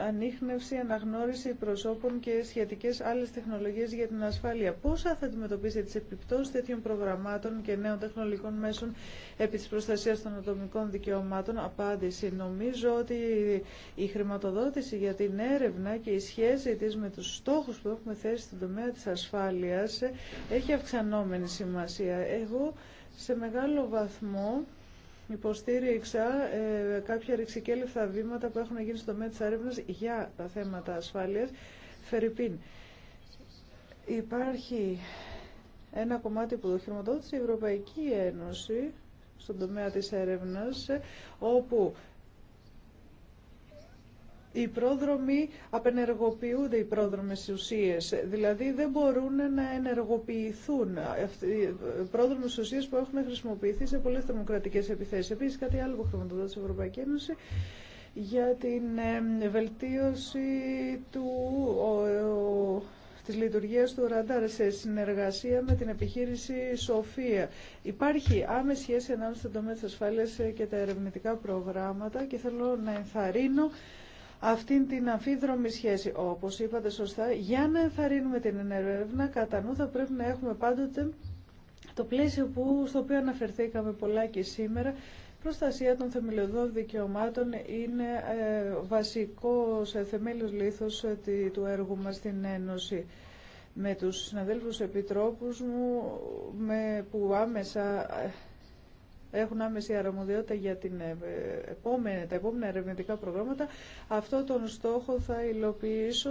ανείχνευση, αναγνώριση προσώπων και σχετικές άλλες τεχνολογίες για την ασφάλεια. Πόσα θα αντιμετωπίσετε τις επιπτώσεις τέτοιων προγραμμάτων και νέων τεχνολογικών μέσων επί της προστασίας των ατομικών δικαιωμάτων. Απάντηση. Νομίζω ότι η χρηματοδότηση για την έρευνα και η σχέση της με τους στόχους που έχουμε θέσει στον τομέα της ασφάλειας έχει αυξανόμενη σημασία. Εγώ σε μεγάλο βαθμό υποστήριξα ε, κάποια ρηξικέλευθα βήματα που έχουν γίνει στο μέτρο της έρευνας για τα θέματα ασφάλειας. Φερρυπίν, υπάρχει ένα κομμάτι που χρηματοδότησε η Ευρωπαϊκή Ένωση στον τομέα της έρευνας, όπου οι πρόδρομοι απενεργοποιούνται οι πρόδρομες ουσίες, δηλαδή δεν μπορούν να ενεργοποιηθούν οι ε, πρόδρομες ουσίες που έχουν χρησιμοποιηθεί σε πολλές δημοκρατικές επιθέσεις. Επίσης κάτι άλλο που χρηματοδότησε η Ευρωπαϊκή Ένωση για την βελτίωση του, της λειτουργίας του ραντάρ σε συνεργασία με την επιχείρηση Σοφία. Υπάρχει άμεση σχέση ανάμεσα στον τομέα της ασφάλειας και τα ερευνητικά προγράμματα και θέλω να ενθαρρύνω αυτήν την αμφίδρομη σχέση. Όπως είπατε σωστά, για να ενθαρρύνουμε την ενερεύνα, κατά νου θα πρέπει να έχουμε πάντοτε το πλαίσιο που, στο οποίο αναφερθήκαμε πολλά και σήμερα, προστασία των θεμελιωδών δικαιωμάτων είναι ε, βασικό σε θεμέλιος λήθος ε, του έργου μας στην Ένωση. Με τους συναδέλφους επιτρόπους μου με, που άμεσα ε, έχουν άμεση αρμοδιότητα για την ε, επόμενη, τα επόμενα ερευνητικά προγράμματα. Αυτό τον στόχο θα υλοποιήσω.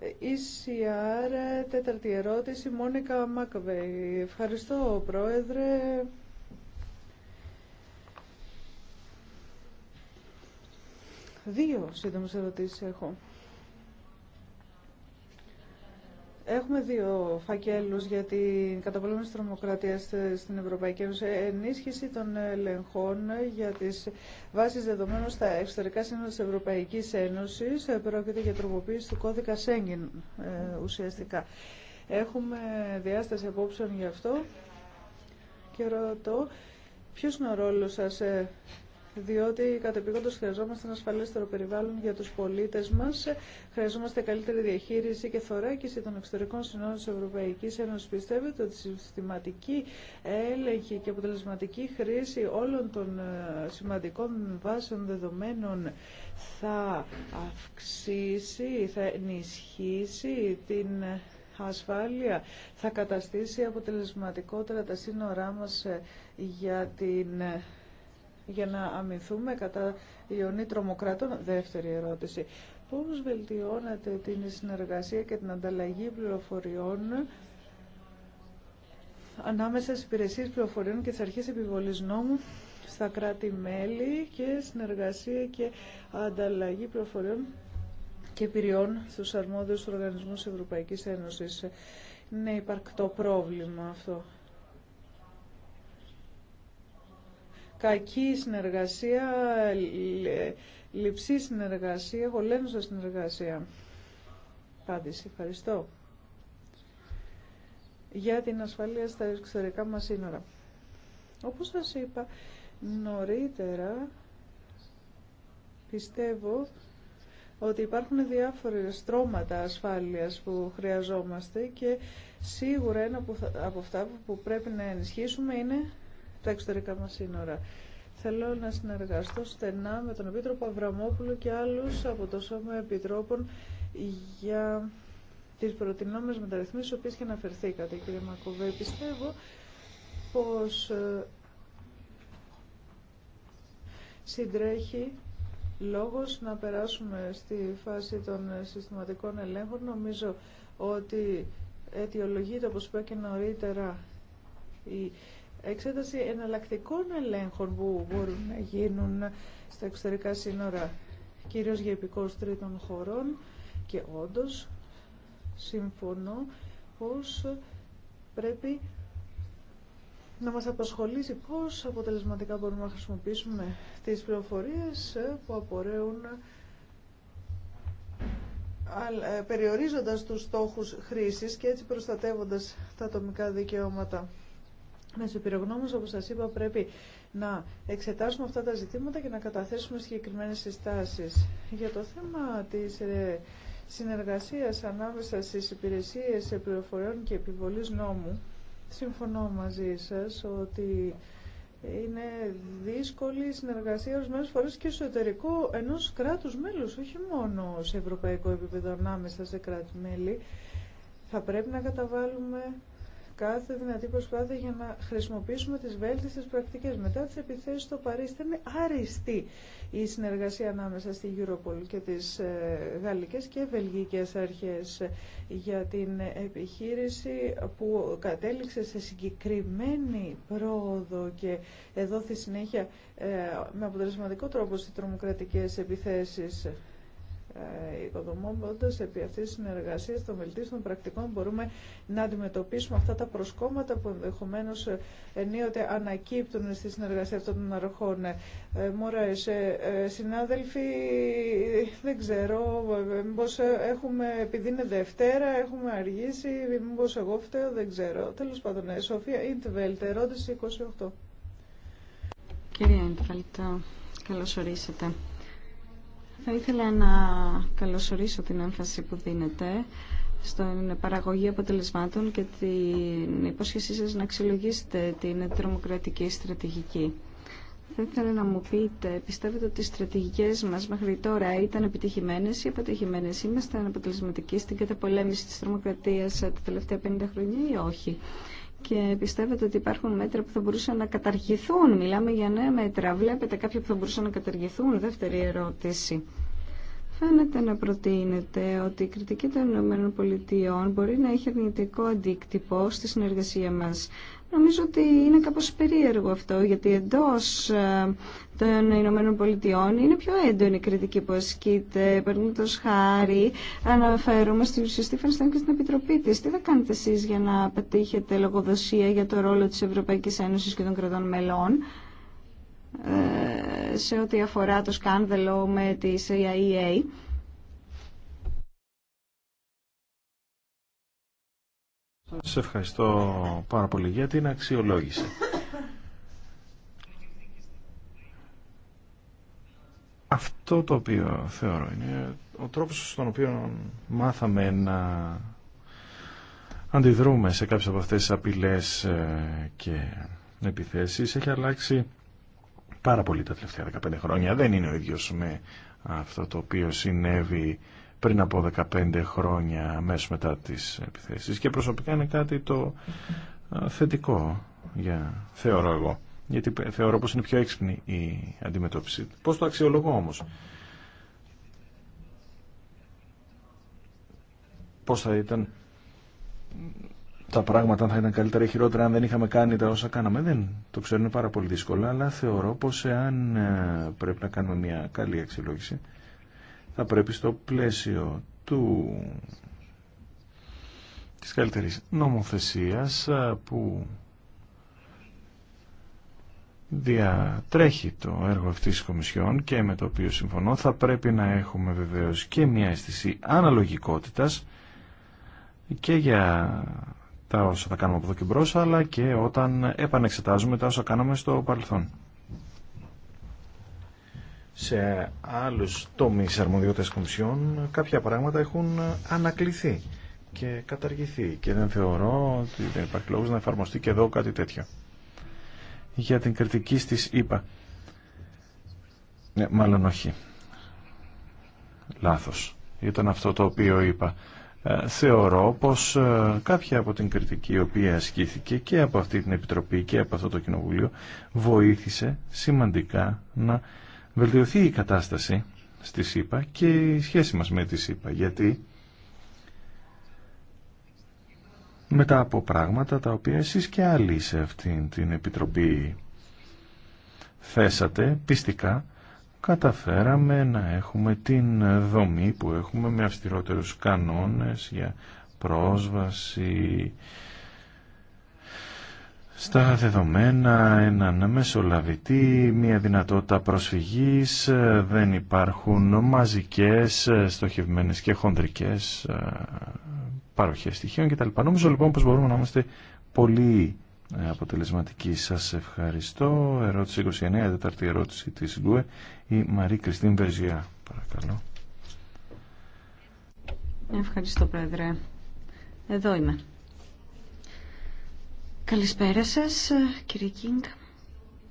Ε, ECR, τέταρτη ερώτηση, Μόνικα μακβει Ευχαριστώ, Πρόεδρε. Δύο σύντομες ερωτήσεις έχω. Έχουμε δύο φακέλους για την καταπολέμηση τη τρομοκρατία στην Ευρωπαϊκή Ένωση. Ενίσχυση των ελεγχών για τις βάσει δεδομένων στα εξωτερικά σύνορα της Ευρωπαϊκής Ένωσης. Ε, πρόκειται για τροποποίηση του κώδικα Σέγγιν ε, ουσιαστικά. Έχουμε διάσταση απόψεων γι' αυτό και ρωτώ ποιο είναι ο ρόλος σας ε, διότι κατεπήγοντα χρειαζόμαστε ένα ασφαλέστερο περιβάλλον για τους πολίτες μας, χρειαζόμαστε καλύτερη διαχείριση και θωράκιση των εξωτερικών συνόρων τη Ευρωπαϊκής Ένωση, Πιστεύετε ότι συστηματική έλεγχη και αποτελεσματική χρήση όλων των ε, σημαντικών βάσεων δεδομένων θα αυξήσει, θα ενισχύσει την ασφάλεια θα καταστήσει αποτελεσματικότερα τα σύνορά μας ε, για την ε, για να αμυνθούμε κατά ιονή τρομοκρατών. Δεύτερη ερώτηση. Πώς βελτιώνατε την συνεργασία και την ανταλλαγή πληροφοριών ανάμεσα στις υπηρεσίες πληροφοριών και τις αρχές επιβολής νόμου στα κράτη-μέλη και συνεργασία και ανταλλαγή πληροφοριών και πυριών στους αρμόδιους οργανισμούς Ευρωπαϊκής Ένωσης. Είναι υπαρκτό πρόβλημα αυτό. κακή συνεργασία, λειψή συνεργασία, γολένουσα συνεργασία. Πάντηση. Ευχαριστώ. Για την ασφαλεία στα εξωτερικά μας σύνορα. Όπως σας είπα νωρίτερα, πιστεύω ότι υπάρχουν διάφορες στρώματα ασφάλειας που χρειαζόμαστε και σίγουρα ένα από αυτά που πρέπει να ενισχύσουμε είναι τα εξωτερικά μας σύνορα. Θέλω να συνεργαστώ στενά με τον Επίτροπο Αβραμόπουλο και άλλους από το Σώμα Επιτρόπων για τις προτινόμενες μεταρρυθμίσεις, στις οποίες και αναφερθήκατε, κύριε Μακοβέ. Πιστεύω πως ε, συντρέχει λόγος να περάσουμε στη φάση των συστηματικών ελέγχων. Νομίζω ότι αιτιολογείται, όπως είπα και νωρίτερα, η εξέταση εναλλακτικών ελέγχων που μπορούν να γίνουν στα εξωτερικά σύνορα, κυρίως για επικός χωρών και όντως συμφωνώ πως πρέπει να μας απασχολήσει πώς αποτελεσματικά μπορούμε να χρησιμοποιήσουμε τις πληροφορίες που απορρέουν ε, περιορίζοντας τους στόχους χρήσης και έτσι προστατεύοντας τα ατομικά δικαιώματα. Με του όπως σας είπα, πρέπει να εξετάσουμε αυτά τα ζητήματα και να καταθέσουμε συγκεκριμένες συστάσεις. Για το θέμα της ε, συνεργασίας ανάμεσα στις υπηρεσίες πληροφοριών και επιβολής νόμου, συμφωνώ μαζί σας ότι είναι δύσκολη η συνεργασία ορισμένε φορές και εσωτερικό ενός κράτους μέλους, όχι μόνο σε ευρωπαϊκό επίπεδο ανάμεσα σε κράτη-μέλη. Θα πρέπει να καταβάλουμε κάθε δυνατή προσπάθεια για να χρησιμοποιήσουμε τις βέλτιστες πρακτικές. Μετά τις επιθέσεις στο Παρίσι ήταν αριστή η συνεργασία ανάμεσα στη Europol και τις ε, γαλλικές και βελγικές αρχές για την επιχείρηση που κατέληξε σε συγκεκριμένη πρόοδο και δόθη συνέχεια ε, με αποτελεσματικό τρόπο στις τρομοκρατικές επιθέσεις. Ε, οικοδομώντα επί αυτή τη συνεργασία των βελτίστων πρακτικών μπορούμε να αντιμετωπίσουμε αυτά τα προσκόμματα που ενδεχομένω ε, ενίοτε ανακύπτουν στη συνεργασία αυτών των αρχών. Ε, Μόρα, συνάδελφοι, δεν ξέρω, έχουμε, επειδή είναι Δευτέρα, έχουμε αργήσει, μήπω εγώ φταίω, δεν ξέρω. Τέλο πάντων, Σοφία Ιντβέλτ, ερώτηση 28. Κυρία Ιντβέλτ, καλώ ορίσατε. Θα ήθελα να καλωσορίσω την έμφαση που δίνετε στην παραγωγή αποτελεσμάτων και την υπόσχεσή σας να αξιολογήσετε την τρομοκρατική στρατηγική. Θα ήθελα να μου πείτε, πιστεύετε ότι οι στρατηγικές μας μέχρι τώρα ήταν επιτυχημένες ή αποτυχημένες. Είμαστε αποτελεσματικοί στην καταπολέμηση της τρομοκρατίας τα τελευταία 50 χρόνια ή όχι και πιστεύετε ότι υπάρχουν μέτρα που θα μπορούσαν να καταργηθούν. Μιλάμε για νέα μέτρα. Βλέπετε κάποια που θα μπορούσαν να καταργηθούν. Δεύτερη ερώτηση. Φαίνεται να προτείνεται ότι η κριτική των ΗΠΑ μπορεί να έχει αρνητικό αντίκτυπο στη συνεργασία μας. Νομίζω ότι είναι κάπως περίεργο αυτό, γιατί εντός ε, των Ηνωμένων Πολιτειών είναι πιο έντονη η κριτική που ασκείται. Παραδείγματο χάρη, αναφέρομαι στην ουσία Στέν και στην Επιτροπή τη. Τι θα κάνετε εσεί για να πετύχετε λογοδοσία για το ρόλο τη Ευρωπαϊκή Ένωση και των κρατών μελών ε, σε ό,τι αφορά το σκάνδαλο με τη CIA. Σε ευχαριστώ πάρα πολύ για την αξιολόγηση. Αυτό το οποίο θεωρώ είναι ο τρόπος στον οποίο μάθαμε να αντιδρούμε σε κάποιες από αυτές τις απειλές ε, και επιθέσεις έχει αλλάξει πάρα πολύ τα τελευταία 15 χρόνια. Δεν είναι ο ίδιος με αυτό το οποίο συνέβη πριν από 15 χρόνια αμέσως μετά τις επιθέσεις και προσωπικά είναι κάτι το θετικό για, θεωρώ εγώ γιατί θεωρώ πως είναι πιο έξυπνη η αντιμετώπιση πώς το αξιολογώ όμως πώς θα ήταν τα πράγματα θα ήταν καλύτερα ή χειρότερα αν δεν είχαμε κάνει τα όσα κάναμε. Δεν το ξέρουν πάρα πολύ δύσκολα αλλά θεωρώ πως εάν ε, πρέπει να κάνουμε μια καλή αξιολόγηση, θα πρέπει στο πλαίσιο του της καλύτερης νομοθεσίας που διατρέχει το έργο αυτής της Κομισιόν και με το οποίο συμφωνώ θα πρέπει να έχουμε βεβαίως και μια αίσθηση αναλογικότητας και για τα όσα θα κάνουμε από εδώ και μπρος αλλά και όταν επανεξετάζουμε τα όσα κάναμε στο παρελθόν σε άλλους τομείς αρμοδιότητας κομισιών κάποια πράγματα έχουν ανακληθεί και καταργηθεί και δεν θεωρώ ότι δεν υπάρχει να εφαρμοστεί και εδώ κάτι τέτοιο. Για την κριτική στις είπα Ναι, μάλλον όχι. Λάθος. Ήταν αυτό το οποίο είπα. Ε, θεωρώ πως ε, κάποια από την κριτική η οποία ασκήθηκε και από αυτή την Επιτροπή και από αυτό το Κοινοβουλίο βοήθησε σημαντικά να βελτιωθεί η κατάσταση στη ΣΥΠΑ και η σχέση μας με τη ΣΥΠΑ γιατί μετά από πράγματα τα οποία εσείς και άλλοι σε αυτήν την Επιτροπή θέσατε πιστικά καταφέραμε να έχουμε την δομή που έχουμε με αυστηρότερους κανόνες για πρόσβαση στα δεδομένα, έναν μεσολαβητή, μια δυνατότητα προσφυγής, δεν υπάρχουν μαζικές, στοχευμένες και χονδρικές ε, παροχές στοιχείων κτλ. Νομίζω λοιπόν πως μπορούμε να είμαστε πολύ ε, αποτελεσματικοί. Σας ευχαριστώ. Ερώτηση 29, τέταρτη ερώτηση της Γκουε, η Μαρή Κριστίν Βερζιά. Παρακαλώ. Ευχαριστώ Πρόεδρε. Εδώ είμαι. Καλησπέρα σας, κύριε Κίνγκ.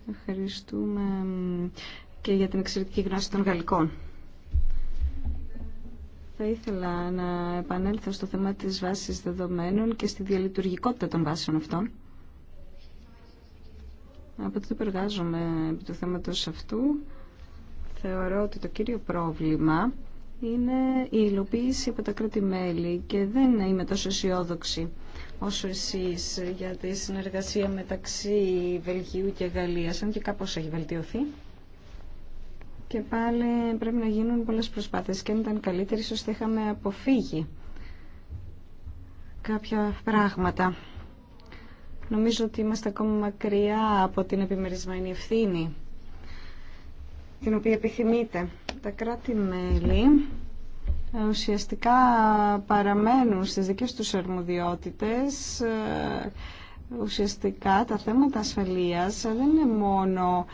Ευχαριστούμε και για την εξαιρετική γνώση των γαλλικών. Θα ήθελα να επανέλθω στο θέμα της βάσης δεδομένων και στη διαλειτουργικότητα των βάσεων αυτών. Από τότε που εργάζομαι επί του θέματος αυτού, θεωρώ ότι το κύριο πρόβλημα είναι η υλοποίηση από τα κράτη-μέλη και δεν είμαι τόσο αισιόδοξη όσο εσείς για τη συνεργασία μεταξύ Βελγίου και Γαλλίας, αν και κάπως έχει βελτιωθεί. Και πάλι πρέπει να γίνουν πολλές προσπάθειες και αν ήταν καλύτερη, ίσως είχαμε αποφύγει κάποια πράγματα. Νομίζω ότι είμαστε ακόμα μακριά από την επιμερισμένη ευθύνη την οποία επιθυμείτε. Τα κράτη-μέλη ουσιαστικά παραμένουν στις δικές τους αρμοδιότητες ε, ουσιαστικά τα θέματα ασφαλείας δεν είναι μόνο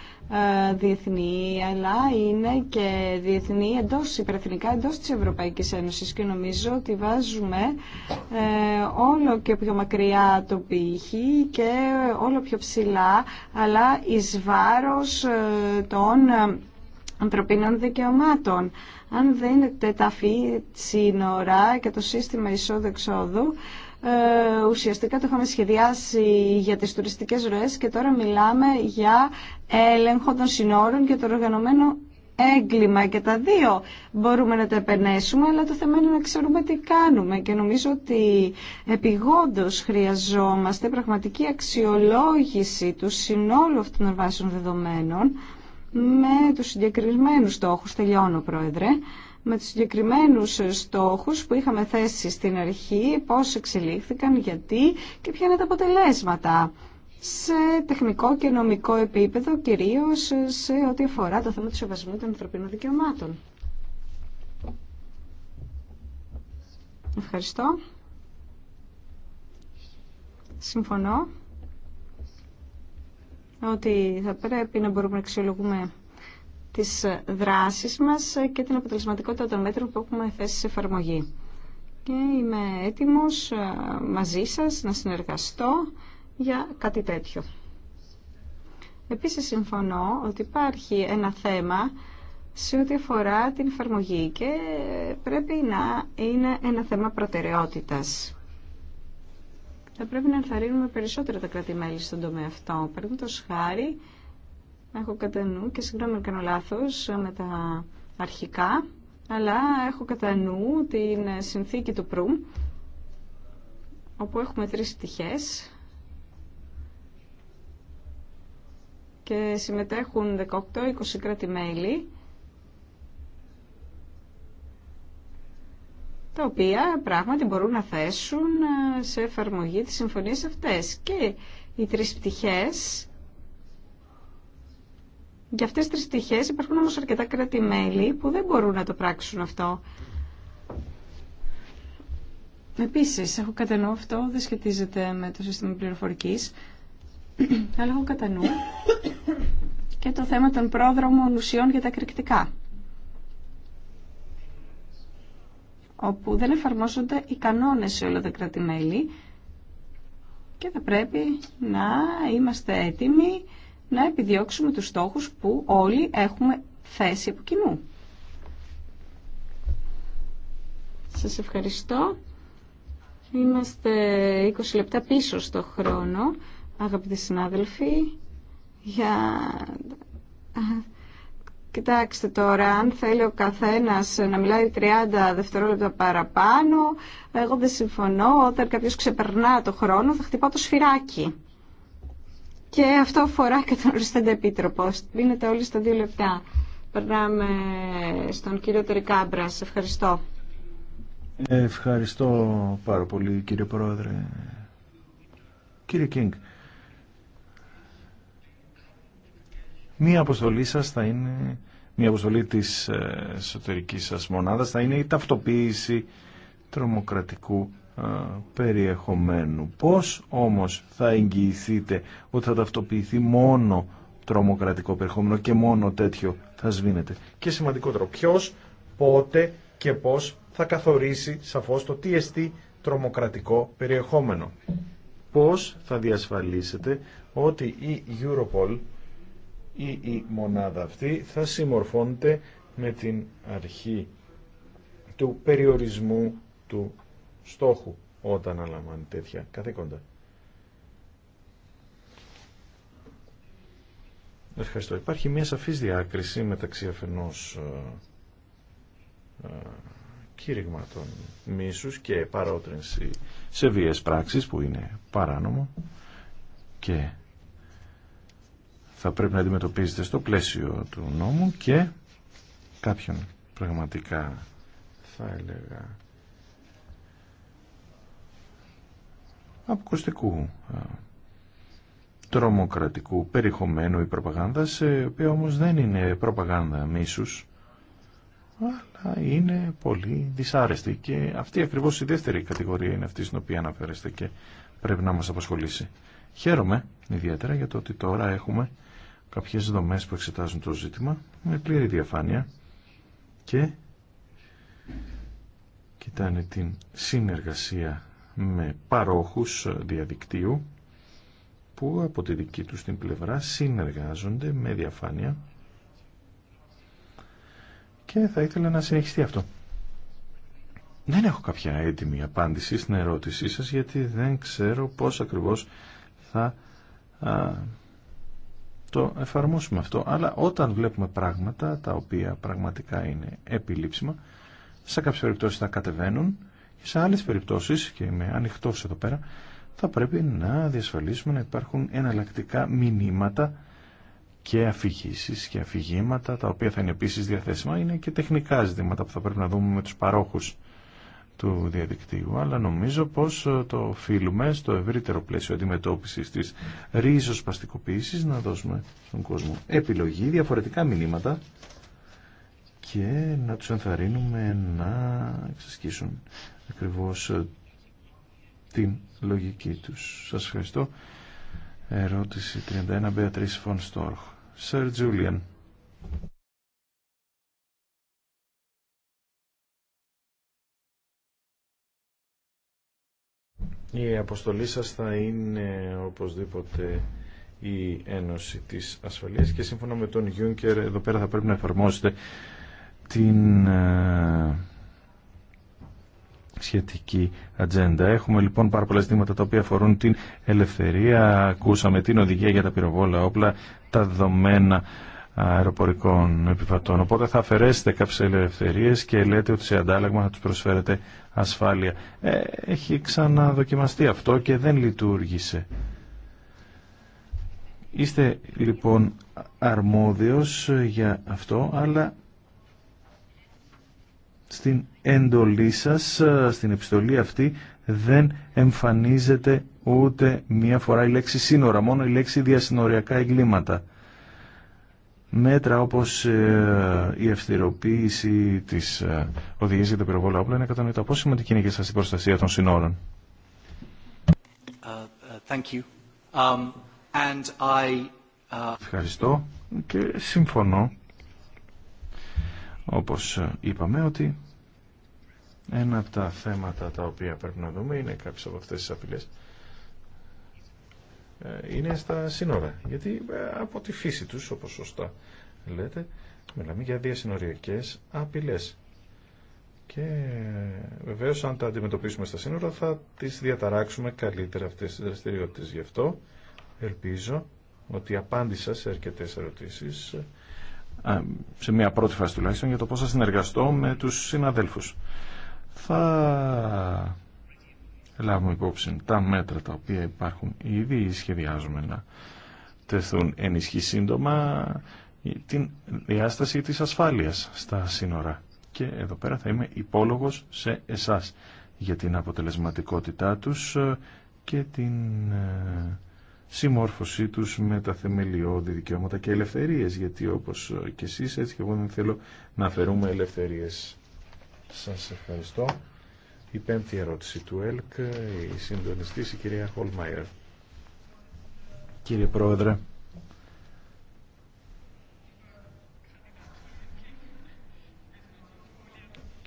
ε, διεθνή αλλά είναι και διεθνή εντός, υπερεθνικά εντός της Ευρωπαϊκής Ένωσης και νομίζω ότι βάζουμε ε, όλο και πιο μακριά το πύχη και όλο πιο ψηλά αλλά εις βάρος των ανθρωπίνων δικαιωμάτων. Αν δεν τεταφή σύνορα και το σύστημα εισόδου-εξόδου, ε, ουσιαστικά το είχαμε σχεδιάσει για τις τουριστικές ροές και τώρα μιλάμε για έλεγχο των συνόρων και το οργανωμένο έγκλημα και τα δύο μπορούμε να τα επενέσουμε, αλλά το θέμα είναι να ξέρουμε τι κάνουμε και νομίζω ότι επιγόντως χρειαζόμαστε πραγματική αξιολόγηση του συνόλου αυτών των βάσεων δεδομένων με τους συγκεκριμένους στόχους. Τελειώνω, Πρόεδρε με τους συγκεκριμένους στόχους που είχαμε θέσει στην αρχή, πώς εξελίχθηκαν, γιατί και ποια είναι τα αποτελέσματα σε τεχνικό και νομικό επίπεδο, κυρίως σε ό,τι αφορά το θέμα του σεβασμού των ανθρωπίνων δικαιωμάτων. Ευχαριστώ. Συμφωνώ ότι θα πρέπει να μπορούμε να αξιολογούμε τις δράσεις μας και την αποτελεσματικότητα των μέτρων που έχουμε θέσει σε εφαρμογή. Και είμαι έτοιμος μαζί σας να συνεργαστώ για κάτι τέτοιο. Επίσης συμφωνώ ότι υπάρχει ένα θέμα σε ό,τι αφορά την εφαρμογή και πρέπει να είναι ένα θέμα προτεραιότητας θα πρέπει να ενθαρρύνουμε περισσότερα τα κράτη-μέλη στον τομέα αυτό. Παραδείγματο χάρη, έχω κατά νου και συγγνώμη αν κάνω λάθο με τα αρχικά, αλλά έχω κατά νου την συνθήκη του ΠΡΟΥΜ, όπου έχουμε τρεις πτυχές και συμμετέχουν 18-20 κράτη-μέλη τα οποία πράγματι μπορούν να θέσουν ε, σε εφαρμογή τις συμφωνίες αυτές. Και οι τρεις πτυχές, για αυτές τις τρεις πτυχές υπάρχουν όμως κρατημέλη που δεν μπορούν να το πράξουν αυτό. Επίσης, έχω κατά νου αυτό, δεν σχετίζεται με το σύστημα πληροφορικής, [clears throat] αλλά έχω κατά νου και το θέμα των πρόδρομων ουσιών για τα κρυκτικά. όπου δεν εφαρμόζονται οι κανόνες σε όλα τα κράτη-μέλη και θα πρέπει να είμαστε έτοιμοι να επιδιώξουμε τους στόχους που όλοι έχουμε θέσει από κοινού. Σας ευχαριστώ. Είμαστε 20 λεπτά πίσω στο χρόνο, αγαπητοί συνάδελφοι, για Κοιτάξτε τώρα, αν θέλει ο καθένας να μιλάει 30 δευτερόλεπτα παραπάνω, εγώ δεν συμφωνώ. Όταν κάποιος ξεπερνά το χρόνο θα χτυπά το σφυράκι. Και αυτό αφορά και τον οριστέντα επίτροπο. Δίνετε όλοι στα δύο λεπτά. Περνάμε στον κύριο Τερικάμπρα. Ευχαριστώ. Ευχαριστώ πάρα πολύ κύριε Πρόεδρε. Κύριε Κίνγκ, Μία αποστολή σας θα είναι, μία αποστολή της ε, εσωτερικής σας μονάδας θα είναι η ταυτοποίηση τρομοκρατικού ε, περιεχομένου. Πώς όμως θα εγγυηθείτε ότι θα ταυτοποιηθεί μόνο τρομοκρατικό περιεχόμενο και μόνο τέτοιο θα σβήνεται. Και σημαντικότερο, ποιο, πότε και πώς θα καθορίσει σαφώς το τι εστί τρομοκρατικό περιεχόμενο. Πώς θα διασφαλίσετε ότι η Europol ή η μονάδα αυτή θα συμμορφώνεται με την αρχή του περιορισμού του στόχου όταν αναλαμβάνει τέτοια καθήκοντα. Ευχαριστώ. Υπάρχει μια σαφής διάκριση μεταξύ αφενός ε, ε, κηρυγματών των μίσους και παρότρινση σε βίες πράξεις που είναι παράνομο και θα πρέπει να αντιμετωπίζεται στο πλαίσιο του νόμου και κάποιον πραγματικά θα έλεγα αποκουστικού τρομοκρατικού περιεχομένου η προπαγάνδα σε οποία όμως δεν είναι προπαγάνδα μίσους αλλά είναι πολύ δυσάρεστη και αυτή ακριβώς η δεύτερη κατηγορία είναι αυτή στην οποία αναφέρεστε και πρέπει να μας απασχολήσει. Χαίρομαι ιδιαίτερα για το ότι τώρα έχουμε κάποιες δομές που εξετάζουν το ζήτημα με πλήρη διαφάνεια και κοιτάνε την συνεργασία με παρόχους διαδικτύου που από τη δική τους την πλευρά συνεργάζονται με διαφάνεια και θα ήθελα να συνεχιστεί αυτό. Δεν έχω κάποια έτοιμη απάντηση στην ερώτησή σας γιατί δεν ξέρω πώς ακριβώς θα το εφαρμόσουμε αυτό. Αλλά όταν βλέπουμε πράγματα τα οποία πραγματικά είναι επιλήψιμα, σε κάποιες περιπτώσεις θα κατεβαίνουν και σε άλλες περιπτώσεις, και είμαι ανοιχτό εδώ πέρα, θα πρέπει να διασφαλίσουμε να υπάρχουν εναλλακτικά μηνύματα και αφηγήσει και αφηγήματα, τα οποία θα είναι επίσης διαθέσιμα. Είναι και τεχνικά ζητήματα που θα πρέπει να δούμε με τους παρόχους του διαδικτύου, αλλά νομίζω πως ε, το οφείλουμε στο ευρύτερο πλαίσιο αντιμετώπισης της ρίζοσπαστικοποίησης να δώσουμε στον κόσμο επιλογή, διαφορετικά μηνύματα και να τους ενθαρρύνουμε να εξασκήσουν ακριβώς ε, την λογική τους. Σας ευχαριστώ. Ερώτηση 31 Beatrice von Storch, Sir Julian. Η αποστολή σας θα είναι οπωσδήποτε η Ένωση της Ασφαλείας και σύμφωνα με τον Γιούνκερ εδώ πέρα θα πρέπει να εφαρμόσετε την ε, σχετική ατζέντα. Έχουμε λοιπόν πάρα πολλά ζητήματα τα οποία αφορούν την ελευθερία, ακούσαμε την οδηγία για τα πυροβόλα όπλα, τα δεδομένα αεροπορικών επιβατών. Οπότε θα αφαιρέσετε κάποιε ελευθερίε και λέτε ότι σε αντάλλαγμα θα του προσφέρετε ασφάλεια. Ε, έχει ξαναδοκιμαστεί αυτό και δεν λειτουργήσε. Είστε λοιπόν αρμόδιος για αυτό, αλλά στην εντολή σας, στην επιστολή αυτή, δεν εμφανίζεται ούτε μία φορά η λέξη σύνορα, μόνο η λέξη διασυνοριακά εγκλήματα μέτρα όπως ε, η ευθυροποίηση της ε, οδηγίας για τα πυροβόλα όπλα είναι κατανοητά. Πόσο σημαντική είναι για σας η προστασία των συνόρων. Uh, uh, um, and I, uh, Ευχαριστώ και συμφωνώ όπως ε, είπαμε ότι ένα από τα θέματα τα οποία πρέπει να δούμε είναι κάποιες από αυτές τις απειλές ε, είναι στα σύνορα. Γιατί ε, από τη φύση τους, όπως σωστά λέτε, μιλάμε για διασυνοριακές απειλές. Και ε, βεβαίως αν τα αντιμετωπίσουμε στα σύνορα θα τις διαταράξουμε καλύτερα αυτές τις δραστηριότητες. Γι' αυτό ελπίζω ότι απάντησα σε αρκετές ερωτήσεις, σε μια πρώτη φάση τουλάχιστον, για το πώς θα συνεργαστώ με τους συναδέλφους. Θα λάβουμε υπόψη τα μέτρα τα οποία υπάρχουν ήδη ή σχεδιάζουμε να τεθούν ενισχύ σύντομα την διάσταση της ασφάλειας στα σύνορα. Και εδώ πέρα θα είμαι υπόλογος σε εσάς για την αποτελεσματικότητά τους ε, και την ε, συμμόρφωσή τους με τα θεμελιώδη δικαιώματα και ελευθερίες γιατί όπως ε, και εσείς έτσι και εγώ δεν θέλω να αφαιρούμε ελευθερίες. Σας ευχαριστώ. Η πέμπτη ερώτηση του ΕΛΚ, η συντονιστής, η κυρία Χολμάιερ. Κύριε Πρόεδρε,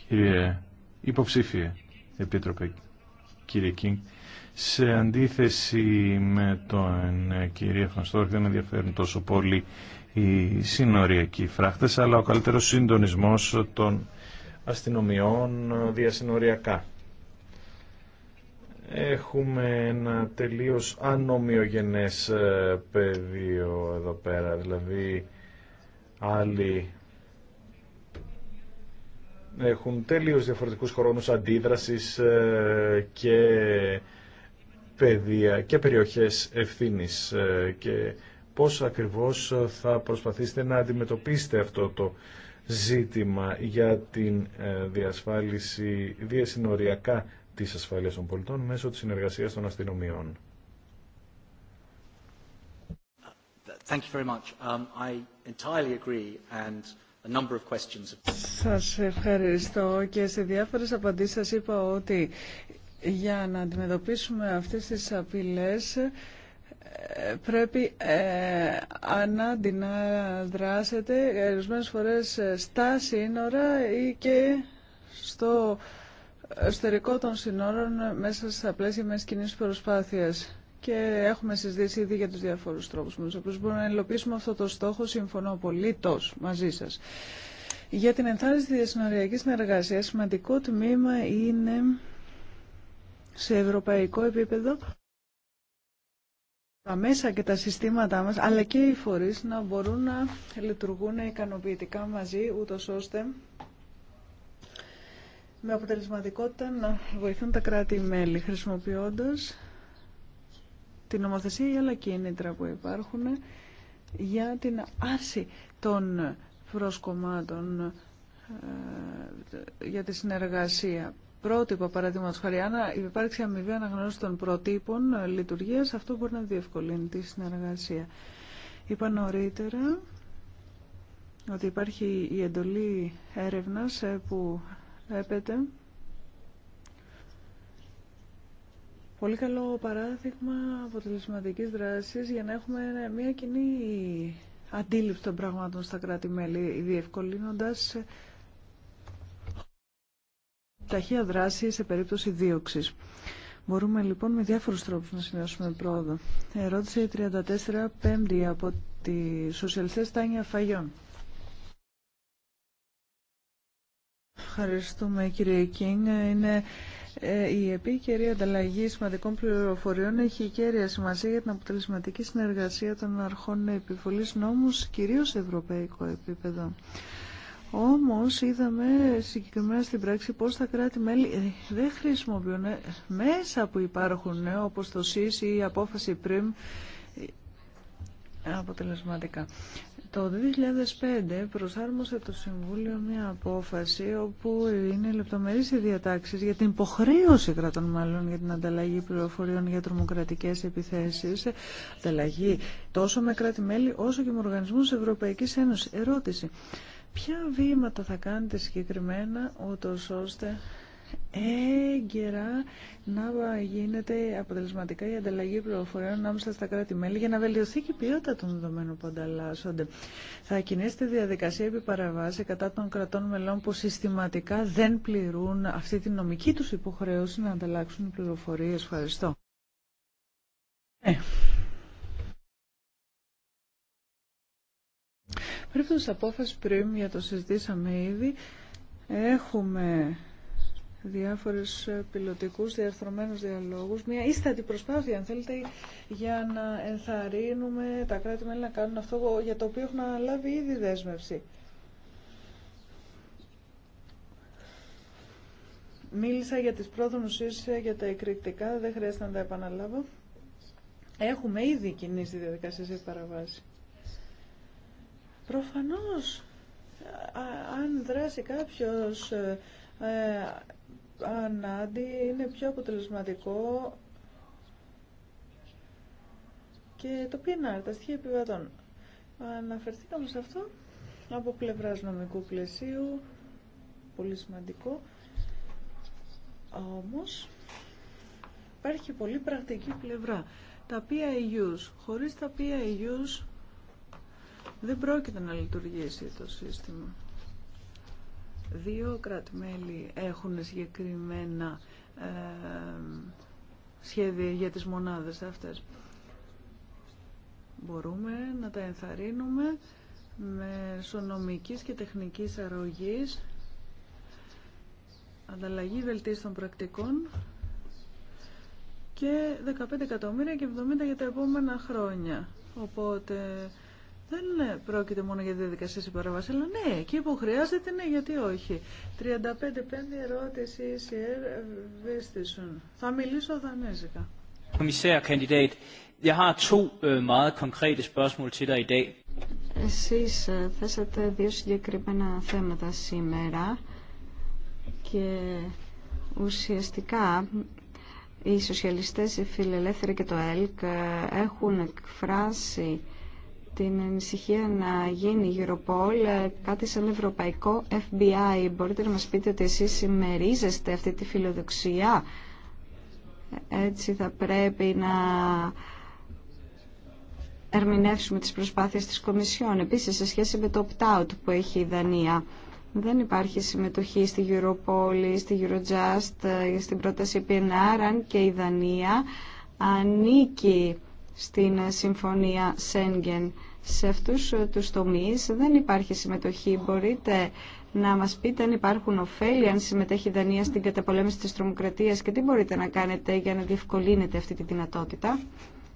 κύριε υποψήφιε επίτροπε, κύριε Κίνγκ, σε αντίθεση με τον ε, κύριο Φανστόρκ δεν με ενδιαφέρουν τόσο πολύ οι συνοριακοί φράχτες, αλλά ο καλύτερος συντονισμός των αστυνομιών διασυνοριακά. Έχουμε ένα τελείως ανομοιογενές ε, πεδίο εδώ πέρα, δηλαδή άλλοι έχουν τελείως διαφορετικούς χρόνους αντίδρασης ε, και πεδία και περιοχές ευθύνης ε, και πώς ακριβώς θα προσπαθήσετε να αντιμετωπίσετε αυτό το ζήτημα για την διασφάλιση διασυνοριακά της ασφάλειας των πολιτών μέσω της συνεργασίας των αστυνομιών. Thank you very much. Um, I entirely agree and a number of questions. Σας ευχαριστώ και σε διάφορες απαντήσεις σας είπα ότι για να αντιμετωπίσουμε αυτές τις απειλές ε, πρέπει ε, ανάντι να δράσετε ε, ορισμένε φορές ε, στα σύνορα ή και στο εσωτερικό των συνόρων μέσα στα πλαίσια μια κοινή προσπάθεια Και έχουμε συζητήσει ήδη για τους διαφόρους τρόπους με τους μπορούμε να υλοποιήσουμε αυτό το στόχο. Συμφωνώ απολύτως μαζί σας. Για την ενθάρρυνση τη διασυνοριακή συνεργασίας, σημαντικό τμήμα είναι σε ευρωπαϊκό επίπεδο τα μέσα και τα συστήματά μας, αλλά και οι φορείς να μπορούν να λειτουργούν ικανοποιητικά μαζί, ούτω ώστε με αποτελεσματικότητα να βοηθούν τα κράτη-μέλη χρησιμοποιώντας την νομοθεσία ή άλλα κίνητρα που υπάρχουν για την άρση των προσκομμάτων ε, για τη συνεργασία. Πρότυπο, παραδείγματος χάρη, αν υπάρξει αμοιβή αναγνώριση των προτύπων ε, λειτουργίας, αυτό μπορεί να διευκολύνει τη συνεργασία. Είπα νωρίτερα ότι υπάρχει η εντολή έρευνας ε, που έπεται. Πολύ καλό παράδειγμα αποτελεσματικής δράσης για να έχουμε μια κοινή αντίληψη των πραγμάτων στα κράτη-μέλη, διευκολύνοντας ταχεία δράση σε περίπτωση δίωξης. Μπορούμε λοιπόν με διάφορους τρόπους να σημειώσουμε πρόοδο. Ερώτηση 34, πέμπτη από τη σοσιαλιστές Τάνια Φαγιών. Ευχαριστούμε κύριε Κίνγκ. Είναι ε, η επίκαιρη ανταλλαγή σημαντικών πληροφοριών έχει κέρια σημασία για την αποτελεσματική συνεργασία των αρχών επιβολής νόμους, κυρίως σε ευρωπαϊκό επίπεδο. Όμως είδαμε συγκεκριμένα στην πράξη πώς τα κράτη-μέλη ε, δεν χρησιμοποιούν ε, μέσα που υπάρχουν, όπως το ΣΥΣ ή η απόφαση πριν, αποτελεσματικά. Το 2005 προσάρμοσε το Συμβούλιο μια απόφαση όπου είναι λεπτομερείς οι διατάξεις για την υποχρέωση κρατών μάλλον για την ανταλλαγή πληροφοριών για τρομοκρατικές επιθέσεις, ανταλλαγή τόσο με κράτη-μέλη όσο και με οργανισμούς Ευρωπαϊκής Ένωσης. Ερώτηση. Ποια βήματα θα κάνετε συγκεκριμένα ούτως ώστε έγκαιρα να γίνεται αποτελεσματικά η ανταλλαγή πληροφοριών ανάμεσα στα κράτη-μέλη για να βελτιωθεί και η ποιότητα των δεδομένων που ανταλλάσσονται. Θα κινήσετε διαδικασία επί παραβάση κατά των κρατών μελών που συστηματικά δεν πληρούν αυτή τη νομική τους υποχρέωση να ανταλλάξουν πληροφορίες. Ευχαριστώ. Ε. απόφαση πριν, για το συζητήσαμε ήδη, έχουμε διάφορες ε, πιλωτικούς διαρθρωμένους διαλόγους, μια ίστατη προσπάθεια, αν θέλετε, για να ενθαρρύνουμε τα κράτη-μέλη να κάνουν αυτό για το οποίο έχουν λάβει ήδη δέσμευση. Μίλησα για τις πρόδρομους ε, για τα εκρηκτικά, δεν χρειάζεται να τα επαναλάβω. Έχουμε ήδη κινήσει διαδικασία σε παραβάση. Προφανώς, αν δράσει κάποιος ε, ε ανάντι είναι πιο αποτελεσματικό και το PNR, τα στοιχεία επιβατών. Αναφερθήκαμε σε αυτό από πλευράς νομικού πλαισίου, πολύ σημαντικό. Όμως, υπάρχει πολύ πρακτική πλευρά. Τα PIUs, χωρίς τα PIUs δεν πρόκειται να λειτουργήσει το σύστημα. Δύο κρατμέλη έχουν συγκεκριμένα ε, σχέδια για τις μονάδες αυτές. Μπορούμε να τα ενθαρρύνουμε με σονομικής και τεχνικής αρρωγής, ανταλλαγή βελτίστων πρακτικών και 15 εκατομμύρια και 70 για τα επόμενα χρόνια. Οπότε δεν πρόκειται μόνο για διαδικασίες παραβάση, αλλά ναι, εκεί που χρειάζεται, ναι, γιατί όχι. 35-5 ερώτηση ECR ε, Βέστησον. Θα μιλήσω δανέζικα. Kommissærkandidat, jeg øh, Εσείς ε, θέσατε δύο συγκεκριμένα θέματα σήμερα και ουσιαστικά οι σοσιαλιστές, οι φιλελεύθεροι και το ΕΛΚ ε, έχουν εκφράσει την ανησυχία να γίνει η Europol ε, κάτι σαν ευρωπαϊκό FBI. Μπορείτε να μας πείτε ότι εσείς συμμερίζεστε αυτή τη φιλοδοξία. Έτσι θα πρέπει να ερμηνεύσουμε τις προσπάθειες της Κομισιόν. Επίσης, σε σχέση με το opt-out που έχει η Δανία, δεν υπάρχει συμμετοχή στη Europol, στη Eurojust, ε, στην πρόταση PNR, αν και η Δανία ανήκει στην Συμφωνία Σέγγεν. Σε αυτούς ε, τους τομείς δεν υπάρχει συμμετοχή. Μπορείτε να μας πείτε αν υπάρχουν ωφέλη, αν συμμετέχει η Δανία στην καταπολέμηση της τρομοκρατίας και τι μπορείτε να κάνετε για να διευκολύνετε αυτή τη δυνατότητα.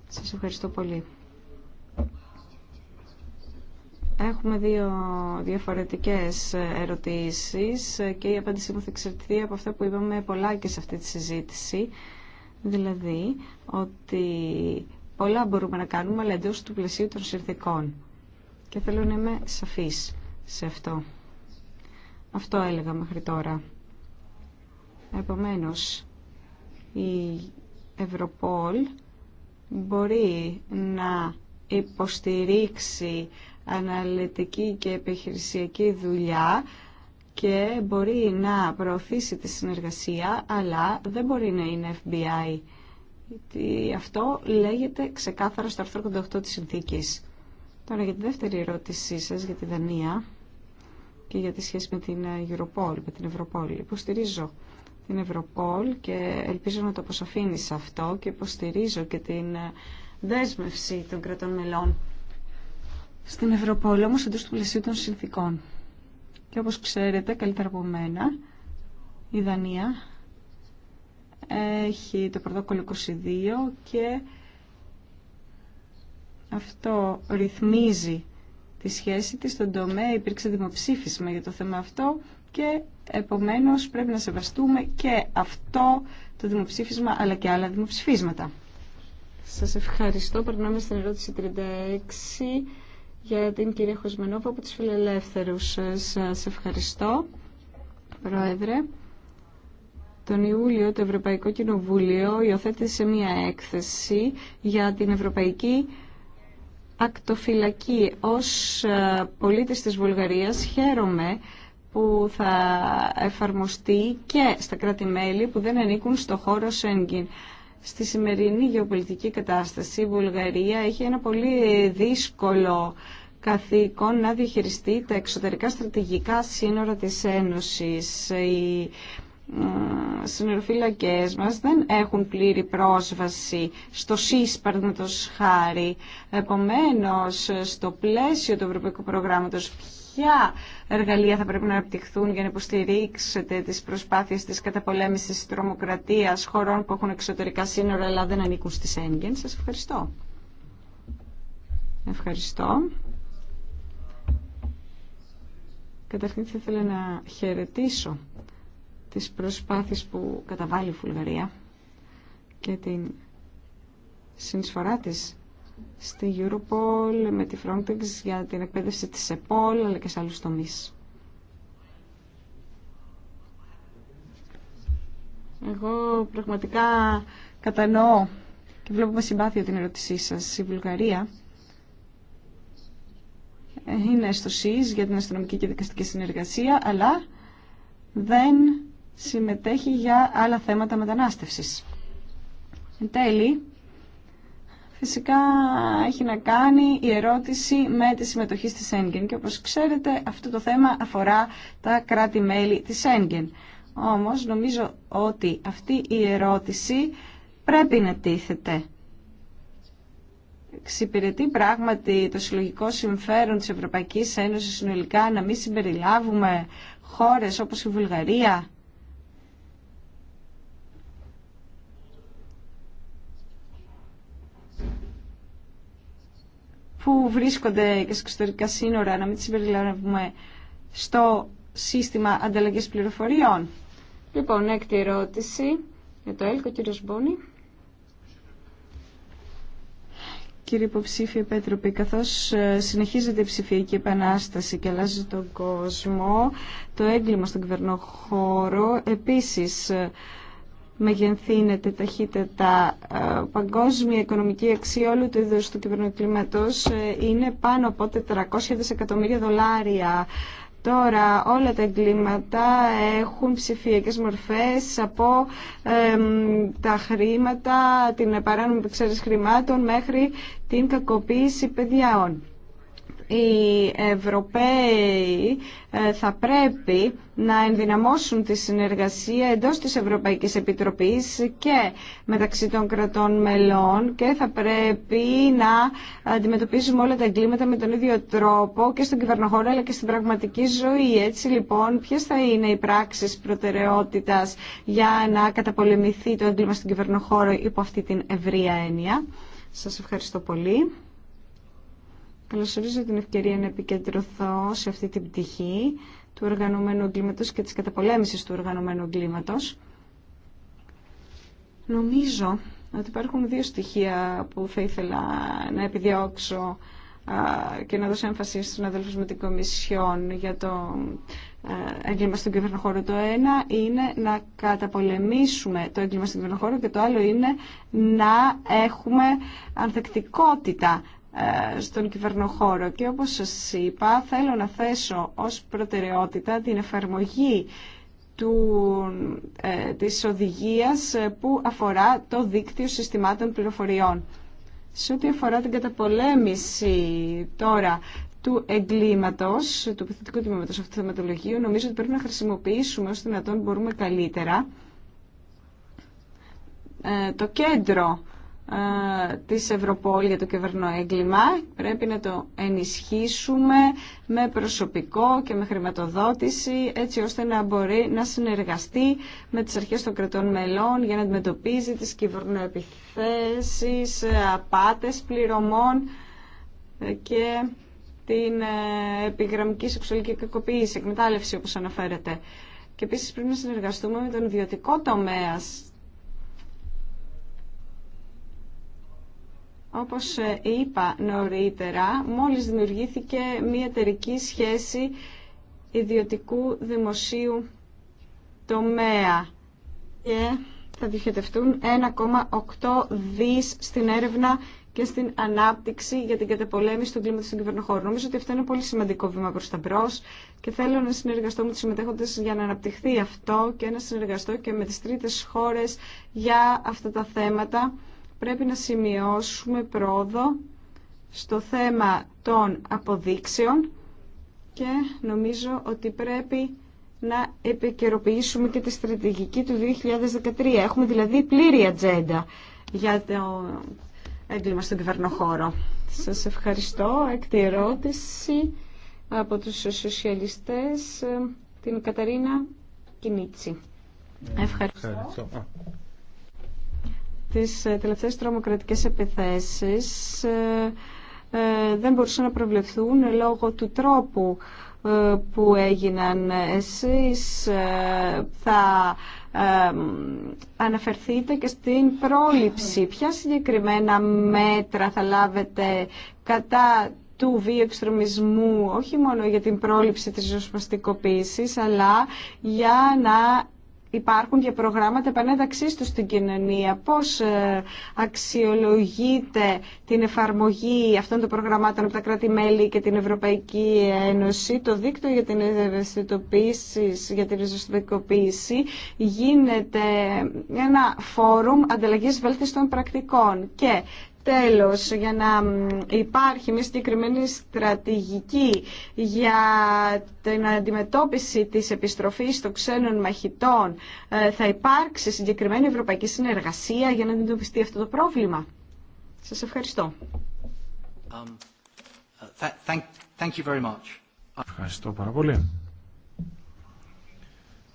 Σας ευχαριστώ πολύ. Έχουμε δύο διαφορετικές ερωτήσεις και η απάντησή μου θα εξαρτηθεί από αυτά που είπαμε πολλά και σε αυτή τη συζήτηση. Δηλαδή ότι Πολλά μπορούμε να κάνουμε, αλλά εντό του πλαισίου των συνθηκών. Και θέλω να είμαι σαφής σε αυτό. Αυτό έλεγα μέχρι τώρα. Επομένως, η Ευρωπόλ μπορεί να υποστηρίξει αναλυτική και επιχειρησιακή δουλειά και μπορεί να προωθήσει τη συνεργασία, αλλά δεν μπορεί να είναι FBI γιατί αυτό λέγεται ξεκάθαρα στο άρθρο 88 της συνθήκης. Τώρα για τη δεύτερη ερώτησή σας για τη Δανία και για τη σχέση με την ε, Europol, με την Ευρωπόλ. Υποστηρίζω την Ευρωπόλ και ελπίζω να το αποσαφήνεις αυτό και υποστηρίζω και την ε, δέσμευση των κρατών μελών στην Ευρωπόλ, όμως εντός του πλαισίου των συνθήκων. Και όπως ξέρετε, καλύτερα από μένα, η Δανία έχει το πρωτόκολλο 22 και αυτό ρυθμίζει τη σχέση της στον τομέα. Υπήρξε δημοψήφισμα για το θέμα αυτό και επομένως πρέπει να σεβαστούμε και αυτό το δημοψήφισμα αλλά και άλλα δημοψηφίσματα. Σας ευχαριστώ. Περνάμε στην ερώτηση 36 για την κυρία Χωσμενόφα από τις Φιλελεύθερους. Σας ευχαριστώ, Πρόεδρε. Τον Ιούλιο το Ευρωπαϊκό Κοινοβούλιο υιοθέτησε μία έκθεση για την Ευρωπαϊκή Ακτοφυλακή. Ως ε, πολίτης της Βουλγαρίας χαίρομαι που θα εφαρμοστεί και στα κράτη-μέλη που δεν ανήκουν στο χώρο Σέγγιν. Στη σημερινή γεωπολιτική κατάσταση η Βουλγαρία έχει ένα πολύ δύσκολο καθήκον να διαχειριστεί τα εξωτερικά στρατηγικά σύνορα της Ένωσης. Ε, και μας δεν έχουν πλήρη πρόσβαση στο ΣΥΣ, παραδείγματος χάρη. Επομένως, στο πλαίσιο του Ευρωπαϊκού Προγράμματος, ποια εργαλεία θα πρέπει να αναπτυχθούν για να υποστηρίξετε τις προσπάθειες της καταπολέμησης της τρομοκρατίας χωρών που έχουν εξωτερικά σύνορα αλλά δεν ανήκουν στις έγκεν Σας ευχαριστώ. Ευχαριστώ. Καταρχήν θα ήθελα να χαιρετήσω τις προσπάθειες που καταβάλει η Βουλγαρία και την συνεισφορά της στη Europol με τη Frontex για την εκπαίδευση της ΕΠΟΛ αλλά και σε άλλους τομείς. Εγώ πραγματικά κατανοώ και βλέπω με συμπάθεια την ερώτησή σας. Η Βουλγαρία είναι στο ΣΥΣ για την αστυνομική και δικαστική συνεργασία, αλλά δεν συμμετέχει για άλλα θέματα μετανάστευσης. Εν τέλει, φυσικά έχει να κάνει η ερώτηση με τη συμμετοχή στη Σέγγεν και όπως ξέρετε αυτό το θέμα αφορά τα κράτη-μέλη της Σέγγεν. Όμως νομίζω ότι αυτή η ερώτηση πρέπει να τίθεται. Ξυπηρετεί πράγματι το συλλογικό συμφέρον της Ευρωπαϊκής Ένωσης συνολικά να μην συμπεριλάβουμε χώρες όπως η Βουλγαρία που βρίσκονται και στα εξωτερικά σύνορα, να μην τις συμπεριλαμβάνουμε στο σύστημα ανταλλαγή πληροφοριών. Λοιπόν, έκτη ερώτηση για το ΕΛΚΟ, Κύριο Μπόνη. Κύριε υποψήφιο Πέτροπη, καθώς ε, συνεχίζεται η ψηφιακή επανάσταση και αλλάζει τον κόσμο, το έγκλημα στον κυβερνό χώρο επίσης ε, μεγενθύνεται ταχύτητα. Ε, παγκόσμια οικονομική αξία όλου του είδους του κυβερνοκλήματος ε, είναι πάνω από 400 δισεκατομμύρια δολάρια. Τώρα όλα τα εγκλήματα έχουν ψηφιακές μορφές από τα χρήματα, την παράνομη εξαίρεση χρημάτων μέχρι την κακοποίηση παιδιάων οι Ευρωπαίοι ε, θα πρέπει να ενδυναμώσουν τη συνεργασία εντός της Ευρωπαϊκής Επιτροπής και μεταξύ των κρατών μελών και θα πρέπει να αντιμετωπίζουμε όλα τα εγκλήματα με τον ίδιο τρόπο και στον κυβερνοχώρο αλλά και στην πραγματική ζωή. Έτσι λοιπόν ποιες θα είναι οι πράξεις προτεραιότητας για να καταπολεμηθεί το έγκλημα στον κυβερνοχώρο υπό αυτή την ευρία έννοια. Σας ευχαριστώ πολύ. Καλωσορίζω την ευκαιρία να επικεντρωθώ σε αυτή την πτυχή του οργανωμένου εγκλήματος και της καταπολέμησης του οργανωμένου εγκλήματος. Νομίζω ότι υπάρχουν δύο στοιχεία που θα ήθελα να επιδιώξω και να δώσω έμφαση στους Αδελφου μου την Κομισιόν για το ε, έγκλημα στον κυβερνοχώρο. Το ένα είναι να καταπολεμήσουμε το έγκλημα στον κυβερνοχώρο και το άλλο είναι να έχουμε ανθεκτικότητα ε, στον κυβερνοχώρο και όπως σας είπα θέλω να θέσω ως προτεραιότητα την εφαρμογή του, ε, της οδηγίας ε, που αφορά το δίκτυο συστημάτων πληροφοριών. Σε ό,τι αφορά την καταπολέμηση τώρα του εγκλήματος, του επιθετικού τμήματος αυτού του θεματολογίου, νομίζω ότι πρέπει να χρησιμοποιήσουμε να δυνατόν μπορούμε καλύτερα το κέντρο της Ευρωπόλ για το κυβερνό έγκλημα. Πρέπει να το ενισχύσουμε με προσωπικό και με χρηματοδότηση έτσι ώστε να μπορεί να συνεργαστεί με τις αρχές των κρατών μελών για να αντιμετωπίζει τις κυβερνοεπιθέσεις, απάτες πληρωμών και την ε, επιγραμμική σεξουαλική κακοποίηση, εκμετάλλευση όπως αναφέρεται. Και επίσης πρέπει να συνεργαστούμε με τον ιδιωτικό τομέα Όπως ε, είπα νωρίτερα, μόλις δημιουργήθηκε μια εταιρική σχέση ιδιωτικού δημοσίου τομέα και θα διοχετευτούν 1,8 δις στην έρευνα και στην ανάπτυξη για την καταπολέμηση του κλίματος στον κυβερνοχώρο. Νομίζω ότι αυτό είναι πολύ σημαντικό βήμα προς τα μπρος και θέλω να συνεργαστώ με τους συμμετέχοντες για να αναπτυχθεί αυτό και να συνεργαστώ και με τις τρίτες χώρες για αυτά τα θέματα πρέπει να σημειώσουμε πρόοδο στο θέμα των αποδείξεων και νομίζω ότι πρέπει να επικαιροποιήσουμε και τη στρατηγική του 2013. Έχουμε δηλαδή πλήρη ατζέντα για το έγκλημα στον κυβερνοχώρο. Σας ευχαριστώ. Έκτη ερώτηση από τους σοσιαλιστές, ε, την Καταρίνα Κινίτσι. Ναι. Ευχαριστώ τις ε, τελευταίες τρομοκρατικές επιθέσεις ε, ε, δεν μπορούσαν να προβλεφθούν λόγω του τρόπου που έγιναν εσείς θα αναφερθείτε και στην πρόληψη. Ποια συγκεκριμένα μέτρα θα λάβετε κατά του βίου εξτρομισμού, όχι μόνο για την πρόληψη της ζωσπαστικοποίησης αλλά για να υπάρχουν και προγράμματα επανένταξής του στην κοινωνία. Πώς ε, αξιολογείται την εφαρμογή αυτών των προγραμμάτων από τα κράτη-μέλη και την Ευρωπαϊκή Ένωση. Το δίκτυο για την ευαισθητοποίηση, για την γίνεται ένα φόρουμ ανταλλαγής βέλτιστων πρακτικών και Τέλος, για να υπάρχει μια συγκεκριμένη στρατηγική για την αντιμετώπιση της επιστροφής των ξένων μαχητών, ε, θα υπάρξει συγκεκριμένη ευρωπαϊκή συνεργασία για να αντιμετωπιστεί αυτό το πρόβλημα. Σας ευχαριστώ. Um, thank, you very much. Ευχαριστώ πάρα πολύ.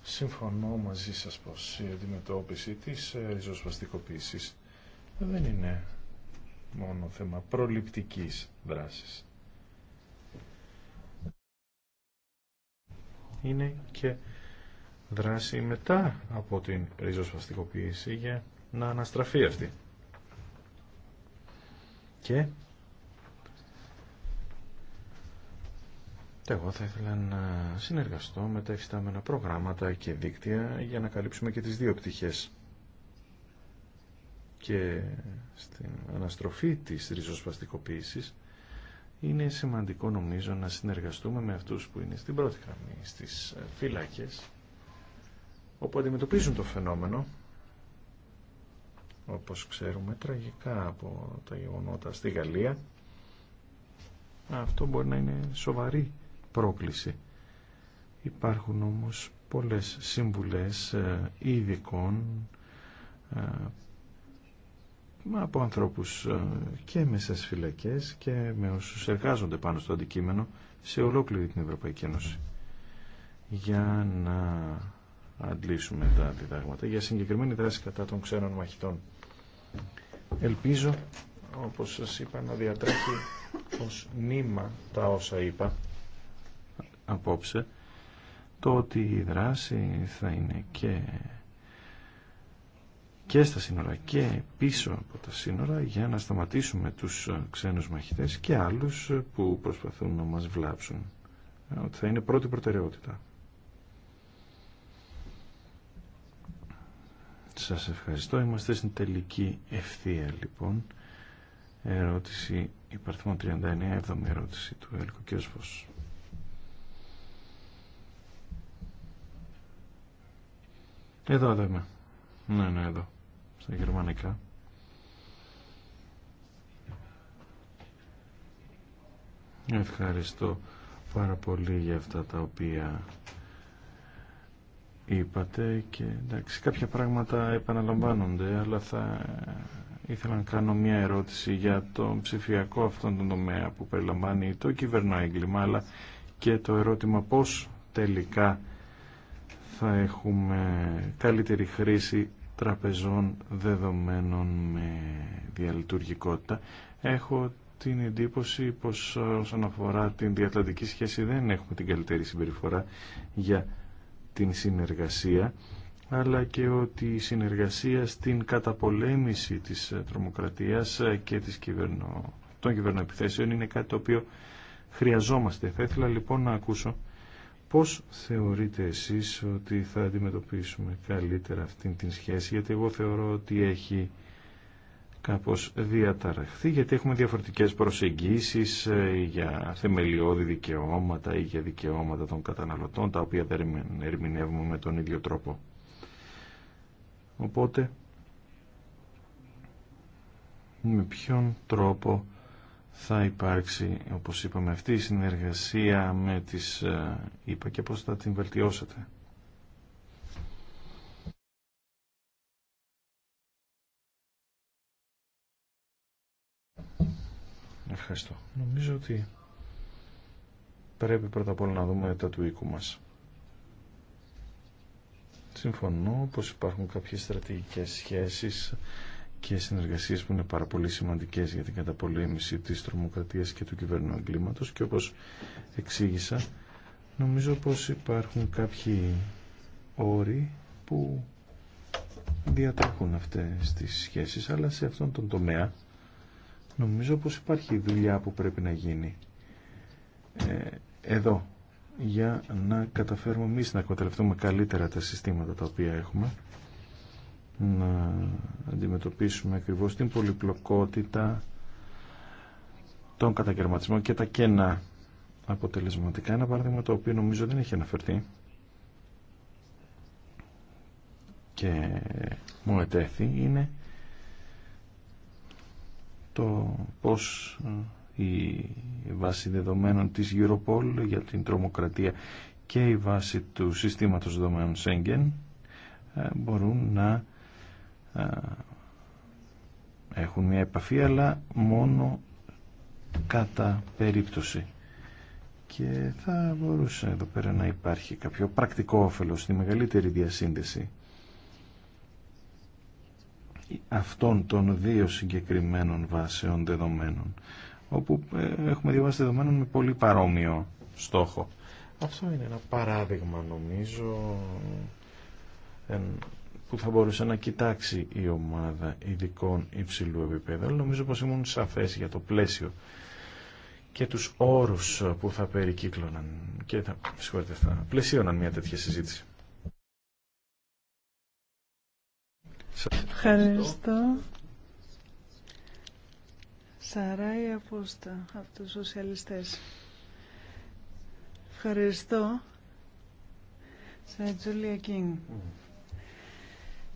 Συμφωνώ μαζί σας πως η αντιμετώπιση της ε, ριζοσπαστικοποίησης δεν είναι μόνο θέμα προληπτικής δράσης. Είναι και δράση μετά από την ριζοσπαστικοποίηση για να αναστραφεί αυτή. Και εγώ θα ήθελα να συνεργαστώ με τα εφιστάμενα προγράμματα και δίκτυα για να καλύψουμε και τις δύο πτυχές και στην αναστροφή της ριζοσπαστικοποίησης είναι σημαντικό νομίζω να συνεργαστούμε με αυτούς που είναι στην πρώτη γραμμή, στις ε, φύλακες όπου αντιμετωπίζουν το φαινόμενο όπως ξέρουμε τραγικά από τα γεγονότα στη Γαλλία αυτό μπορεί να είναι σοβαρή πρόκληση υπάρχουν όμως πολλές σύμβουλες ε, ειδικών ε, από ανθρώπους ε, και με στις φυλακές και με όσους εργάζονται πάνω στο αντικείμενο σε ολόκληρη την Ευρωπαϊκή Ένωση για να αντλήσουμε τα διδάγματα για συγκεκριμένη δράση κατά των ξένων μαχητών. Ελπίζω, όπως σας είπα, να διατρέχει ως νήμα τα όσα είπα απόψε το ότι η δράση θα είναι και και στα σύνορα και πίσω από τα σύνορα για να σταματήσουμε τους ε, ξένους μαχητές και άλλους ε, που προσπαθούν να μας βλάψουν. Ε, ότι θα είναι πρώτη προτεραιότητα. Σας ευχαριστώ. Είμαστε στην τελική ευθεία λοιπόν. Ερώτηση υπαρθμό 39, έβδομη ερώτηση του Έλκου Κέσβος. Εδώ, εδώ είμαι. Ναι, ναι, εδώ στα γερμανικά. Ευχαριστώ πάρα πολύ για αυτά τα οποία είπατε και εντάξει κάποια πράγματα επαναλαμβάνονται αλλά θα ήθελα να κάνω μια ερώτηση για τον ψηφιακό αυτόν τον τομέα που περιλαμβάνει το κυβερνό έγκλημα αλλά και το ερώτημα πώς τελικά θα έχουμε καλύτερη χρήση τραπεζών δεδομένων με διαλειτουργικότητα. Έχω την εντύπωση πως ε, όσον αφορά την διατλαντική σχέση δεν έχουμε την καλύτερη συμπεριφορά για την συνεργασία αλλά και ότι η συνεργασία στην καταπολέμηση της ε, τρομοκρατίας ε, και της κυβερνο... των κυβερνοεπιθέσεων είναι κάτι το οποίο χρειαζόμαστε. Θα ήθελα λοιπόν να ακούσω Πώς θεωρείτε εσείς ότι θα αντιμετωπίσουμε καλύτερα αυτήν την σχέση, γιατί εγώ θεωρώ ότι έχει κάπως διαταραχθεί, γιατί έχουμε διαφορετικές προσεγγίσεις ε, για θεμελιώδη δικαιώματα ή για δικαιώματα των καταναλωτών, τα οποία δεν ερμηνεύουμε με τον ίδιο τρόπο. Οπότε, με ποιον τρόπο θα υπάρξει, όπως είπαμε, αυτή η συνεργασία με τις ΥΠΑ ε, και πώς θα την βελτιώσετε. Ευχαριστώ. Νομίζω ότι πρέπει πρώτα απ' όλα να δούμε τα του οίκου μας. Συμφωνώ πως υπάρχουν κάποιες στρατηγικές σχέσεις και συνεργασίες που είναι πάρα πολύ σημαντικέ για την καταπολέμηση της τρομοκρατίας και του κυβερνού εγκλήματο. και όπω εξήγησα νομίζω πως υπάρχουν κάποιοι όροι που διατρέχουν αυτές τις σχέσεις αλλά σε αυτόν τον τομέα νομίζω πως υπάρχει δουλειά που πρέπει να γίνει ε, εδώ για να καταφέρουμε εμεί να εκμεταλλευτούμε καλύτερα τα συστήματα τα οποία έχουμε να αντιμετωπίσουμε ακριβώς την πολυπλοκότητα των κατακαιρματισμών και τα κένα αποτελεσματικά. Ένα παράδειγμα το οποίο νομίζω δεν έχει αναφερθεί και μου ετέθη είναι το πώς ε, η βάση δεδομένων της Europol για την τρομοκρατία και η βάση του συστήματος δεδομένων Schengen ε, μπορούν να έχουν μια επαφή αλλά μόνο κατά περίπτωση και θα μπορούσε εδώ πέρα να υπάρχει κάποιο πρακτικό όφελο στη μεγαλύτερη διασύνδεση αυτών των δύο συγκεκριμένων βάσεων δεδομένων όπου ε, έχουμε δύο βάσεις δεδομένων με πολύ παρόμοιο στόχο. Αυτό είναι ένα παράδειγμα νομίζω που θα μπορούσε να κοιτάξει η ομάδα ειδικών υψηλού επίπεδου. Αλλά νομίζω πως ήμουν σαφές για το πλαίσιο και τους όρους που θα περικύκλωναν και θα, συγχωρείτε, θα πλαισίωναν μια τέτοια συζήτηση. Ευχαριστώ. Σαράι απόστα από τους σοσιαλιστές. Ευχαριστώ. Σαν Τζούλια Κίνγκ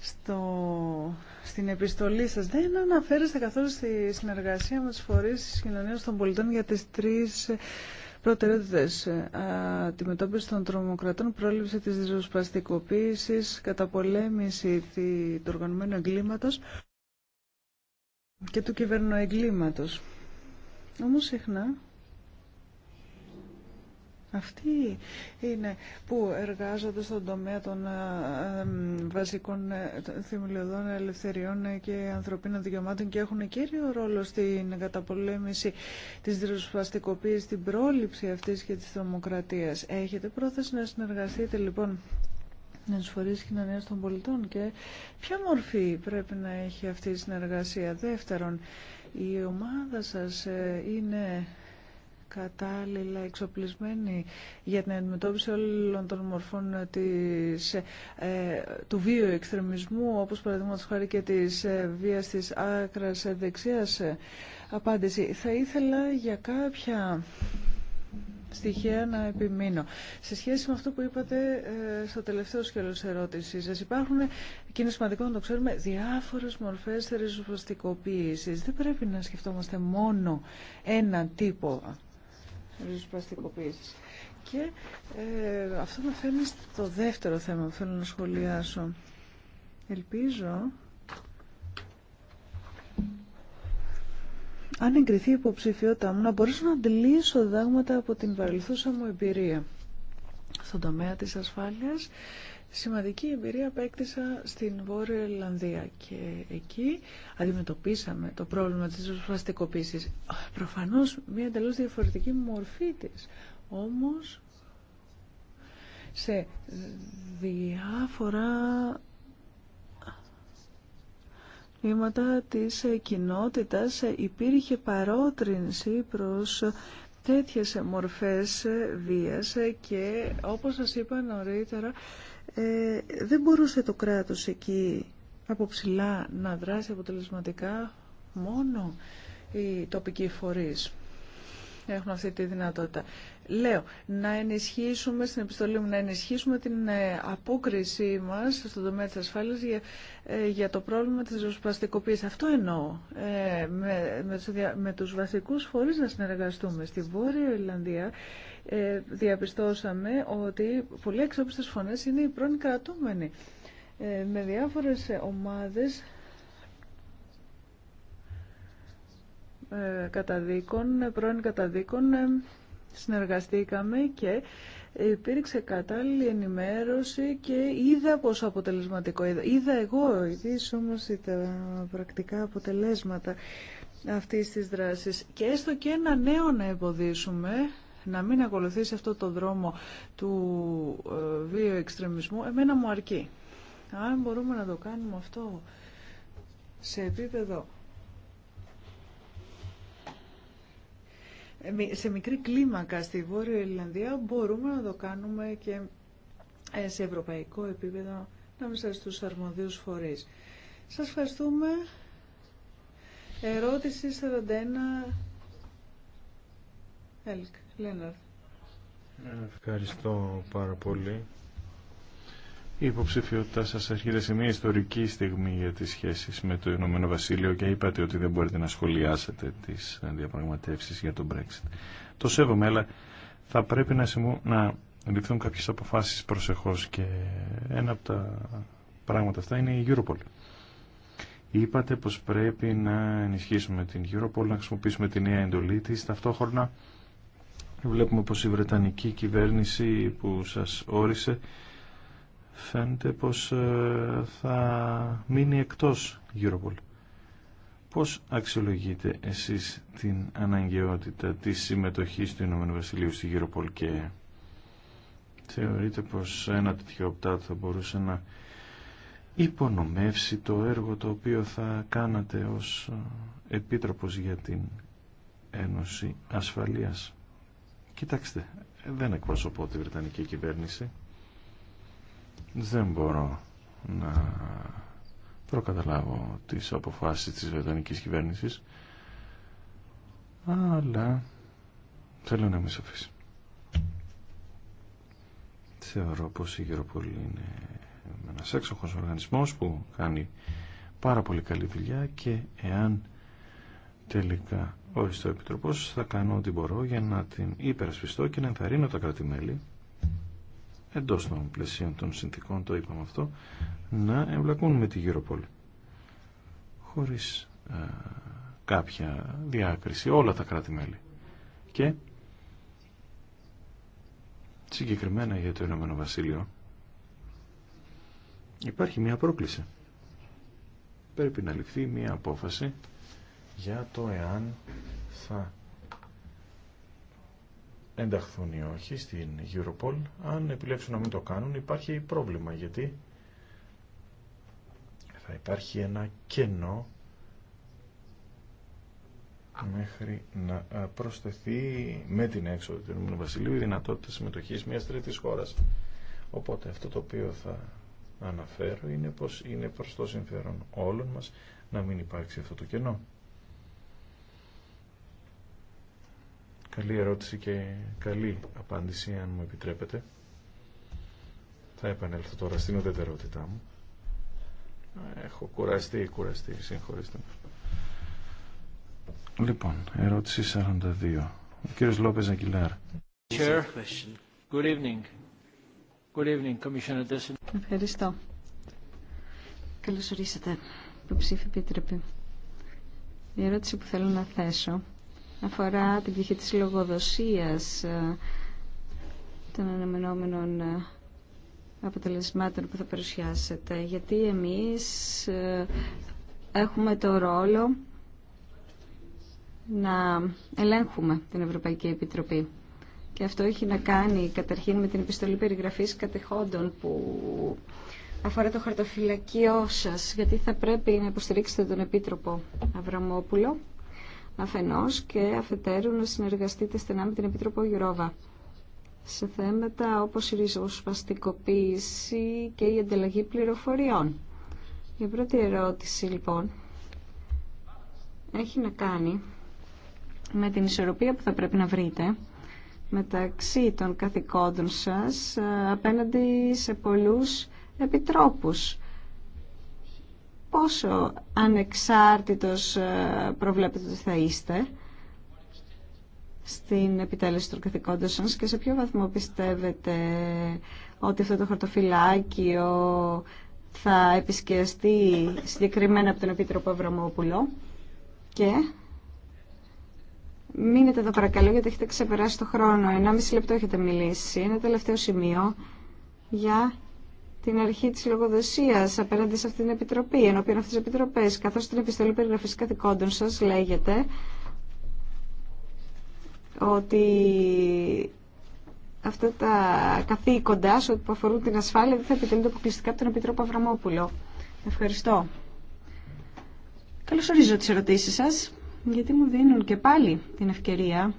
στο, στην επιστολή σας δεν αναφέρεστε καθόλου στη συνεργασία με τις φορείς της κοινωνίας των πολιτών για τις τρεις προτεραιότητες. Ε, αντιμετώπιση των τρομοκρατών, πρόληψη της ριζοσπαστικοποίησης, καταπολέμηση του οργανωμένου εγκλήματος και του κυβερνοεγκλήματος. Όμως συχνά αυτοί είναι που εργάζονται στον τομέα των ε, βασικών ε, θεμελιωδών ελευθεριών και ανθρωπίνων δικαιωμάτων και έχουν κύριο ρόλο στην καταπολέμηση της δροσπαστικοποίησης, την πρόληψη αυτής και της δημοκρατίας. Έχετε πρόθεση να συνεργαστείτε λοιπόν με τις φορείς κοινωνίας των πολιτών και ποια μορφή πρέπει να έχει αυτή η συνεργασία. Δεύτερον, η ομάδα σας ε, είναι κατάλληλα εξοπλισμένη για την αντιμετώπιση όλων των μορφών της, ε, του βίου εξτρεμισμού, όπως παραδείγματος χάρη και της ε, βίας της άκρας δεξιάς. Ε, απάντηση. Θα ήθελα για κάποια στοιχεία να επιμείνω. Σε σχέση με αυτό που είπατε ε, στο τελευταίο σκέλος ερώτησης. σας, υπάρχουν, και είναι σημαντικό να το ξέρουμε, διάφορες μορφές ριζοσπαστικοποίησης. Δεν πρέπει να σκεφτόμαστε μόνο έναν τύπο ριζοσπαστικοποίηση. Και ε, αυτό με φέρνει στο δεύτερο θέμα που θέλω να σχολιάσω. Ελπίζω αν εγκριθεί η υποψηφιότητά μου να μπορέσω να αντιλήσω δάγματα από την παρελθούσα μου εμπειρία στον τομέα της ασφάλειας Σημαντική εμπειρία απέκτησα στην Βόρεια Ιρλανδία και εκεί αντιμετωπίσαμε το πρόβλημα της ρουσφαστικοποίησης. Προφανώς μια εντελώ διαφορετική μορφή της, όμως σε διάφορα βήματα της κοινότητας υπήρχε παρότρινση προς τέτοιες μορφές βίας και όπως σας είπα νωρίτερα ε, δεν μπορούσε το κράτος εκεί από ψηλά να δράσει αποτελεσματικά μόνο οι τοπικοί φορείς έχουν αυτή τη δυνατότητα. Λέω, να ενισχύσουμε στην επιστολή μου, να ενισχύσουμε την ε, απόκρισή μας στον τομέα της ασφάλειας για, ε, για το πρόβλημα της ροσπαστικοποίησης. Αυτό εννοώ. Ε, με, με, τους, με βασικούς φορείς να συνεργαστούμε. Στη Βόρεια Ιρλανδία διαπιστώσαμε ότι πολλοί εξόπιστες φωνές είναι οι πρώην κρατούμενοι. με διάφορες ομάδες Ε, καταδίκων, πρώην καταδίκων ε, συνεργαστήκαμε και υπήρξε κατάλληλη ενημέρωση και είδα πόσο αποτελεσματικό είδα. Είδα εγώ, ειδής όμως τα πρακτικά αποτελέσματα αυτή της δράσης. Και έστω και ένα νέο να εμποδίσουμε, να μην ακολουθήσει αυτό το δρόμο του ε, βίαιου εξτρεμισμού, εμένα μου αρκεί. Αν μπορούμε να το κάνουμε αυτό σε επίπεδο σε μικρή κλίμακα στη Βόρεια Ιρλανδία μπορούμε να το κάνουμε και ε, σε ευρωπαϊκό επίπεδο ανάμεσα στους αρμοδίους φορείς. Σας ευχαριστούμε. Ερώτηση 41. Λέναρ. Ευχαριστώ πάρα πολύ. Η υποψηφιότητά σα αρχίζει σε μια ιστορική στιγμή για τι σχέσει με το Ηνωμένο Βασίλειο και είπατε ότι δεν μπορείτε να σχολιάσετε τι διαπραγματεύσει για τον Brexit. Το σέβομαι, αλλά θα πρέπει να, σημού, να ληφθούν κάποιε αποφάσεις προσεχώ και ένα από τα πράγματα αυτά είναι η Europol. Είπατε πω πρέπει να ενισχύσουμε την Europol, να χρησιμοποιήσουμε τη νέα εντολή τη Ταυτόχρονα βλέπουμε πως η Βρετανική κυβέρνηση που σας όρισε φαίνεται πως ε, θα μείνει εκτός Europol. Πώς αξιολογείτε εσείς την αναγκαιότητα της συμμετοχής του Ηνωμένου Βασιλείου στη Europol και θεωρείτε πως ένα τέτοιο οπτάτ θα μπορούσε να υπονομεύσει το έργο το οποίο θα κάνατε ως ε, Επίτροπος για την Ένωση Ασφαλείας. Κοιτάξτε, δεν εκπροσωπώ τη Βρετανική κυβέρνηση δεν μπορώ να προκαταλάβω τις αποφάσεις της Βρετανικής κυβέρνησης αλλά θέλω να είμαι σοφής θεωρώ πως η Γεροπολή είναι ένας έξοχος οργανισμός που κάνει πάρα πολύ καλή δουλειά και εάν τελικά όχι στο Επιτροπός θα κάνω ό,τι μπορώ για να την υπερασπιστώ και να ενθαρρύνω τα κράτη-μέλη εντός των πλαισίων των συνθήκων, το είπαμε αυτό, να εμπλακούν με τη πόλη. Χωρίς α, ε, κάποια διάκριση, όλα τα κράτη-μέλη. Και συγκεκριμένα για το Ηνωμένο Βασίλειο υπάρχει μια πρόκληση. Πρέπει να ληφθεί μια απόφαση για το εάν θα ενταχθούν ή όχι στην Europol. Αν επιλέξουν να μην το κάνουν υπάρχει πρόβλημα γιατί θα υπάρχει ένα κενό μέχρι να προσθεθεί με την έξοδο του Ηνωμένου Βασιλείου η δυνατότητα συμμετοχής μιας τρίτης χώρας. Οπότε αυτό το οποίο θα αναφέρω είναι πως είναι προς το συμφέρον όλων μας να μην υπάρξει αυτό το κενό. Καλή ερώτηση και καλή απάντηση, αν μου επιτρέπετε. Θα επανέλθω τώρα στην ουδετερότητά μου. Έχω κουραστεί, κουραστεί, συγχωρήστε μου. Λοιπόν, ερώτηση 42. Ο κύριος Λόπεζ Αγγιλάρ. Ευχαριστώ. Καλώς ορίσατε, υποψήφι επίτρεπε. Η ερώτηση που θέλω να θέσω αφορά την πτυχή της λογοδοσίας ε, των αναμενόμενων ε, αποτελεσμάτων που θα παρουσιάσετε. Γιατί εμείς ε, έχουμε το ρόλο να ελέγχουμε την Ευρωπαϊκή Επιτροπή. Και αυτό έχει να κάνει καταρχήν με την επιστολή περιγραφής κατεχόντων που αφορά το χαρτοφυλακείο σας, γιατί θα πρέπει να υποστηρίξετε τον Επίτροπο Αβραμόπουλο αφενός και αφετέρου να συνεργαστείτε στενά με την Επιτροπό Γιουρόβα σε θέματα όπως η ριζοσπαστικοποίηση και η ανταλλαγή πληροφοριών. Η πρώτη ερώτηση λοιπόν έχει να κάνει με την ισορροπία που θα πρέπει να βρείτε μεταξύ των καθηκόντων σας ε, απέναντι σε πολλούς επιτρόπους πόσο ανεξάρτητος ε, προβλέπετε ότι θα είστε στην επιτέλεση του καθηκόντων σας και σε ποιο βαθμό πιστεύετε ότι αυτό το χαρτοφυλάκιο θα επισκευαστεί συγκεκριμένα από τον Επίτροπο Ευρωμόπουλο και μείνετε εδώ παρακαλώ γιατί έχετε ξεπεράσει το χρόνο. 1,5 λεπτό έχετε μιλήσει. Ένα τελευταίο σημείο για την αρχή τη λογοδοσία απέναντι σε αυτήν την Επιτροπή, ενώπιον αυτές τι Επιτροπές, Καθώ στην επιστολή περιγραφή καθηκόντων σα λέγεται ότι αυτά τα καθήκοντά σου που αφορούν την ασφάλεια δεν θα επιτελούνται αποκλειστικά από τον Επιτρόπο Αβραμόπουλο. Ευχαριστώ. Καλώ ορίζω τι ερωτήσει σας, γιατί μου δίνουν και πάλι την ευκαιρία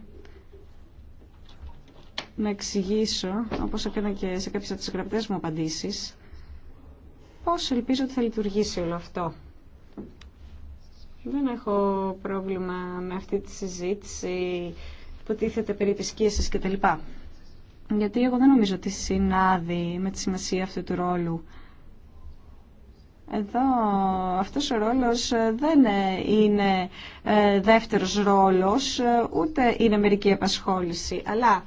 να εξηγήσω, όπως έκανα και σε κάποιες από τις γραπτές μου απαντήσεις, πώς ελπίζω ότι θα λειτουργήσει όλο αυτό. Δεν έχω πρόβλημα με αυτή τη συζήτηση που τίθεται περί της σκίασης κτλ. Γιατί εγώ δεν νομίζω ότι συνάδει με τη σημασία αυτού του ρόλου. Εδώ αυτός ο ρόλος δεν είναι ε, δεύτερος ρόλος, ούτε είναι μερική απασχόληση, αλλά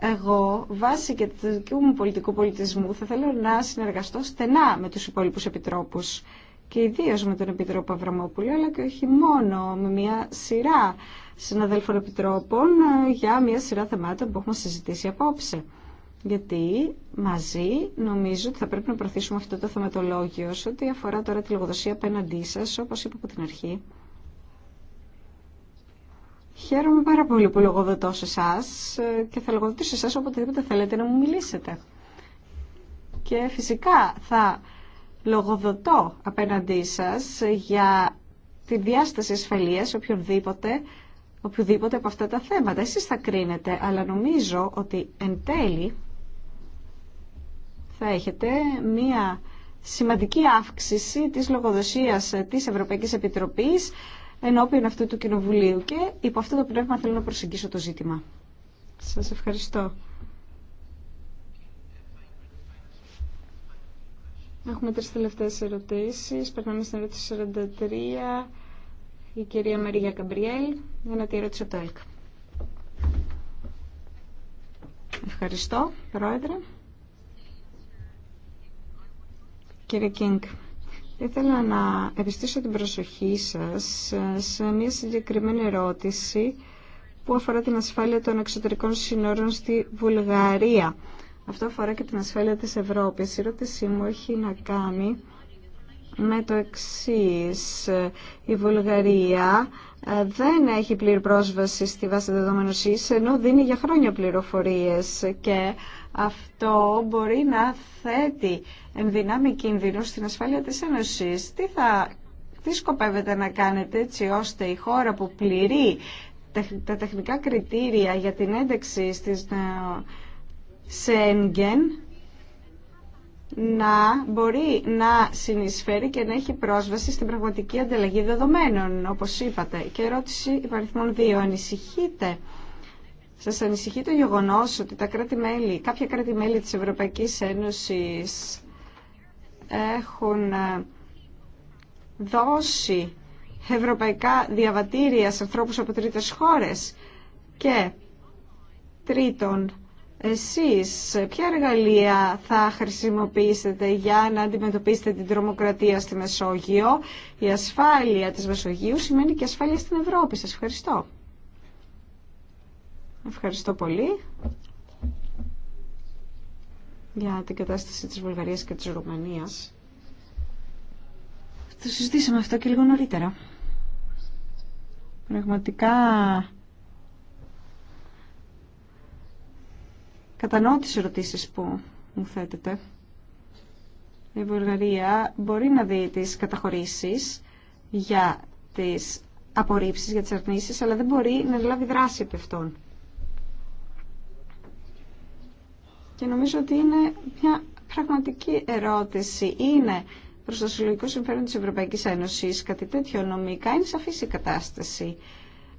εγώ, βάσει και του δικού μου πολιτικού πολιτισμού, θα θέλω να συνεργαστώ στενά με τους υπόλοιπους επιτρόπους και ιδίω με τον Επιτρόπο Αβραμόπουλο, αλλά και όχι μόνο, με μια σειρά συναδέλφων επιτρόπων ε, για μια σειρά θεμάτων που έχουμε συζητήσει απόψε. Γιατί μαζί νομίζω ότι θα πρέπει να προωθήσουμε αυτό το θεματολόγιο σε ό,τι αφορά τώρα τη λογοδοσία απέναντί σα, όπω είπα από την αρχή. Χαίρομαι πάρα πολύ που λογοδοτώ σε εσά ε, και θα λογοδοτήσω σε εσά οποτεδήποτε θέλετε να μου μιλήσετε. Και φυσικά θα λογοδοτώ απέναντί σας για τη διάσταση ασφαλείας οποιοδήποτε, οποιοδήποτε από αυτά τα θέματα. Εσείς θα κρίνετε, αλλά νομίζω ότι εν τέλει θα έχετε μία σημαντική αύξηση της λογοδοσίας της Ευρωπαϊκής Επιτροπής ενώπιον αυτού του Κοινοβουλίου και υπό αυτό το πνεύμα θέλω να προσεγγίσω το ζήτημα. Σας ευχαριστώ. Έχουμε τρεις τελευταίες ερωτήσεις. Περνάμε στην ερώτηση 43. Η κυρία Μαρία Καμπριέλ για τη ερώτηση το ΕΛΚ. Ευχαριστώ, Πρόεδρε. Κύριε Κίνγκ, Ήθελα να επιστήσω την προσοχή σας σε μια συγκεκριμένη ερώτηση που αφορά την ασφάλεια των εξωτερικών συνόρων στη Βουλγαρία. Αυτό αφορά και την ασφάλεια της Ευρώπης. Η ερώτησή μου έχει να κάνει με το εξής. Η Βουλγαρία ε, δεν έχει πλήρη πρόσβαση στη βάση δεδομένων ΣΥΣ, ενώ δίνει για χρόνια πληροφορίες και αυτό μπορεί να θέτει ενδυνάμει κίνδυνο στην ασφάλεια της Ένωσης. Τι, θα, τι σκοπεύετε να κάνετε έτσι ώστε η χώρα που πληρεί τα τεχνικά κριτήρια για την ένταξη στις ε, ΣΕΝΓΕΝ να μπορεί να συνεισφέρει και να έχει πρόσβαση στην πραγματική ανταλλαγή δεδομένων, όπως είπατε. Και ερώτηση υπαριθμών 2. Ανησυχείτε σας ανησυχεί το γεγονό ότι τα κράτη-μέλη, κάποια κράτη-μέλη της Ευρωπαϊκής Ένωσης έχουν ε, δώσει ευρωπαϊκά διαβατήρια σε ανθρώπου από τρίτε χώρες και τρίτον εσείς ποια εργαλεία θα χρησιμοποιήσετε για να αντιμετωπίσετε την τρομοκρατία στη Μεσόγειο η ασφάλεια της Μεσογείου σημαίνει και ασφάλεια στην Ευρώπη σας ευχαριστώ Ευχαριστώ πολύ για την κατάσταση της Βουλγαρίας και της Ρουμανίας. Το συζητήσαμε αυτό και λίγο νωρίτερα. Πραγματικά κατανοώ τις ερωτήσεις που μου θέτετε. Η Βουλγαρία μπορεί να δει τις καταχωρήσεις για τις απορρίψεις, για τις αρνήσεις, αλλά δεν μπορεί να λάβει δράση από αυτών. Και νομίζω ότι είναι μια πραγματική ερώτηση. Είναι προ το συλλογικό συμφέρον της Ευρωπαϊκής Ένωσης κάτι τέτοιο νομικά. Είναι σαφή η κατάσταση.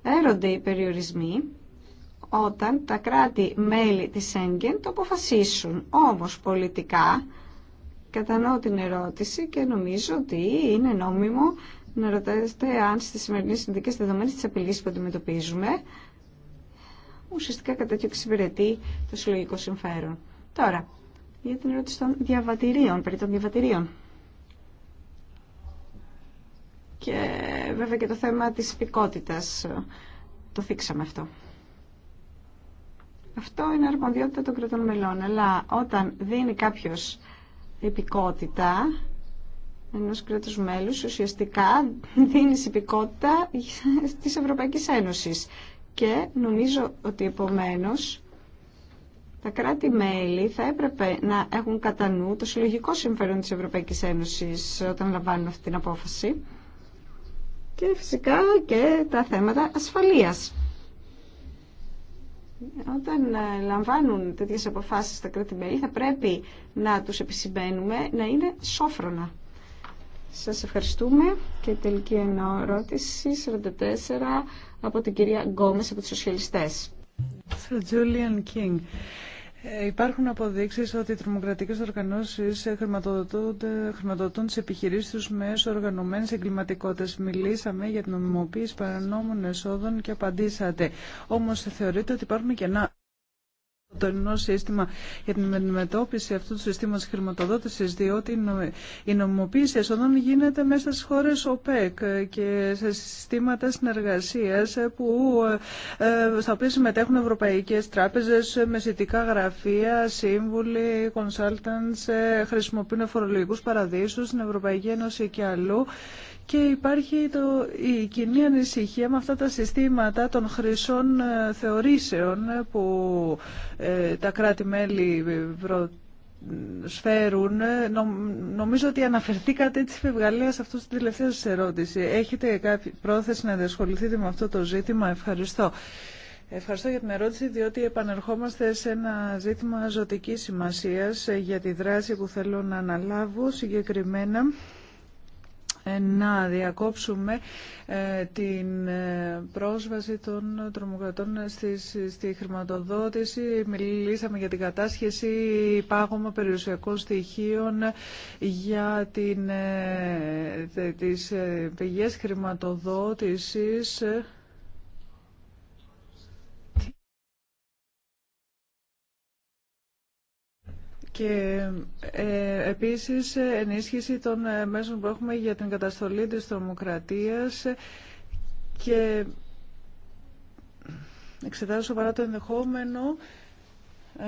Έρονται οι περιορισμοί όταν τα κράτη-μέλη τη Σέγγεν το αποφασίσουν. όμω πολιτικά κατανοώ την ερώτηση και νομίζω ότι είναι νόμιμο να ρωτάτε αν στι σημερινέ συνδικέ δεδομένε τη απειλή που αντιμετωπίζουμε ουσιαστικά κατά τέτοιο εξυπηρετεί το συλλογικό συμφέρον. Τώρα, για την ερώτηση των διαβατηρίων, περί των διαβατηρίων. Και βέβαια και το θέμα της υπηκότητας. Το θίξαμε αυτό. Αυτό είναι αρμοδιότητα των κρατών μελών. Αλλά όταν δίνει κάποιος υπηκότητα ενό κράτου μέλου, ουσιαστικά δίνει υπηκότητα τη Ευρωπαϊκή Ένωση. Και νομίζω ότι επομένω τα κράτη-μέλη θα έπρεπε να έχουν κατά νου το συλλογικό συμφέρον της Ευρωπαϊκής Ένωσης όταν λαμβάνουν αυτή την απόφαση και φυσικά και τα θέματα ασφαλείας. Όταν ε, λαμβάνουν τέτοιες αποφάσεις τα κράτη-μέλη θα πρέπει να τους επισημαίνουμε να είναι σόφρονα. Σας ευχαριστούμε και τελική ερώτηση 44 από την κυρία Γκόμες από τους Σοσιαλιστές. Julian King. Ε, υπάρχουν αποδείξει ότι οι τρομοκρατικέ οργανώσει χρηματοδοτούν τι επιχειρήσει του μέσω οργανωμένη εγκληματικότητα. Μιλήσαμε για την νομιμοποίηση παρανόμων εσόδων και απαντήσατε. Όμω θεωρείτε ότι υπάρχουν κενά το ελληνικό σύστημα για την αντιμετώπιση αυτού του συστήματο χρηματοδότηση, διότι η νομιμοποίηση εσόδων γίνεται μέσα στις χώρες ΟΠΕΚ και σε συστήματα συνεργασία που, ε, ε, στα οποία συμμετέχουν ευρωπαϊκές τράπεζες, μεσητικά γραφεία, σύμβουλοι, consultants, ε, χρησιμοποιούν φορολογικού παραδείσους στην Ευρωπαϊκή Ένωση και αλλού και υπάρχει το, η κοινή ανησυχία με αυτά τα συστήματα των χρυσών ε, θεωρήσεων που ε, τα κράτη-μέλη προσφέρουν. νομίζω ότι αναφερθήκατε έτσι φευγαλέα σε αυτό στην τελευταία σας ερώτηση. Έχετε κάποια πρόθεση να διασχοληθείτε με αυτό το ζήτημα. Ευχαριστώ. Ευχαριστώ για την ερώτηση, διότι επανερχόμαστε σε ένα ζήτημα ζωτικής σημασίας ε, για τη δράση που θέλω να αναλάβω συγκεκριμένα. Ε, να διακόψουμε ε, την ε, πρόσβαση των τρομοκρατών στη χρηματοδότηση. Μιλήσαμε για την κατάσχεση πάγωμα περιουσιακών στοιχείων για την, τις πηγές χρηματοδότησης και ε, επίσης ενίσχυση των ε, μέσων που έχουμε για την καταστολή της τρομοκρατίας και εξετάζω σοβαρά το ενδεχόμενο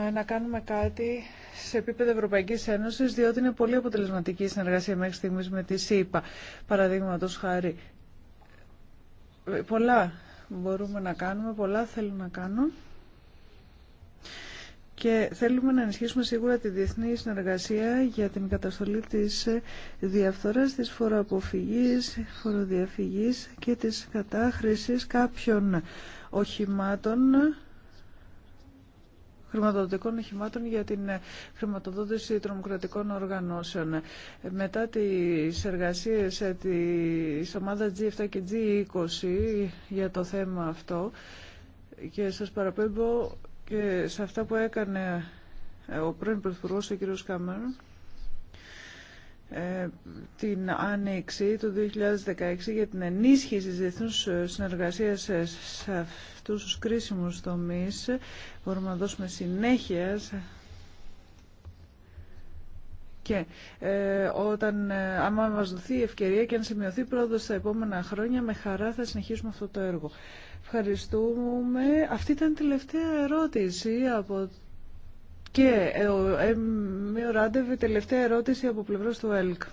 ε, να κάνουμε κάτι σε επίπεδο Ευρωπαϊκής Ένωσης, διότι είναι πολύ αποτελεσματική η συνεργασία μέχρι στιγμής με τη ΣΥΠΑ, παραδείγματος χάρη. Ε, πολλά μπορούμε να κάνουμε, πολλά θέλω να κάνουμε και θέλουμε να ενισχύσουμε σίγουρα τη διεθνή συνεργασία για την καταστολή της διαφθοράς, της φοροαποφυγής, φοροδιαφυγής και της κατάχρησης κάποιων οχημάτων χρηματοδοτικών οχημάτων για την χρηματοδότηση τρομοκρατικών οργανώσεων. Μετά τις εργασίες της ομάδα G7 και G20 για το θέμα αυτό και σας παραπέμπω και σε αυτά που έκανε ε, ο πρώην Πρωθυπουργός, ο κ. Κάμερον, την άνοιξη του 2016 για την ενίσχυση της διεθνούς ε, συνεργασίας ε, σε αυτούς τους κρίσιμους τομείς. Μπορούμε να δώσουμε συνέχεια και όταν, ε, άμα μας δοθεί η ευκαιρία και αν σημειωθεί πρόοδος στα επόμενα χρόνια, με χαρά θα συνεχίσουμε αυτό το έργο. Ευχαριστούμε. Αυτή ήταν η τελευταία ερώτηση από... και ε, ε με ράντεβε τελευταία ερώτηση από πλευρός του ΕΛΚ.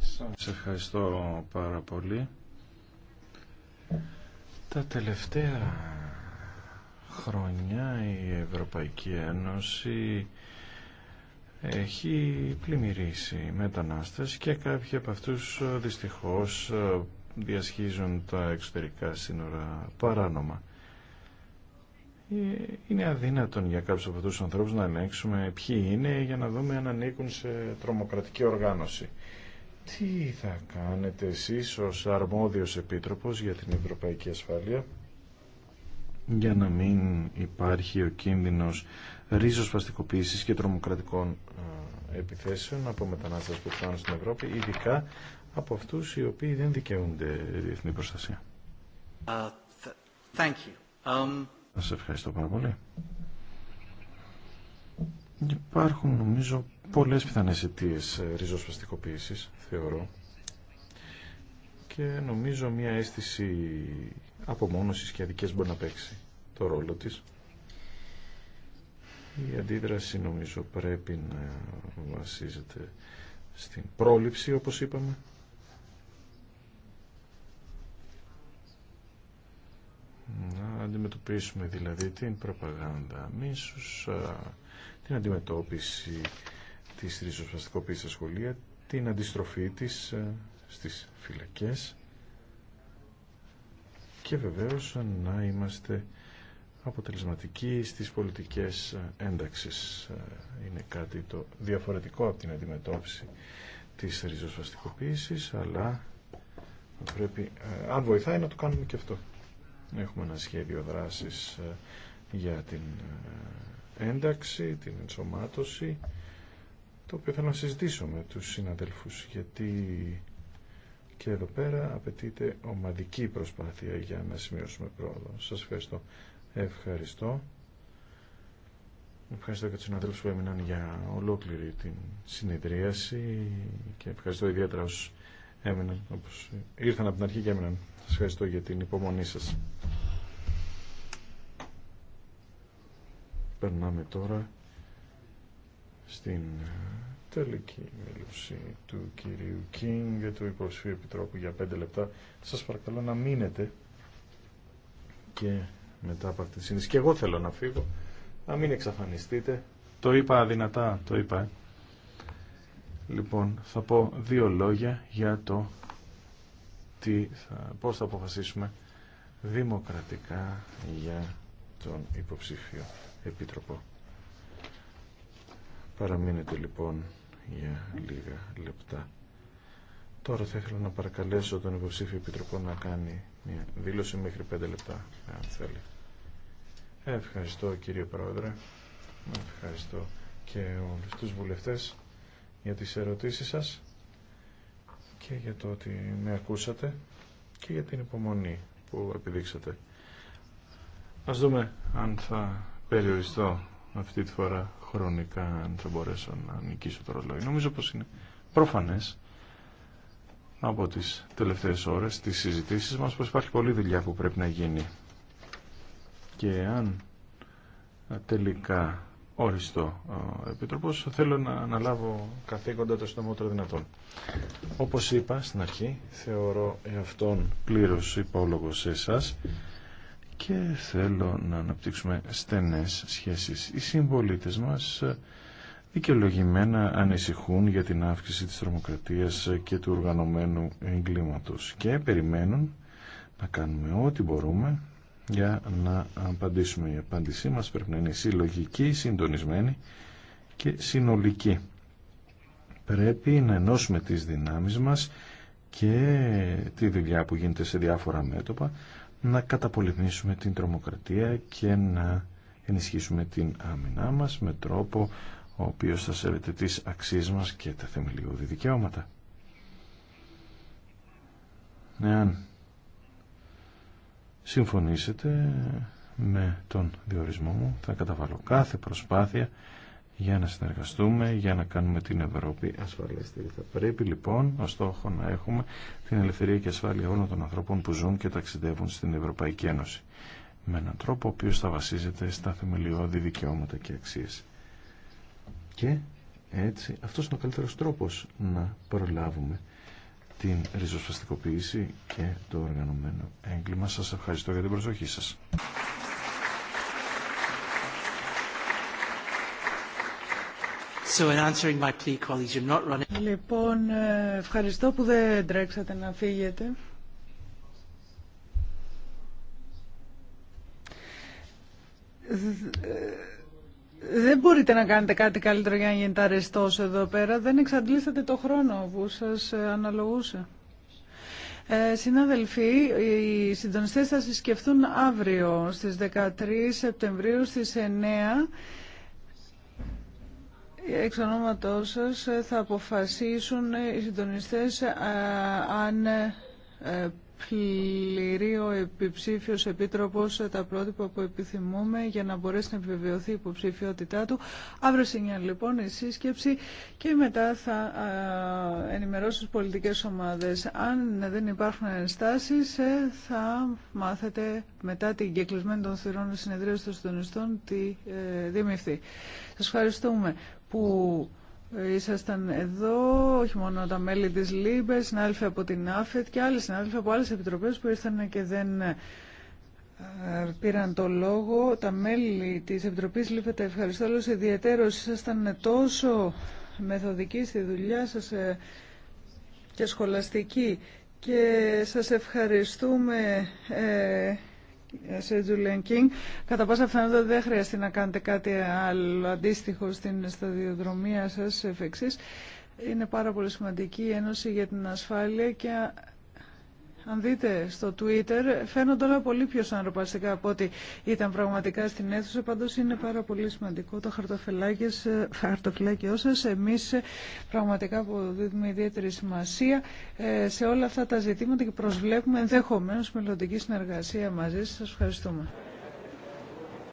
Σας ευχαριστώ πάρα πολύ. Τα τελευταία χρόνια η Ευρωπαϊκή Ένωση έχει πλημμυρίσει μετανάστες και κάποιοι από αυτούς ε, δυστυχώς ε, διασχίζουν τα εξωτερικά σύνορα παράνομα. Ε, είναι αδύνατον για κάποιους από τους ανθρώπους να ελέγξουμε ποιοι είναι για να δούμε αν ανήκουν σε τρομοκρατική οργάνωση. Τι θα κάνετε εσείς ως αρμόδιος επίτροπος για την Ευρωπαϊκή Ασφάλεια για να μην υπάρχει ο κίνδυνος ρίζος και τρομοκρατικών ε, επιθέσεων από μετανάστες που φτάνουν στην Ευρώπη, ειδικά από αυτούς οι οποίοι δεν δικαιούνται διεθνή προστασία. Uh, thank you. Um... Σας ευχαριστώ πάρα πολύ. Υπάρχουν νομίζω πολλές πιθανές αιτίε ε, ριζοσπαστικοποίησης, θεωρώ. Και νομίζω μια αίσθηση απομόνωσης και αδικές μπορεί να παίξει το ρόλο της. Η αντίδραση νομίζω πρέπει να βασίζεται στην πρόληψη όπως είπαμε Να αντιμετωπίσουμε δηλαδή την προπαγάνδα μίσους, την αντιμετώπιση της ρίσοσπαστικοποίησης στα σχολεία, την αντιστροφή της στις φυλακές και βεβαίως να είμαστε αποτελεσματικοί στις πολιτικές ένταξεις. Είναι κάτι το διαφορετικό από την αντιμετώπιση της ριζοσπαστικοποίηση αλλά πρέπει, αν βοηθάει, να το κάνουμε και αυτό. Έχουμε ένα σχέδιο δράσης ε, για την ε, ένταξη, την ενσωμάτωση, το οποίο θέλω να συζητήσω με τους συναδέλφους, γιατί και εδώ πέρα απαιτείται ομαδική προσπάθεια για να σημειώσουμε πρόοδο. Σας ευχαριστώ. Ευχαριστώ. Ευχαριστώ και τους συναδέλφους που έμειναν για ολόκληρη την συνεδρίαση και ευχαριστώ ιδιαίτερα έμειναν όπως ήρθαν από την αρχή και έμειναν. Σας ευχαριστώ για την υπομονή σα. Περνάμε τώρα στην ε, τελική μίληση του κυρίου Κίνγκ, του υποψηφίου Επιτρόπου για 5 λεπτά. Σας παρακαλώ να μείνετε και μετά από αυτή τη σύνδεση. Και εγώ θέλω να φύγω, να μην εξαφανιστείτε. Το είπα δυνατά, το είπα. Ε. Λοιπόν, θα πω δύο λόγια για το τι θα, πώς θα αποφασίσουμε δημοκρατικά για τον υποψήφιο επίτροπο. Παραμείνετε λοιπόν για λίγα λεπτά. Τώρα θα ήθελα να παρακαλέσω τον υποψήφιο επιτροπό να κάνει μια δήλωση μέχρι πέντε λεπτά, αν θέλει. Ευχαριστώ κύριε Πρόεδρε. Ευχαριστώ και όλους τους βουλευτές για τις ερωτήσεις σας και για το ότι με ακούσατε και για την υπομονή που επιδείξατε. Ας δούμε αν θα περιοριστώ αυτή τη φορά χρονικά, αν θα μπορέσω να νικήσω το ρολόι. Νομίζω πως είναι προφανές από τις τελευταίες ώρες, τις συζητήσεις μας, πως υπάρχει πολλή δουλειά που πρέπει να γίνει. Και αν τελικά οριστό ε, επίτροπος. Θέλω να αναλάβω καθήκοντα το συντομότερο δυνατόν. Όπως είπα στην αρχή, θεωρώ εαυτόν πλήρως υπόλογο σε εσάς και θέλω να αναπτύξουμε στενές σχέσεις. Οι συμπολίτε μας ε, δικαιολογημένα ανησυχούν για την αύξηση της τρομοκρατίας και του οργανωμένου εγκλήματος και περιμένουν να κάνουμε ό,τι μπορούμε για να απαντήσουμε. Η απάντησή μας πρέπει να είναι συλλογική, συντονισμένη και συνολική. Πρέπει να ενώσουμε τις δυνάμεις μας και τη δουλειά που γίνεται σε διάφορα μέτωπα να καταπολεμήσουμε την τρομοκρατία και να ενισχύσουμε την άμυνά μας με τρόπο ο οποίος θα σέβεται τις αξίες μας και τα θεμελιώδη δικαιώματα συμφωνήσετε με τον διορισμό μου θα καταβάλω κάθε προσπάθεια για να συνεργαστούμε, για να κάνουμε την Ευρώπη ασφαλέστερη. Θα πρέπει λοιπόν ο στόχο να έχουμε την ελευθερία και ασφάλεια όλων των ανθρώπων που ζουν και ταξιδεύουν στην Ευρωπαϊκή Ένωση. Με έναν τρόπο ο οποίος θα βασίζεται στα θεμελιώδη δικαιώματα και αξίες. Και έτσι αυτός είναι ο καλύτερος τρόπος να προλάβουμε την ριζοσπαστικοποίηση και το οργανωμένο έγκλημα. Σας ευχαριστώ για την προσοχή σας. So in answering my plea, colleagues, you're not running. Λοιπόν, ε, ευχαριστώ που δεν τρέξατε να φύγετε. Ε, δεν μπορείτε να κάνετε κάτι καλύτερο για να γίνετε αρεστός εδώ πέρα. Δεν εξαντλήσατε το χρόνο που σας ε, αναλογούσε. Ε, συνάδελφοι, οι συντονιστές θα συσκεφτούν αύριο στις 13 Σεπτεμβρίου στις 9 Εξ ονόματός σας θα αποφασίσουν οι συντονιστές ε, αν ε, πληρεί ο επιψήφιος τα πρότυπα που επιθυμούμε για να μπορέσει να επιβεβαιωθεί η υποψηφιότητά του. Αύριο είναι λοιπόν η σύσκεψη και μετά θα ενημερώσω τι πολιτικές ομάδες. Αν δεν υπάρχουν ενστάσει, ε, θα μάθετε μετά την κεκλεισμένη των θυρών συνεδρίαση των συντονιστών τι ε, Σας ευχαριστούμε που Ήσασταν εδώ, όχι μόνο τα μέλη της ΛΥΜΠΕ, συνάδελφοι από την ΑΦΕΤ και άλλοι συνάδελφοι από άλλες επιτροπές που ήρθαν και δεν ε, πήραν το λόγο. Τα μέλη της Επιτροπής ΛΥΜΠΕ τα ευχαριστώ όλους ιδιαίτερως. Ήσασταν τόσο μεθοδικοί στη δουλειά σας ε, και σχολαστικοί και σας ευχαριστούμε ε, σε Τζουλιαν Κίνγκ. Κατά πάσα πιθανότητα δεν χρειαστεί να κάνετε κάτι άλλο αντίστοιχο στην σταδιοδρομία σας εφ' Είναι πάρα πολύ σημαντική η Ένωση για την Ασφάλεια και αν δείτε στο Twitter φαίνονται όλα πολύ πιο σανροπαστικά από ό,τι ήταν πραγματικά στην αίθουσα. Πάντως είναι πάρα πολύ σημαντικό το ε, χαρτοφυλάκιό σα. Εμείς ε, πραγματικά δίνουμε ιδιαίτερη σημασία ε, σε όλα αυτά τα ζητήματα και προσβλέπουμε ενδεχομένως μελλοντική συνεργασία μαζί σας. Σας ευχαριστούμε.